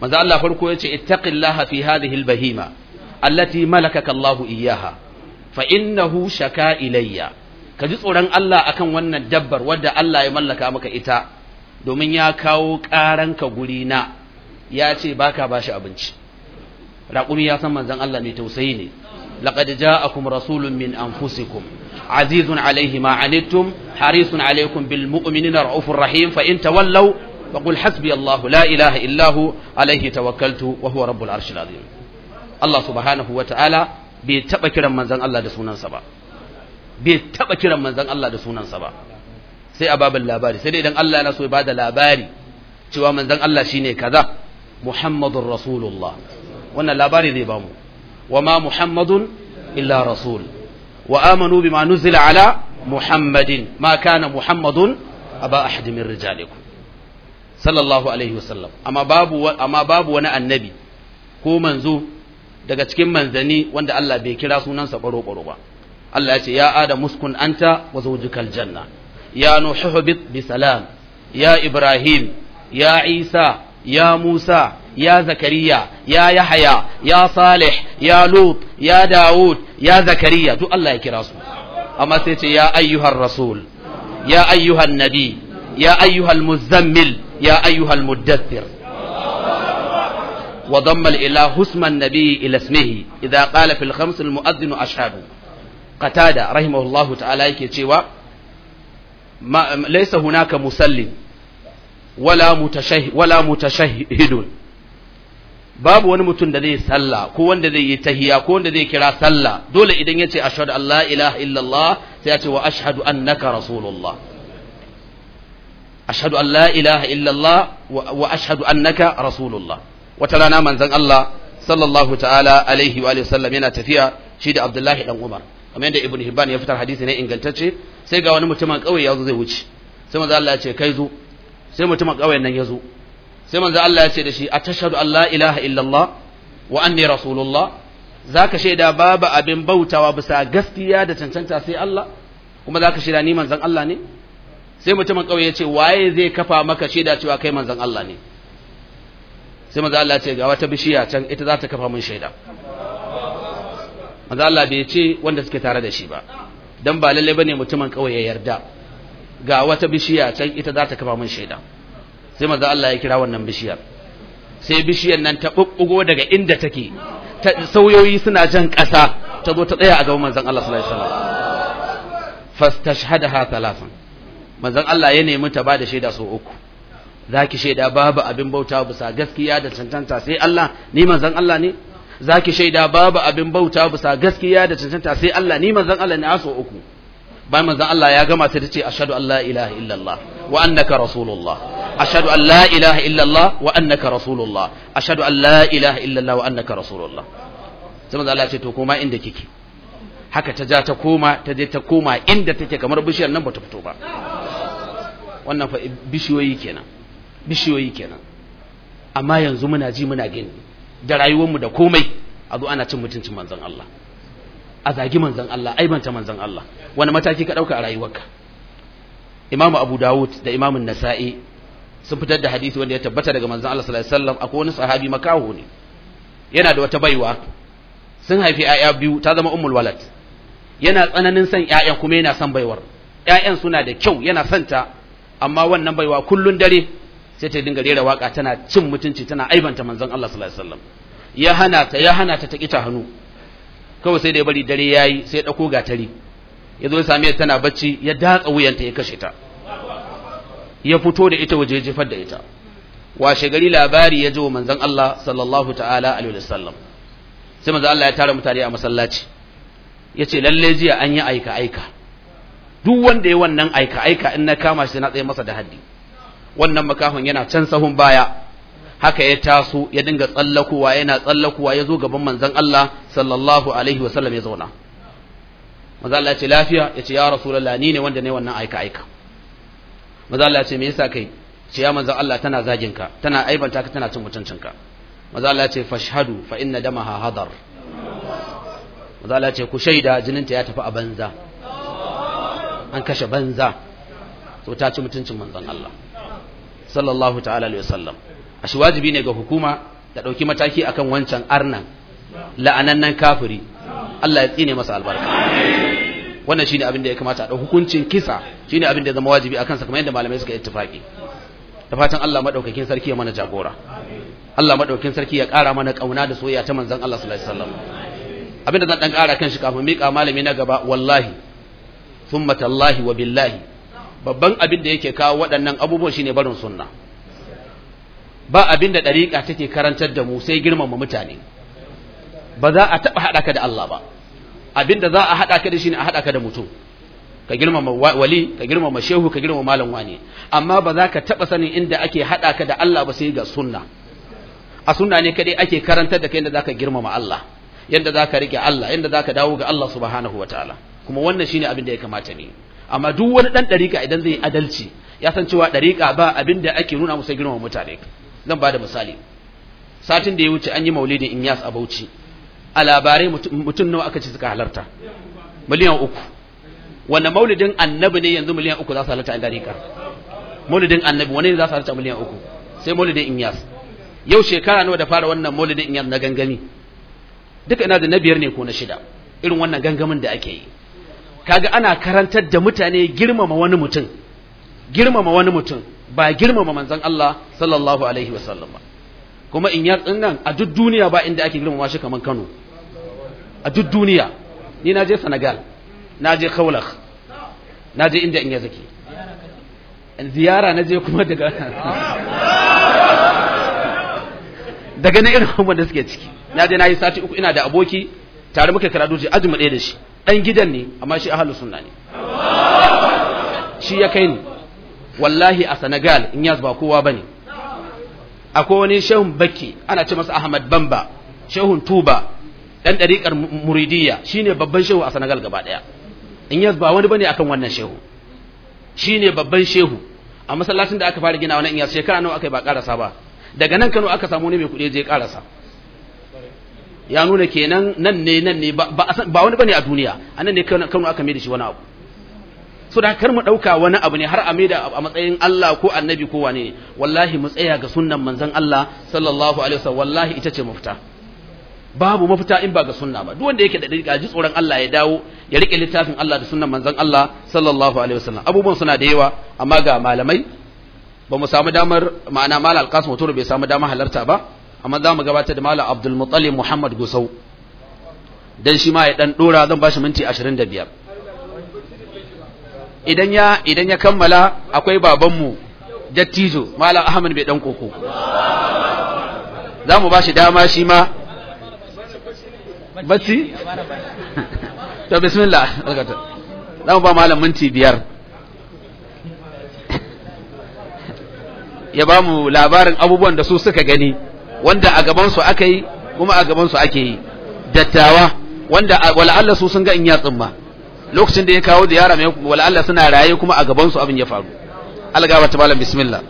maza Allah farko ya ce fi hadhihi albahima allati malakaka Allahu iyyaha fa'innahu shaka ilayya ka ji tsoron Allah akan wannan dabbar wadda Allah ya mallaka maka ita domin ya kawo ƙaranka guri na ya ce baka bashi abinci raƙumi ya san manzan Allah mai tausayi ne لقد جاءكم رسول من أنفسكم عزيز عليه ما عنتم حريص عليكم بالمؤمنين رؤوف رحيم فإن تولوا فقل حسبي الله لا إله إلا هو عليه توكلت وهو رب العرش العظيم الله سبحانه وتعالى bai kiran manzon Allah da sunansa ba bai taɓa da sai a babin labari sai dai idan Allah yana so ya bada labari cewa manzon Allah shine kaza Muhammadur Rasulullah wannan labari zai bamu وما محمد إلا رسول وآمنوا بما نزل على محمد ما كان محمد أبا أحد من رجالكم صلى الله عليه وسلم أما باب و... أما باب وانا النبي هو منزو daga cikin manzani wanda Allah bai kira sunansa baro baro ba Allah ya ce ya adam muskun anta wa zawjukal janna ya nuhu bi salam ya ibrahim ya isa يا موسى يا زكريا يا يحيى يا صالح يا لوط يا داود يا زكريا دو الله يكرا أما سيتي يا أيها الرسول يا أيها النبي يا أيها المزمل يا أيها المدثر وضم الإله اسم النبي إلى اسمه إذا قال في الخمس المؤذن أشهد قتادة رحمه الله تعالى يكي ليس هناك مسلم wala mutashahid wala mutashahidun babu wani mutum da zai sallah ko wanda zai yi tahiya ko wanda zai kira sallah dole idan ya ce ashhadu an ilaha illallah sai ya ce wa ashadu annaka rasulullah ashhadu an la ilaha illallah wa ashhadu annaka rasulullah wata rana manzon Allah sallallahu ta'ala alaihi wa sallam yana tafiya shi da Abdullahi dan Umar kamar yadda Ibn Hibban ya fitar hadisi ne ingantacce sai ga wani mutumin kauye ya zo zai wuce sai manzon Allah ya ce kai zo sai mutumin ƙauyen nan ya zo sai manzo Allah ya ce da shi a tashar allah ilaha illallah wa anni rasulullah zaka shaida babu abin bautawa bisa gaskiya da cancanta sai Allah kuma zaka shaida ni manzon Allah ne sai mutumin ƙauye ya ce waye zai kafa maka shaida cewa kai manzon Allah ne sai manzo Allah ya ce ga wata bishiya can ita za ta kafa mun shaida manzo Allah bai ce wanda suke tare da shi ba dan ba lalle bane mutumin ƙauye ya yarda ga wata bishiya can ita za ta kafa min shaida sai manzo Allah ya kira wannan bishiyar sai bishiyar nan ta bubbugo daga inda take sauyoyi suna jan ƙasa ta zo ta tsaya a gaban manzon Allah sallallahu alaihi wasallam fastashhadaha thalathan manzon Allah ya nemi ta bada shaida so uku zaki shaida babu abin bauta bisa gaskiya da cancanta sai Allah ni manzon Allah ne zaki shaida babu abin bauta bisa gaskiya da cancanta sai Allah ni manzon Allah ne aso uku bayan manzon Allah ya gama sai ta ce ashhadu an la ilaha illallah wa annaka rasulullah ashhadu an la ilaha illallah wa annaka rasulullah ashhadu an la ilaha illallah wa annaka rasulullah sai manzon Allah ya ce to koma inda kike haka ta ja ta koma ta je ta koma inda take kamar bishiyar nan bata fito ba wannan fa bishiyoyi kenan bishiyoyi kenan amma yanzu muna ji muna gani da rayuwarmu da komai a zo ana cin mutuncin manzon Allah a zagi manzan Allah aibanta manzan Allah wani mataki ka ɗauka a rayuwarka Imam Abu Dawud da Imam Nasa'i sun fitar da hadisi wanda ya tabbata daga manzan Allah sallallahu alaihi wasallam akwai wani sahabi makaho ne yana da wata baiwa sun haifi ‘ya'ya biyu ta zama ummul walad yana tsananin son ƴaƴan kuma yana son baiwar ‘ya'yan suna da kyau yana son ta amma wannan baiwa kullun dare sai ta dinga rera waka tana cin mutunci tana aibanta manzon Allah sallallahu alaihi wasallam ya hana ta ya hana ta ta hannu kawai sai da ya bari dare ya yi sai ya ɗauko gatari ya zo ya sami tana bacci ya datsa wuyanta ya kashe ta ya fito da ita waje jefar da ita washe gari labari ya ji wa manzon Allah sallallahu ta'ala alaihi sallam sai manzon Allah ya tara mutane a masallaci Ya ce lalle jiya an yi aika aika duk wanda ya wannan aika aika in na kama shi na tsaye masa da haddi wannan makahon yana can sahun baya haka ya taso ya dinga tsallakowa yana tsallakowa ya zo gaban manzan Allah sallallahu alaihi wa sallam ya zauna manzo Allah ya ce lafiya ya ce ya rasulullah ni ne wanda ne wannan aika aika manzo Allah ya ce me yasa kai ce ya manzo Allah tana zagin ka tana aibanta ka tana cin mutuncin ka manzo Allah ya ce fashhadu fa inna damaha hadar manzo Allah ya ce ku shaida jininta ya tafi a banza an kashe banza so ta ci mutuncin manzon Allah sallallahu ta'ala alaihi wasallam shi wajibi ne ga hukuma da ɗauki mataki akan wancan arnan la'anannan kafiri Allah ya tsine masa albarka wannan shine abin da ya kamata da hukuncin kisa shine abin da ya zama wajibi akan sa kamar yadda malamai suka ittifaki da fatan Allah madaukakin sarki ya mana jagora Allah madaukakin sarki ya ƙara mana kauna da soyayya ta manzon Allah sallallahu alaihi wasallam abin da zan dan ƙara kan shi kafin miƙa malami na gaba wallahi thumma tallahi wa billahi babban abin da yake kawo waɗannan abubuwan shine barin sunna ba abin da ɗariƙa take karantar da mu sai girmama mutane ba za a taɓa haɗa ka da Allah ba abin da za a haɗa ka da shi ne a haɗa ka da mutum ka girmama wali ka girmama shehu ka girmama malam wani amma ba za ka taɓa sanin inda ake haɗa ka da Allah ba sai ga sunna a sunna ne kaɗai ake karantar da kai yadda za ka girmama Allah yadda za ka riƙe Allah yadda za ka dawo ga Allah subhanahu wa ta'ala kuma wannan shine abin da ya kamata ne amma duk wani ɗan ɗariƙa idan zai adalci ya san cewa ɗariƙa ba abin da ake nuna musa girmama mutane zan ba da misali satin da ya wuce an yi maulidin Inyas a Bauchi a labarai mutum nawa aka ce suka halarta miliyan uku wanda maulidin annabi ne yanzu miliyan uku za su halarta a dariƙa maulidin annabi wani ne za su halarta miliyan uku sai maulidin Inyas yau shekara nawa da fara wannan maulidin Inyas na gangami duka ina da na biyar ne ko na shida irin wannan gangamin da ake yi kaga ana karantar da mutane girmama wani mutum girmama wani mutum ba girmama manzon Allah sallallahu alaihi wasallam ba kuma in yar nan a duk duniya ba inda ake girmama shi kaman Kano a duk duniya ni na je Senegal na je Kaulakh na je inda in ya zaki ziyara na je kuma daga daga na irin wanda suke ciki na je na yi sati uku ina da aboki tare muka karatu je ajima ɗaya da shi ɗan gidan ne amma shi ahalu sunna ne shi ya kai ni wallahi a Senegal in yas ba kowa bane akwai wani shehun bakki ana ce masa Ahmad Bamba shehun Tuba dan dariƙar muridiyya shine babban shehu a Senegal gaba daya in yas ba wani bane akan wannan shehu shine babban shehu a masallacin da aka fara gina wannan in yas shekara nawa aka ba karasa ba daga nan Kano aka samu ne mai kuɗi je karasa ya nuna kenan nan ne nan ne ba wani bane a duniya anan ne Kano aka mai da shi wani abu so da kar mu ɗauka wani abu ne har a maida a matsayin Allah ko annabi ko wane ne wallahi mu tsaya ga sunnan manzon Allah sallallahu alaihi wasallam wallahi ita ce mafita babu mafita in ba ga sunna ba duk wanda yake da dariƙa ji tsoron Allah ya dawo ya rike littafin Allah da sunnan manzon Allah sallallahu alaihi wasallam abubuwan suna da yawa amma ga malamai ba mu samu damar ma'ana malal alqasim turu bai samu damar halarta ba amma za mu gabatar da malam Abdul Muttalib Muhammad Gusau dan shi ma ya dan dora zan ba shi minti 25 idan ya idan ya kammala akwai babanmu dattijo malam ahmad bai dan koko za mu dama shi ma bacci to bismillah za mu ba malam minti biyar ya ba mu labarin abubuwan da su suka gani wanda a gabansu aka yi kuma a gabansu ake yi dattawa wanda wala'alla su sun ga in ya ma lokacin da ya kawo ziyara mai wala Allah suna raye kuma a gaban su abin ya faru algaba ta malam bismillah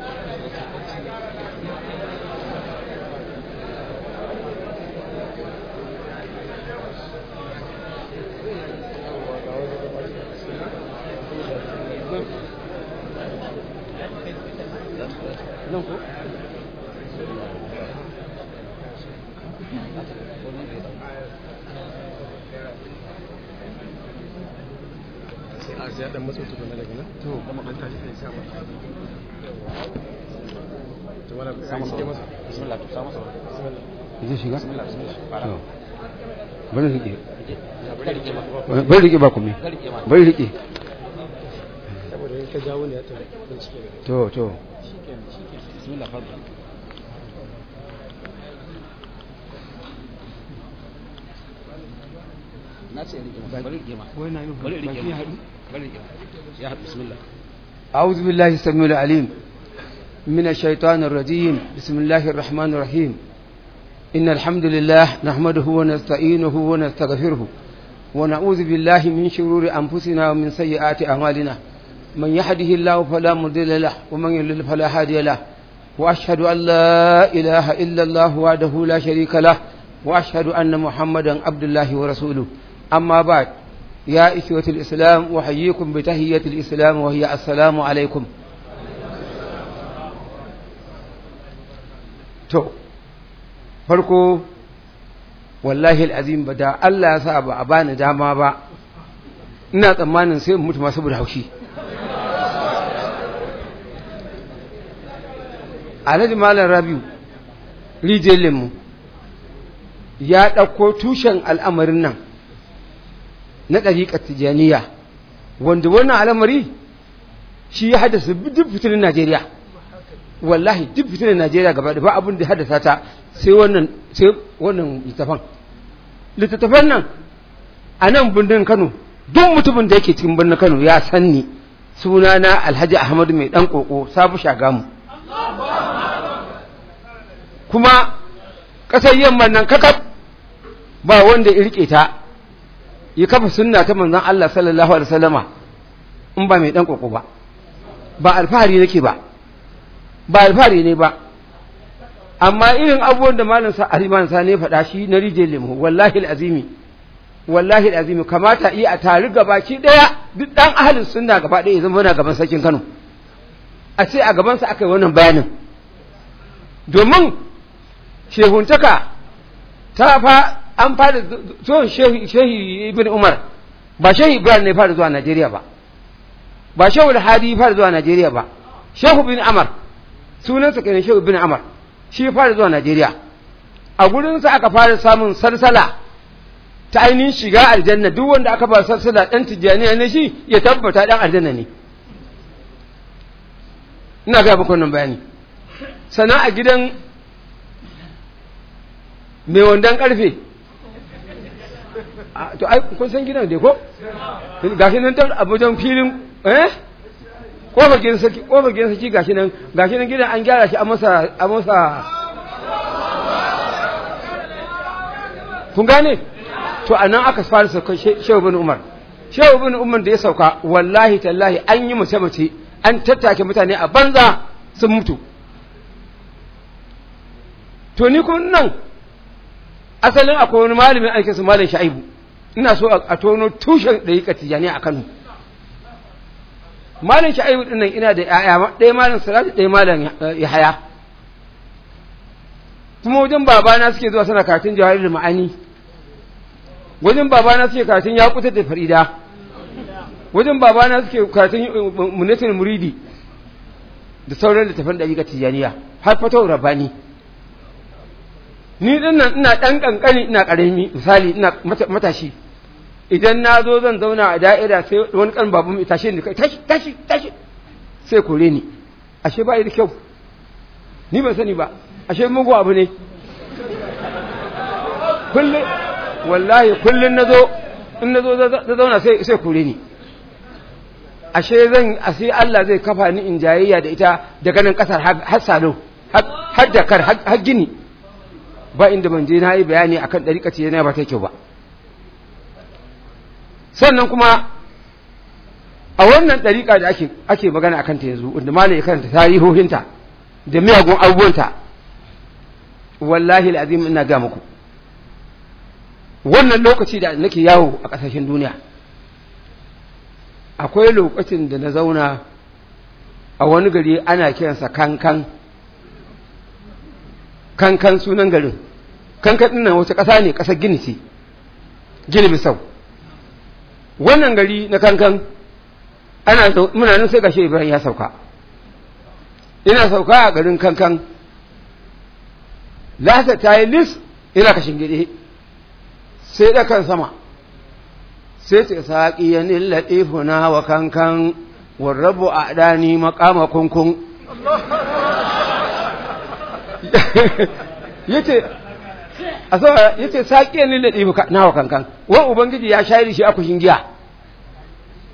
Não, sai ya dan matsa daga nan to sa to wala sai masa bismillah shiga bismillah bismillah bari rike bari rike ba kuma bari rike saboda in ka jawo ne ya to to bismillah na ce rike bari rike bari rike يا بسم الله أعوذ بالله السميع العليم من الشيطان الرجيم بسم الله الرحمن الرحيم إن الحمد لله نحمده ونستعينه ونستغفره ونعوذ بالله من شرور أنفسنا ومن سيئات أعمالنا من يهده الله فلا مضل له ومن يضلل فلا هادي له وأشهد أن لا إله إلا الله وحده لا شريك له وأشهد أن محمدا عبد الله ورسوله أما بعد يا إخوة الإسلام وحييكم بتهية الإسلام وهي السلام عليكم to farko wallahi al'azim ba da Allah ya sa ba a bani dama ba ina tsammanin sai mutu masu bude haushi alhaji malam rabiu rijiyar ya ɗauko tushen al'amarin nan na ɗariƙar tijaniya wanda wannan al'amari shi ya haddasa duk fitinin najeriya wallahi duk fitinin najeriya gaba da ba abin da haddasa ta sai wannan sai littafan littattafan nan a nan birnin kano duk mutumin da yake cikin birnin kano ya san ni na alhaji ahmadu mai dan koko sabu shagamu kuma ƙasar yamma nan kakaf ba wanda ya riƙe ta ya kafa sunna ta manzan Allah sallallahu alaihi wasallama in ba mai dan koko ba ba alfahari nake ba ba alfahari ne ba amma irin abubuwan da malam sa aliman sa ne faɗa shi na rije limu wallahi alazimi wallahi alazimi kamata iya a tari gabaki ɗaya duk ɗan ahalin sunna gaba daya zama na gaban sarkin Kano a ce a gaban sa aka yi wannan bayanin domin shehuntaka ta fa an fara zuwa shehi ibn umar ba shehi ibrahim ne fara zuwa najeriya ba ba shehu hadi fara zuwa najeriya ba shehu bin amar sunansa kenan shehu bin amar shi fara zuwa najeriya a gurinsa aka fara samun sarsala ta ainihin shiga aljanna duk wanda aka ba sarsala dan tijjaniya ne shi ya tabbata dan aljanna ne ina ga muku wannan bayani sana a gidan mai wandan karfe to ai kun san gidan dai ko gashi nan tar abujan filin eh kofar gidan sarki kofar gidan sarki gashi nan gashi nan gidan an gyara shi a masa a masa kun gane to anan aka fara sauka shehu bin umar shehu bin umar da ya sauka wallahi tallahi an yi mace mace an tattake mutane a banza sun mutu to ni kun nan asalin akwai wani malamin aikinsu malam sha'ibu ina so a tono tushen ɗariƙa tijjani a kano malin shi ɗin dinnan ina da ‘ya'ya ɗaya malin salatu ɗaya malin eh, yahaya kuma wajen babana suke zuwa suna karatun jawahir da ma'ani wajen babana suke karatun yakutar da farida wajen babana suke karatun eh, munatin muridi da sauran littafin ɗariƙa tijjaniya har fatawar rabani ni din nan ina ɗan ƙanƙani ina ƙarami misali ina matashi idan na zo zan zauna a da'ira sai wani ƙan babu mai tashi ni tashi tashi tashi sai kore ni ashe ba da kyau ni ban sani ba ashe mugu abu ne kullum wallahi kullum na zo in na zo zauna sai kore ni ashe zan ashe Allah zai kafa ni in jayayya da ita daga nan kasar har salo har dakar har gini ba inda ban je na yi bayani akan ɗariƙa ce na ba ta kyau ba sannan kuma a wannan ɗariƙa da ake magana a kanta yanzu wanda ma ya karanta tarihohinta da miyagun abubuwanta wallahi al'azim ina ga muku wannan lokaci da nake yawo a ƙasashen duniya akwai lokacin da na zauna a wani gari ana kiransa kankan kankan sunan garin kankan ɗin wata ƙasa ne ƙasar gini ce gini bisau wannan gari na kankan ana muna nan sai gashi ibrahim ya sauka ina sauka a garin kankan lasa ta yi lis ina kashin gide sai da kan sama sai ta saƙi ya nilla wa kankan warrabu a ɗani makama kunkun yace a saboda yace sake ni da dibu nawa kankan wa ubangiji ya shayar shi a kushin giya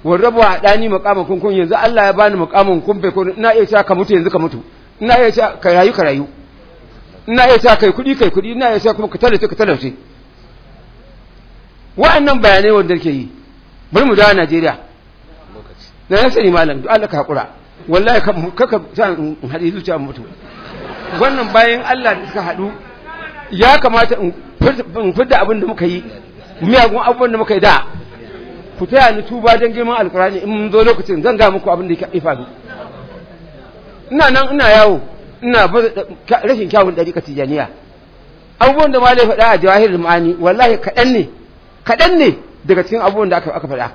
wa rabuwa a ɗani makamin kunkun kun yanzu Allah ya bani makamin kun bai kun ina iya cewa ka mutu yanzu ka mutu ina iya cewa ka rayu ka rayu ina iya cewa kai kudi kai kudi ina iya cewa kuma ka talauce ka talauce wa'annan bayanai wanda ke yi bari mu dawo Najeriya na yasa ni malam duk Allah ka haƙura wallahi kaka sa in hadi zuciya mutu wannan bayan Allah da suka haɗu ya kamata in fidda abin da muka yi miyagun abubuwan da muka yi da ku taya ni tuba don girman alkurani in mun zo lokacin zan ga muku abin da ya faru ina nan ina yawo ina rashin kyawun ɗariƙa janiya abubuwan da malai faɗa a jawahir ma'ani wallahi kaɗan ne kaɗan ne daga cikin abubuwan da aka faɗa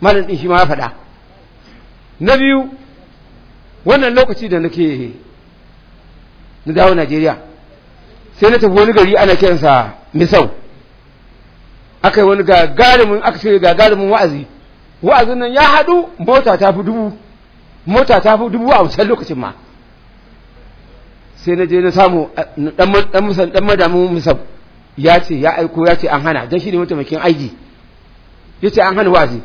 malam ɗin shi ma ya faɗa na biyu wannan lokaci da nake na dawo Najeriya sai na tafi wani gari ana kiransa Misau aka yi wani gagarumin aka ce gagarumin wa'azi wa'azin nan ya haɗu mota ta fi dubu mota ta fi dubu a wucin lokacin ma sai na je na samu dan eh, madamin Misau ya ce ya aiko ya ce an hana don shi ne mataimakin aiki ya ce an hana wa'azi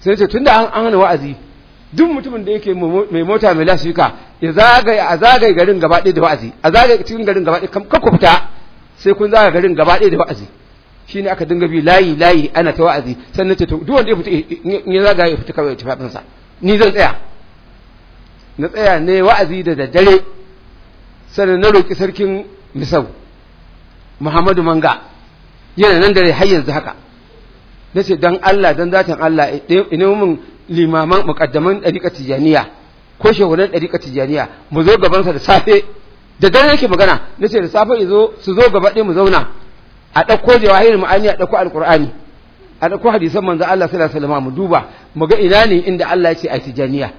sai ce tunda an hana wa'azi duk mutumin da yake mai mota mai lasuka ya zagaye a zagaye garin gaba ɗaya da wa'azi a zagaye cikin garin gaba ɗaya kam ku fita sai kun zagaye garin gaba ɗaya da wa'azi shine aka dinga bi layi layi ana ta wa'azi sannan ta duk wanda ya fita in ya zagaye ya fita kawai tafafin sa ni zan tsaya na tsaya ne wa'azi da daddare sannan na roki sarkin misau Muhammadu Manga yana nan dare har yanzu haka na ce don Allah don zatin Allah ina mun limaman muqaddaman dariqat tijaniya ko shugaban ɗariƙar tijjaniya mu zo gabansa da safe da dare yake magana na ce da safe su zo gaba ɗaya mu zauna a ɗauko jawahirin ma'ani a ɗauko alƙur'ani a ɗauko hadisan manzo Allah sallallahu alaihi mu duba mu ga ina ne inda Allah ya ce a tijjaniya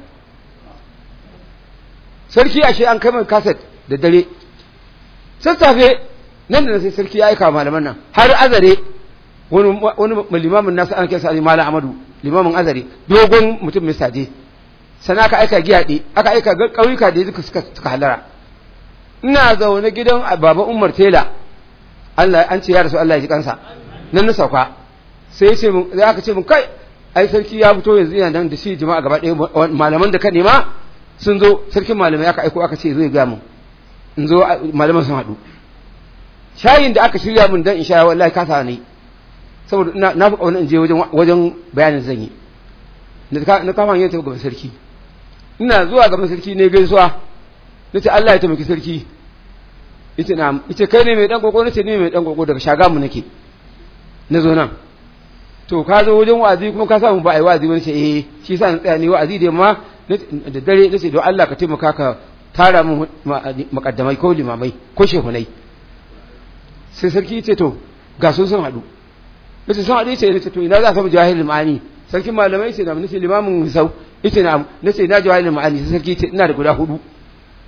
sarki ashe an kai min kaset da dare sassafe nan da sai sarki ya aika malaman nan har azare wani limamin nasu an kai sa limamin azare dogon mutum mai saje sana aka aika giyaɗe aka aika ga ƙauyuka da duka suka suka halara ina zaune gidan baba Umar Tela Allah an ce ya rasu Allah ya ji kansa nan na sauka sai ya ce mun sai aka ce mun kai ai sarki ya fito yanzu yana nan da shi jama'a gaba ɗaya malaman da ka nema sun zo sarkin malamai aka aiko aka ce zai ga mu in zo malaman sun haɗu shayin da aka shirya mun dan in sha wallahi ka sa ni saboda na fi ƙaunar in je wajen bayanin zan yi na kama yin tafi gaban sarki ina zuwa gaban sarki ne gaisuwa nace Allah ya taimaki sarki yace na yace kai ne mai dan gogo nace ni mai dan gogo daga mu nake Na zo nan to ka zo wajen wa'azi kuma ka samu ba ai wa'azi wani ce eh shi yasa na tsaya ni wa'azi da ma da dare nace don Allah ka taimaka ka tara mu makaddamai ko limamai ko shehunai sai sarki yace to ga sun sun hadu nace sun hadu yace nace to ina za ka samu jahil limani sarkin malamai ce da nace limamin sau yace na ce na jawahirin ma'ani sun sarki ce ina da guda hudu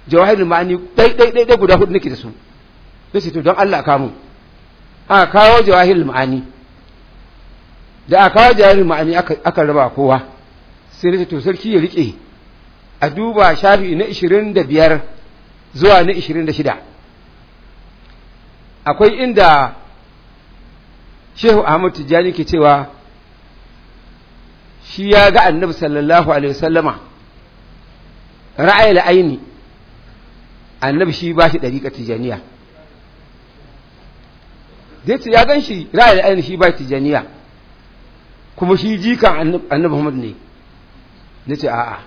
jawahirin ma'ani ɗaiɗaiɗai guda hudu nake da su ce to don Allah ka mun a kawo jawahirin ma'ani da a kawo jawahirin ma'ani aka raba kowa sai ce to sarki ya riƙe a duba shafi na 25 zuwa na 26 akwai inda Shehu Ahmad Tijjani ke cewa shi ya ga annabi sallallahu alaihi wasallama ra'ayil aini annabi shi ba shi dariƙa tijaniya zai ce ya gan shi ra'ayil aini shi ba tijaniya kuma shi jikan annabi Muhammad ne na ce a'a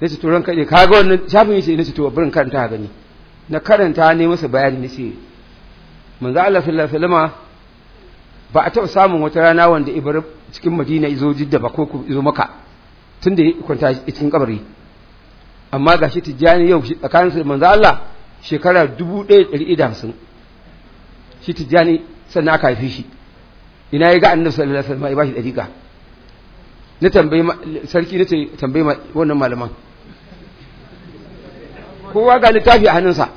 na ce turan kaɗe ka ga wannan shafin yace na ce to barin karanta gani na karanta ne masa bayani na ce manzo Allah sallallahu alaihi wasallama ba a taɓa samun wata rana wanda cikin madina izo jidda ba ko izo maka tun da ya kwanta cikin kabari amma ga shi tijjani yau tsakanin su manzo Allah shekara 1150 shi tijjani sannan aka haife shi ina ya ga annabi sallallahu alaihi wasallam ya bashi dariqa na tambayi sarki nace tambayi wannan malaman kowa ga littafi a hannunsa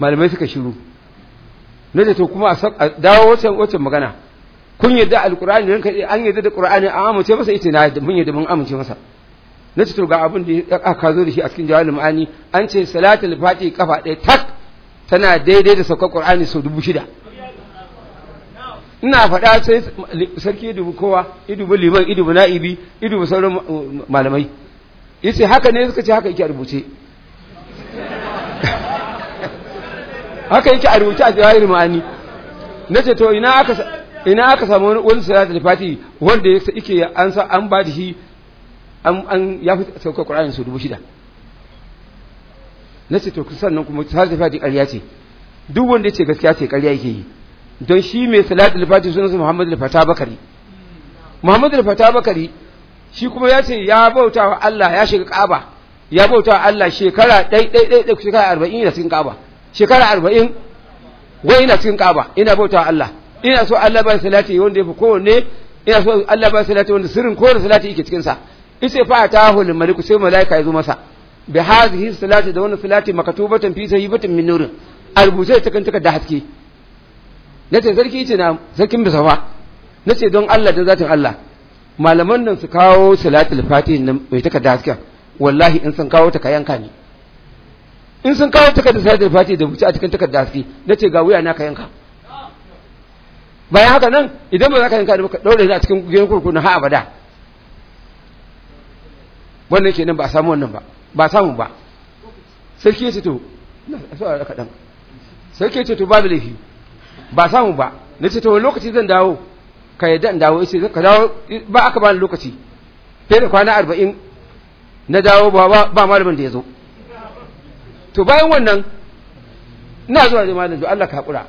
malamai suka shiru na to kuma a dawo wacce magana kun yadda alkur'ani ranka an yadda da qur'ani an amince masa ita na mun yadda mun amince masa na ci to ga abin da aka zo da shi a cikin jawal ma'ani an ce salatul fati kafa ɗaya tak tana daidai da saukar qur'ani sau dubu shida ina faɗa sai sarki dubu kowa idubu liman idubu na'ibi idubu sauran malamai yace haka ne suka ce haka yake a rubuce haka yake a rubuce a jawal ma'ani nace to ina aka ina aka samu wani wani salatul fati wanda ya yake an sa an ba da shi an ya fi sauka qur'ani su dubu shida na ce to nan kuma salatul fati ƙarya ce duk wanda ya ce gaskiya ce ƙarya yake yi don shi mai salatul fati sunan su Muhammad da fata Bakari Muhammad da fata Bakari shi kuma ya ce ya bauta wa Allah ya shiga Ka'aba ya bauta wa Allah shekara ɗai ɗai ɗai ɗai shekara arba'in yana cikin Ka'aba shekara arba'in wai ina cikin Ka'aba ina bauta wa Allah ina so Allah ba salati wanda yafi kowanne ina so Allah ba salati wanda sirrin kowanne salati yake cikin sa yace fa tahul maliku sai malaika ya zo masa bi hadhihi salati da wannan salati makatubatan fi sayyibatin min nurin albuce ta kan da haske nace sarki yace na sarkin na nace don Allah da zatin Allah malaman nan su kawo salatul fatih nan mai takarda haske wallahi in sun kawo ta ka yanka ni in sun kawo takarda salatul fatih da buce a cikin takardar haske nace ga wuya na ka yanka bayan haka nan idan ba za ka yanka da ka ɗaure a cikin gidan kurkuku na ba da wannan ke nan ba a samu wannan ba ba samu ba sarki ya ce to na so a kaɗan sarki ya ce to babu laifi ba samu ba na ce to wani lokaci zan dawo ka yadda in dawo ce ka dawo ba aka bani lokaci fiye da kwana arba'in na dawo ba ba malamin da ya zo to bayan wannan ina zuwa zai malamin Allah ka haƙura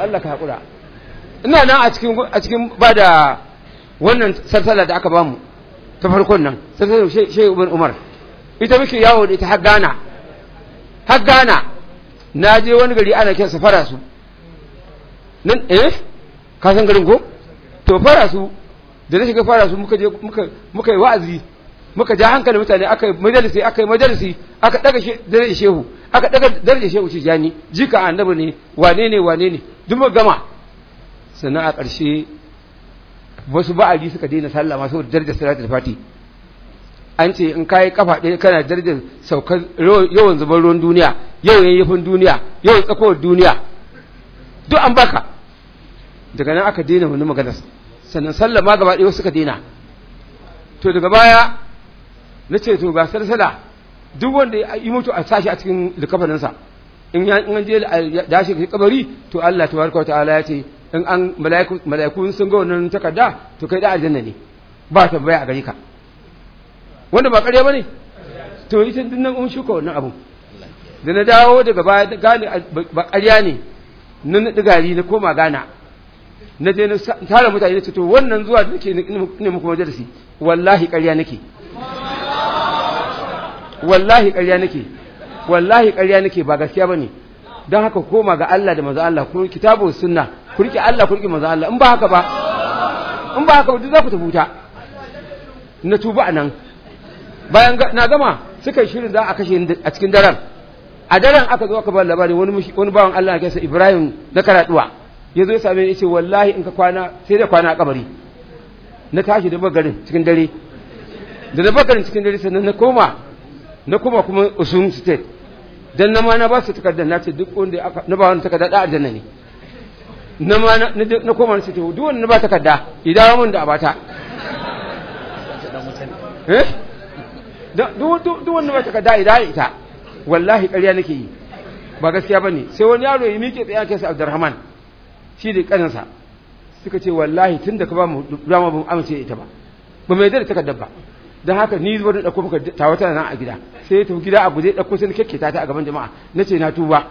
Allah ka haƙura ina nan a cikin a cikin ba da wannan sarsala da aka ba mu ta farkon nan sarsala shai ibn umar ita muke yawo da ita har gana har gana na je wani gari ana kiransa fara su nan eh ka san garin ko to fara su da na shiga fara su muka je muka yi wa'azi muka ja hankali mutane aka yi majalisi aka yi majalisi aka daga darajar shehu aka daga darajar shehu jani jika annabi ne wane ne wane ne duk gama sannan a ƙarshe wasu ba'adi suka daina sallah masu darjar salatul fati an ce in kayi kafa ɗaya kana darjar saukar yawan zubar ruwan duniya yawan yayyafin duniya yawan tsakowar duniya duk an baka daga nan aka daina wani magana sannan sallah ma gaba ɗaya suka daina to daga baya na ce to ga salsala duk wanda ya yi mutu a sashi a cikin likafaninsa in an je da shi kabari to Allah tabaraka wa ta'ala ya ce in an mala'iku sun ga wannan takarda to kai da aljanna ne ba ta baya a gari ka wanda ba ƙarya bane to yi din dinnan un shuka wannan abu da na dawo daga baya gane ba ƙarya ne nan na digari na koma gana na je na tara mutane na to wannan zuwa da nake ne muku majalisi wallahi ƙarya nake wallahi ƙarya nake wallahi ƙarya nake ba gaskiya bane don haka koma ga Allah da manzo Allah kuma kitabu sunna ku Allah ku rike manzo Allah in ba haka ba in ba haka duk za ku tafuta na tuba anan bayan na gama suka shirin za a kashe a cikin daren a daren aka zo aka ba labari wani wani bawan Allah ya sa Ibrahim na karaduwa ya zo ya same ni ce wallahi in ka kwana sai da kwana a kabari na tashi da bagarin cikin dare da na bagarin cikin dare sannan na koma na koma kuma Usum State dan na ma na ba su takardar na ce duk wanda na ba wani takardar da aljanna ne na ma na koma na sito duk wanda na ba takarda idan mun da abata eh duk wanda ba takarda idan ita wallahi ƙarya nake yi ba gaskiya bane sai wani yaro ya miƙe tsaye ake sa Abdurrahman shi da kaninsa suka ce wallahi tun da ka ba mu dama ba mu amince ita ba ba mai da takardar ba don haka ni zuwa da ɗauko ta wata tana nan a gida sai ya tafi gida a guje ɗauko sai na kyakketa ta a gaban jama'a na ce na tuba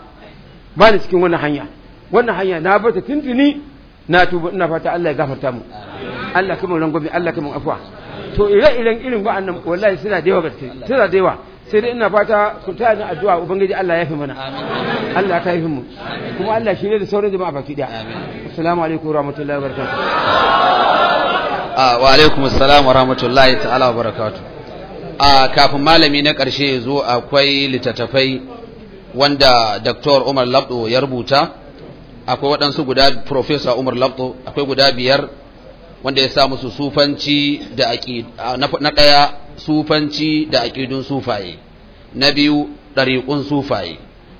ba ni cikin wannan hanya wannan hanya na bata tuntuni na tuba ina fata Allah ya gafarta mu Allah kuma gobe Allah kuma afwa to ire-iren irin wa'annan wallahi suna da yawa gaske suna da yawa sai dai ina fata ku ta ni addu'a ubangiji Allah ya fi mana Allah ka yi mu kuma Allah shi ne da sauran jama'a baki daya assalamu alaikum wa rahmatullahi wa barakatuh ah, wa alaikum assalam wa rahmatullahi ta'ala wa barakatuh a ah, kafin malami na karshe ya zo akwai littattafai wanda Dr. Umar Labdo ya rubuta akwai waɗansu guda Profesa Umar Labto akwai guda biyar wanda ya sa musu sufanci da na ɗaya sufanci da aƙidun sufaye na biyu ɗariƙun sufaye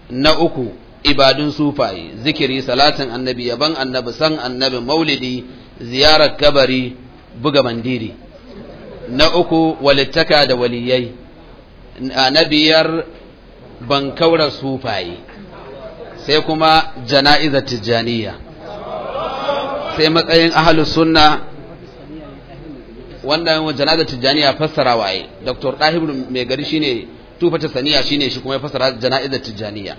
na uku ibadun sufaye zikiri salatin annabi yaban annabi san annabi maulidi ziyarar kabari buga mandiri na uku walittaka da waliyai na biyar bankaurar sufaye sai kuma jana'iza tijjaniya sai matsayin ahalus sunna wanda yawan jana'iza tijjaniya fassara waye dr dahir mai gari shine tufata saniya shine shi kuma ya fassara jana'iza tijjaniya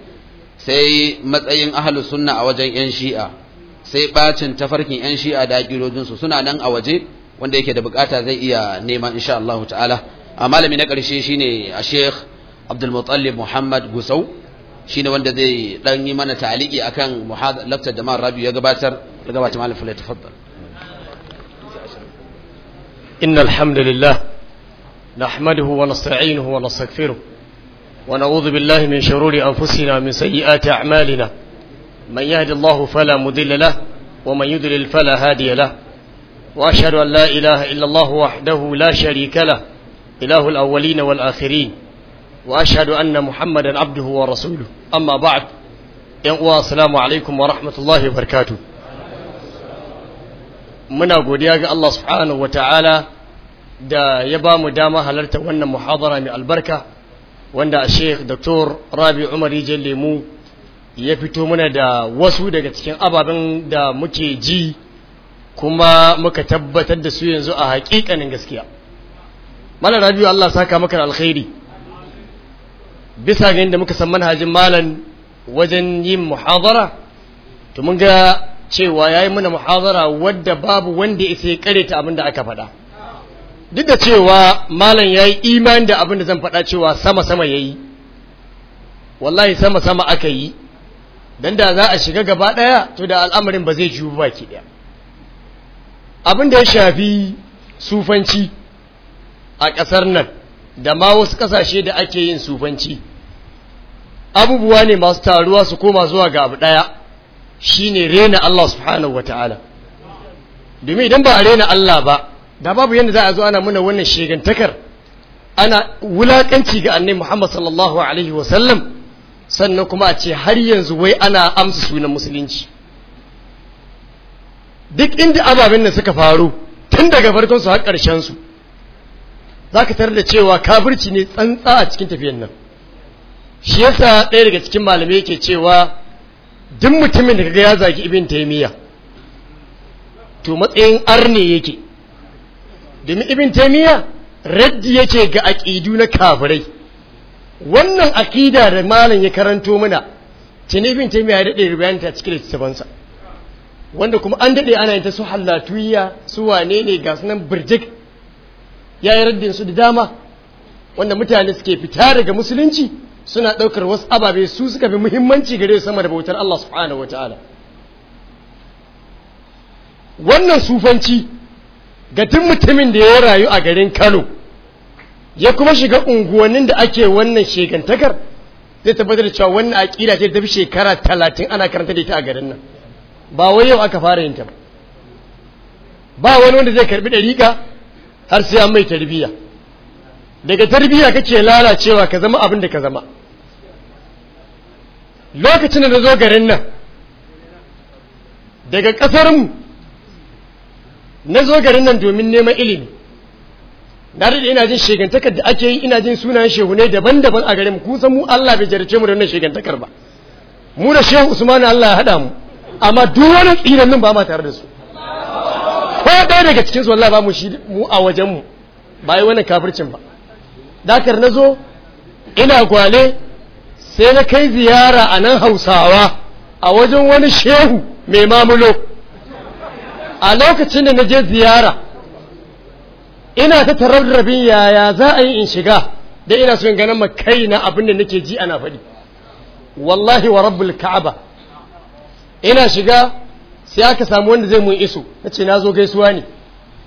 sai matsayin ahalus sunna a wajen yan shi'a sai ɓacin tafarkin yan shi'a da su suna nan a waje wanda yake da bukata zai iya nema insha Allah ta'ala a malami na karshe shine a Sheikh Abdul Muhammad Gusau shine wanda zai dan yi mana ta'aliki akan muhadar laftar da rabi ya gabatar ya gabata malam fulai tafaddal innal hamdalillah nahmaduhu wa nasta'inuhu wa nastaghfiruh wa na'udhu billahi min shururi anfusina min sayyiati a'malina man yahdihillahu fala mudilla lahu wa man yudlil fala hadiya lahu wa ashhadu an la ilaha illa allah wahdahu la sharika lahu ilahul awwalin wal akhirin وأشهد أن محمدا عبده ورسوله أما بعد ينقوى السلام عليكم wa الله وبركاته muna godiya ga Allah subhanahu wataala da ya ba mu dama halarta wannan muhadara mai albarka wanda a Sheikh Dr. Rabi Umar Lemu ya fito muna da wasu daga cikin ababen da muke ji kuma muka tabbatar da su yanzu a haƙiƙanin gaskiya. Malam Rabiu Allah saka maka alkhairi. bisa ga inda muka san manhajin malam wajen yin muhadara to mun ga cewa yayi muna muhadara wadda babu wanda ya sai kare ta abin da aka faɗa duk da cewa malam yayi imani da abin da zan faɗa cewa sama sama yayi wallahi sama sama aka yi dan da za a shiga gaba daya to da al'amarin ba zai juyu baki daya abin da ya shafi sufanci a ƙasar nan da ma wasu ƙasashe da ake yin sufanci abubuwa ne masu taruwa su koma zuwa ga abu ɗaya shi ne rena Allah subhanahu ta’ala domin idan ba a rena Allah ba da babu yadda za a zo ana muna wannan shegantakar ana wulaƙanci ga annai Muhammad sallallahu alaihi wasallam sannan kuma a ce har yanzu wai ana amsa sunan musulunci duk inda ababen nan suka faru tun daga farkonsu har ƙarshensu su ka tarar da cewa kafirci ne tsantsa a cikin tafiyan nan shi yasa ɗaya daga cikin malamai yake cewa duk mutumin da kaga ya zagi ibin taimiyya. to matsayin arne yake domin ibin taimiyya raddi yake ga aƙidu na kafirai wannan aƙida da malam ya karanto mana tuni ibin taimiyya ya dade bayanta cikin littattafansa wanda kuma an daɗe ana yin ta su hallatuyya su wane ne ga sunan birjik ya yi raddin su da dama wanda mutane suke fita daga musulunci suna ɗaukar wasu ababe su suka fi muhimmanci gare su sama da bautar Allah subhanahu ta'ala. wannan sufanci ga tun mutumin da ya rayu a garin Kano ya kuma shiga unguwannin da ake wannan shekantakar zai tabbatar da cewa wannan aƙida ce fi shekara talatin ana karanta da ita a garin nan ba wai yau aka fara yin ta ba ba wani wanda zai karbi ɗariƙa har sai an mai tarbiyya daga tarbiyya kake lalacewa ka zama abin da ka zama lokacin da na zo garin nan daga ƙasarmu na zo garin nan domin neman ilimi na daɗe ina jin shegantakar da ake yi ina jin sunayen ne daban-daban a garin mu san mu Allah bai jarce mu da wannan shegantakar ba mu da shehu Usman Allah ya haɗa mu amma duk wani tsirannin ba ma tare da su ko ɗaya daga cikin su wallahi ba mu shi mu a wajen mu ba yi wannan kafircin ba dakar na zo ina gwale sai na kai ziyara a nan hausawa a wajen wani shehu mai mamulo a lokacin da na je ziyara ina ta tararrabin yaya za a yi in shiga da ina son ganin makai na abin da nake ji ana faɗi wallahi wa rabbul ka'aba ina shiga sai aka samu wanda zai mun iso na ce na zo gaisuwa ne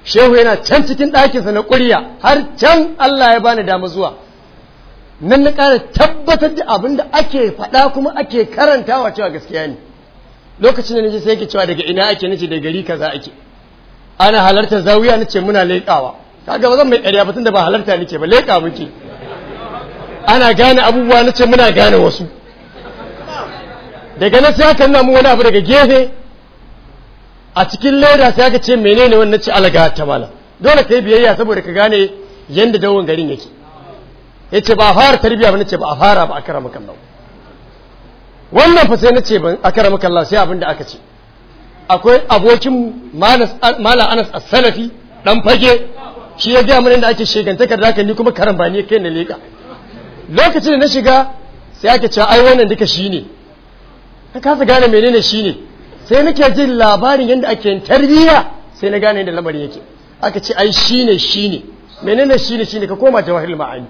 shehu yana can cikin ɗakinsa na ƙurya har can Allah ya bani dama zuwa nan na ƙara tabbatar da abin da ake faɗa kuma ake karantawa cewa gaskiya ne lokacin da na ji sai ke cewa daga ina ake nace daga gari kaza ake ana halarta zawiya nace muna leƙawa kaga ba zan mai ƙarya ba tunda ba halarta nace ba leƙa muke ana gane abubuwa nace muna gane wasu daga nan sai aka nuna wani abu daga gefe a cikin leda sai aka ce menene wannan ce alaga ta mala dole kai biyayya saboda ka gane yanda dawon garin yake ya ce ba a fara tarbiya ba na ce ba a fara ba a kara makallau wannan fa sai na ce a kara makallau sai abin da aka ce akwai abokin malam anas a salafi dan fage shi ya gaya mana inda ake shegantakar da aka ni kuma karan ba ne kai na leka lokacin da na shiga sai aka ce ai wannan duka shi ne na kasa gane menene shi ne sai nake jin labarin yadda ake yin sai na gane yadda lamarin yake aka ce ai shi ne shi ne menene shi ne shi ne ka koma jawahir ma'ani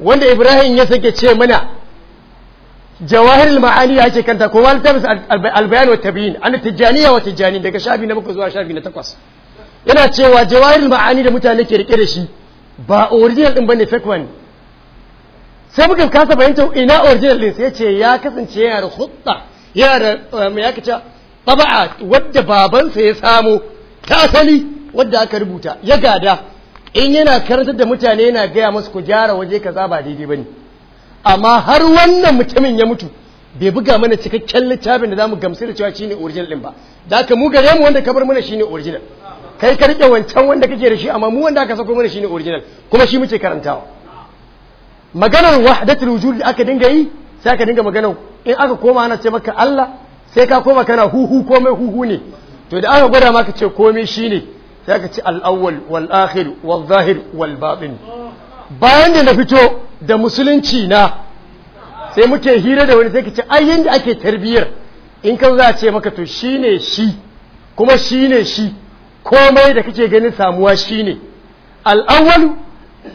wanda ibrahim ya sake ce mana jawahir ma'ani ya ce kanta kuma littafis albayan wa tabiyin an tijaniya wa tijani daga shafi na bakwai zuwa shafi na takwas yana cewa jawahir ma'ani da mutane ke rike da shi ba original din bane fake one sai muka kasa fahimta ina original din sai ce ya kasance yana da hutta yana da eh, mai yaka ce taba'a wadda babansa ya samu ta asali wadda aka rubuta ya gada in yana karantar da mutane yana gaya masu ku gyara waje kaza ba daidai bane amma har wannan mutumin ya mutu bai buga mana cikakken littafin da zamu gamsu da cewa shine original din ba da haka mu gare mu wanda ka bar mana shine original kai ka rike wancan wanda kake da shi amma mu wanda aka sako mana shine original kuma shi muke karantawa maganar wahdatul wujud da aka dinga yi sai aka dinga maganar in aka koma ana ce maka Allah sai ka koma kana huhu komai huhu ne to da aka gwada maka ce komai shine sai ka ci al'awwal wal’ahir akhir wal bayan da na fito da musulunci na sai muke hira da wani sai ka ci ai ake tarbiyyar in kan za a ce maka to shi ne shi kuma shi ne shi komai da kake ganin samuwa shi ne. al'awwal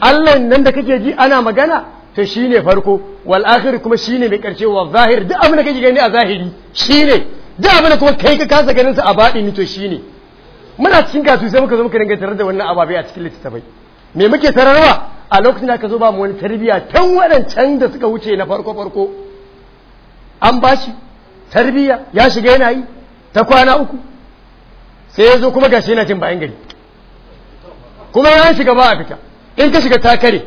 Allah nan da kake ji ana magana to ne farko wal’ahir kuma shi ne mai karshe wa zahir duk abin da kake gani a zahiri shine duk abin da kuma kai ka kasa ganin sa a baɗi ni to shine muna cikin kasu sai muka zo muka dinga tarar da wannan ababe a cikin littattafai me muke tararwa a lokacin da aka zo ba mu wani tarbiyya tan waɗancan da suka wuce na farko farko an bashi tarbiyya ya shiga yana yi ta kwana uku sai ya zo kuma gashi yana jin bayan gari kuma ya shiga ba a fita in ka shiga ta kare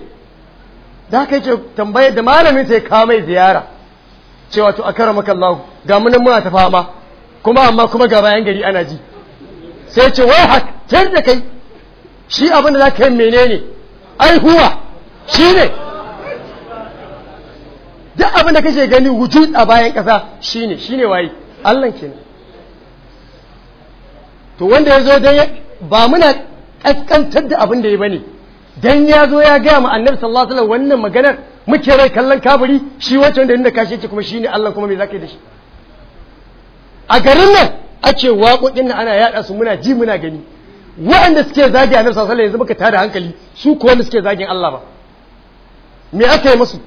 da haka yake tambayar da malamin sai kawo mai ziyara cewa to a kara ga munan muna ta fama kuma amma kuma ga bayan gari ana ji sai ce wai hatar da kai shi abin da za ka yi menene ai huwa shi ne duk abin da kake gani wujud a bayan ƙasa shi ne shi ne waye allan kenan to wanda ya zo don ba muna ƙasƙantar da abin da ya bane dan ya zo ya gaya ma annabi sallallahu alaihi wasallam wannan maganar muke rai kallon kaburi shi wancan da inda kashi ce kuma shine Allah kuma me zaka yi da shi a garin nan a ce waƙoƙin ana yaɗa su muna ji muna gani waɗanda suke zagi a nan alaihi yanzu muka tada hankali su ko wanda suke zagin Allah ba me aka yi masu.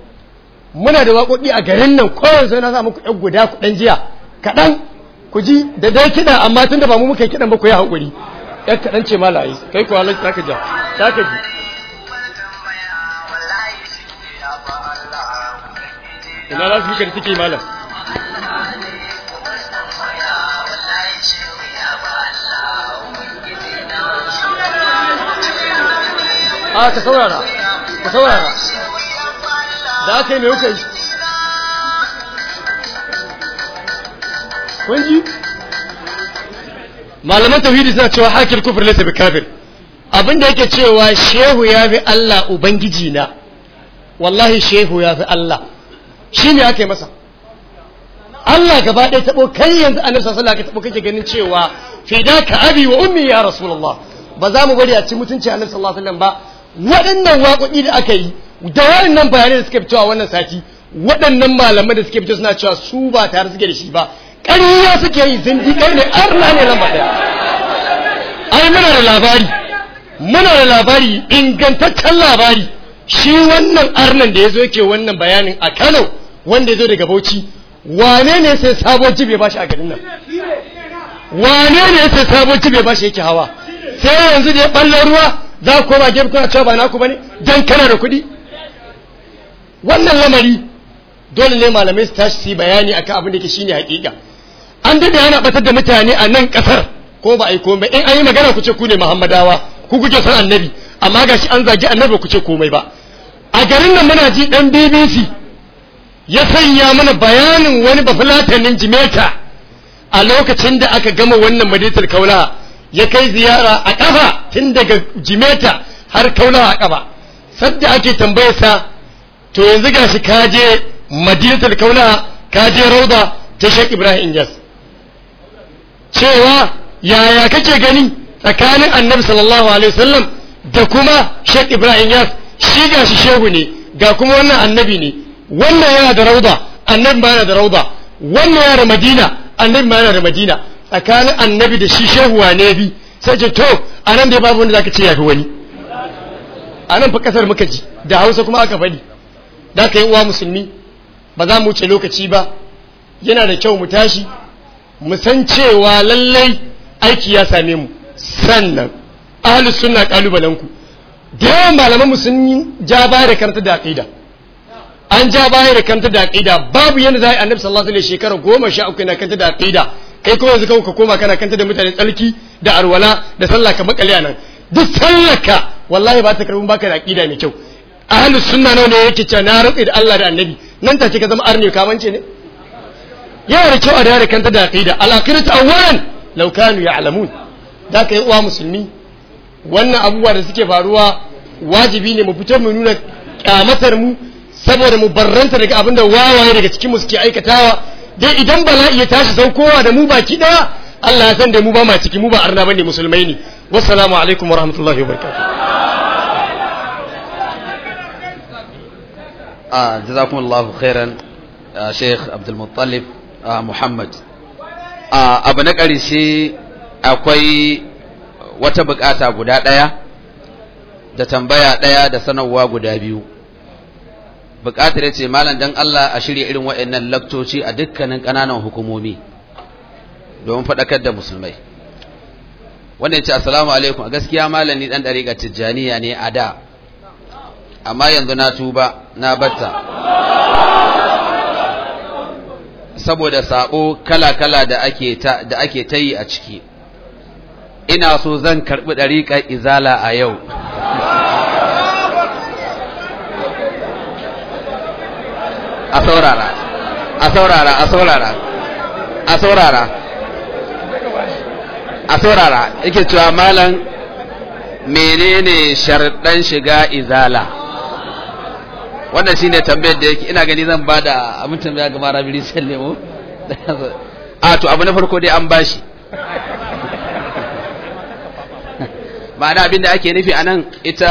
muna da waƙoƙi a garin nan kowanne sai na sa muku ɗan guda ku jiya kaɗan ku ji da dai kiɗa amma tun da ba mu muka yi kiɗan ba ku yi haƙuri ɗan kaɗan ce ma la'ayi kai ta ji ina za su yi karfi ke a ka saurara ka saurara da aka yi mai kuka yi kunji malaman tauhidi suna cewa hakil kufur laysa bi kafir abinda yake cewa shehu ya fi Allah ubangiji na wallahi shehu ya fi Allah shine ake masa Allah gaba ɗaya taɓo kai yanzu annabi sallallahu alaihi taɓo kake ganin cewa fidaka abi wa ummi ya rasulullah ba za mu bari a ci mutunci annabi sallallahu alaihi wasallam ba waɗannan waƙoƙi da aka yi da waɗannan bayanai da suka fitowa wannan sati waɗannan malamai da suke fito suna cewa su ba tare suke da shi ba ƙarya suke yi zindiƙar ne arna ne lamba ɗaya ai muna da labari muna da labari ingantaccen labari shi wannan arnan da ya zo yake wannan bayanin a kano wanda ya zo daga bauchi wane ne sai sabon jibe ba shi a garin nan wane ne sai sabon jibe ba shi yake hawa sai yanzu da ya ɓallon ruwa za ku koma gefe kuna cewa ba ku bane dan kana da kuɗi wannan lamari dole ne malamai su tashi su bayani akan abin da ke shine hakika an dade ana batar da mutane a nan kasar ko ba ai komai in an yi magana ku ce ku ne muhammadawa ku kuke san annabi amma gashi an zage annabi ku ce komai ba a garin nan muna ji dan BBC ya sanya mana bayanin wani bafulatanin Jamaica a lokacin da aka gama wannan majalisar kaula ya kai ziyara a ƙafa tun daga jimeta har kauna a ƙafa sadda ake tambayarsa to yanzu gashi ka je madinatar kauna ka je rauda ta shek ibrahim injas cewa yaya kake gani tsakanin annabi sallallahu alaihi wasallam da kuma shek ibrahim yas shi ga shi shehu ne ga kuma wannan annabi ne wannan yana da rauda annabi ba yana da rauda wannan yana da madina annabi ma yana da madina tsakanin annabi da shi shehu ne bi sai ce to a nan dai babu wanda zaka ce ya yafi wani a nan fa kasar muka ji da hausa kuma aka faɗi da ka yi uwa musulmi ba za mu wuce lokaci ba yana da kyau mu tashi mu san cewa lallai aiki ya same mu sannan ahlus sunna kalubalen ku da yawan malaman sun ja baya da karanta da aqida an ja baya da karanta da aqida babu yanda za a yi annabi sallallahu alaihi shekara goma sha uku yana karanta da aqida kai kuma yanzu kawai ka koma kana kanta da mutane tsarki da arwala da sallah ka makale a nan duk sallaka wallahi ba ta karbin baka da aqida mai kyau ahlus sunna nawa ne yake cewa na rufe da Allah da annabi nan take ka zama arne ka mance ne yana da kyau a da kanta da aqida al aqidatu awwalan law kanu ya'lamun da kai uwa musulmi wannan abubuwa da suke faruwa wajibi ne mu fito mu nuna kyamatar mu saboda mu barranta daga da wawaye daga cikin mu suke aikatawa dai idan bala'i ya tashi kowa da mu baki da Allah ya san da mu ba ma ciki mu ba arna bane musulmai ne wassalamu alaikum warahmatullahi wabarakatuh a ah, jazakumullahu khairan ah, sheikh abdul muttalib ah, muhammad abu na ƙarshe akwai wata bukata guda ɗaya da tambaya ɗaya da sanarwa guda biyu bukatar ya ce malam dan Allah a shirya irin waɗannan laktoci a dukkanin ƙananan hukumomi domin faɗakar da musulmai wanda ce assalamu alaikum a gaskiya malam ni ɗan ɗariƙa tijjaniya ne a da amma yanzu na tuba na batta saboda saɓo kala-kala da ake ta yi a ciki ina so zan karɓi ɗariƙar izala a yau a saurara a saurara a saurara a saurara a saurara yake cewa malam menene sharɗan shiga izala wannan ne tambayar da yake ina gani zan bada abin tambaya ga mara biri sai nemo a to abu na farko dai an bashi ma'ana abin da ake nufi anan ita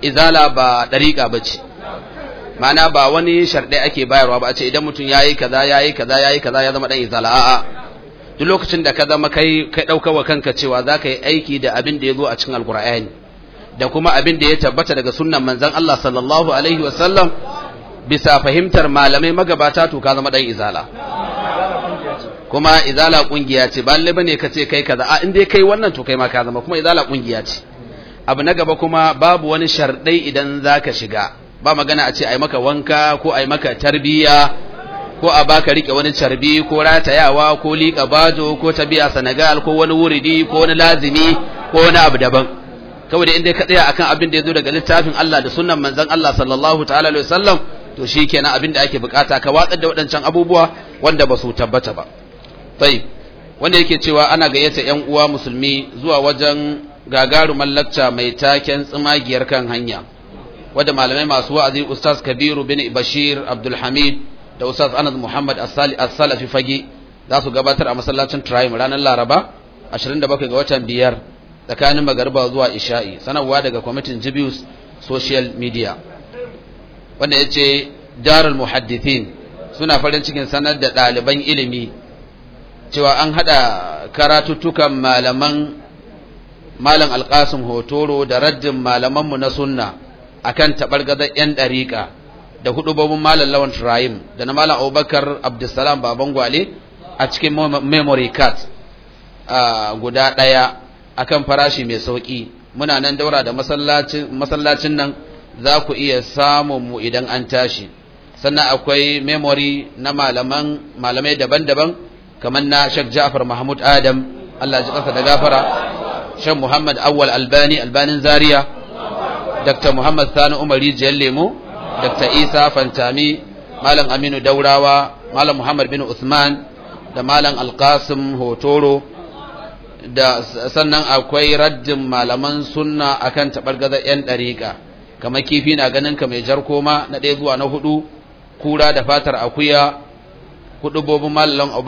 izala ba ɗariƙa ba ce ma'ana ba wani sharɗai ake bayarwa ba a ce idan mutum ya yi kaza yi kaza yi kaza ya zama ɗan izala a'a duk lokacin da ka zama kai kai wa kanka cewa za ka yi aiki da abin da ya zo a cikin alƙur'ani da kuma abin da ya tabbata daga sunnan manzon Allah sallallahu alaihi wasallam bisa fahimtar malamai magabata to ka zama ɗan izala kuma izala kungiya ce ba lalle bane ka ce kai kaza a in dai kai wannan to kai ma ka zama kuma izala kungiya ce abu na gaba kuma babu wani sharɗai idan zaka shiga ba magana a ce a maka wanka ko a maka tarbiya ko a baka rike wani carbi ko ratayawa ko liƙa bajo ko tabiya senegal ko wani wuridi ko wani lazimi ko wani abu daban kawai da inda ka tsaya akan abin da ya zo daga littafin Allah da sunnan manzon Allah sallallahu ta'ala alaihi wasallam to shikenan abin da ake bukata ka watsar da waɗancan abubuwa wanda ba su tabbata ba tayi wanda yake cewa ana gayyata ƴan uwa musulmi zuwa wajen gagarumar lacca mai taken tsimagiyar kan hanya wadda malamai masu wa'azi ustaz kabiru bin bashir abdulhamid da ustaz anas muhammad as-salafi fage za su gabatar a masallacin trim ranar laraba 27 ga watan biyar tsakanin magariba zuwa isha'i sanarwa daga kwamitin jibius social media wanda ya ce darul muhaddithin suna farin cikin sanar da ɗaliban ilimi cewa an haɗa karatuttukan malaman malam alƙasim hotoro da raddin malamanmu na sunna akan tabargazar yan dariƙa da hudubobin malam lawan Ibrahim da na malam Abubakar Abdulsalam baban gwale a cikin memory card guda ɗaya akan farashi mai sauki muna nan daura da masallacin masallacin nan za ku iya samun mu idan an tashi sannan akwai memory na malaman malamai daban-daban kamar na Sheikh Ja'far Mahmud Adam Allah ji kasa da gafara Sheikh Muhammad Awwal Albani Albanin Zaria Dr. Muhammad Sani Umar Jiyar Lemo, Dr. Isa Fantami, Malam Aminu Daurawa, Malam Muhammad bin Usman, da Malam Alkasim Hotoro, da sannan akwai raddin malaman sunna akan taɓargazar 'yan ɗariƙa, kamar kifi na ganin ka mai jar koma na ɗaya zuwa na hudu, kura da fatar akuya, bobin malam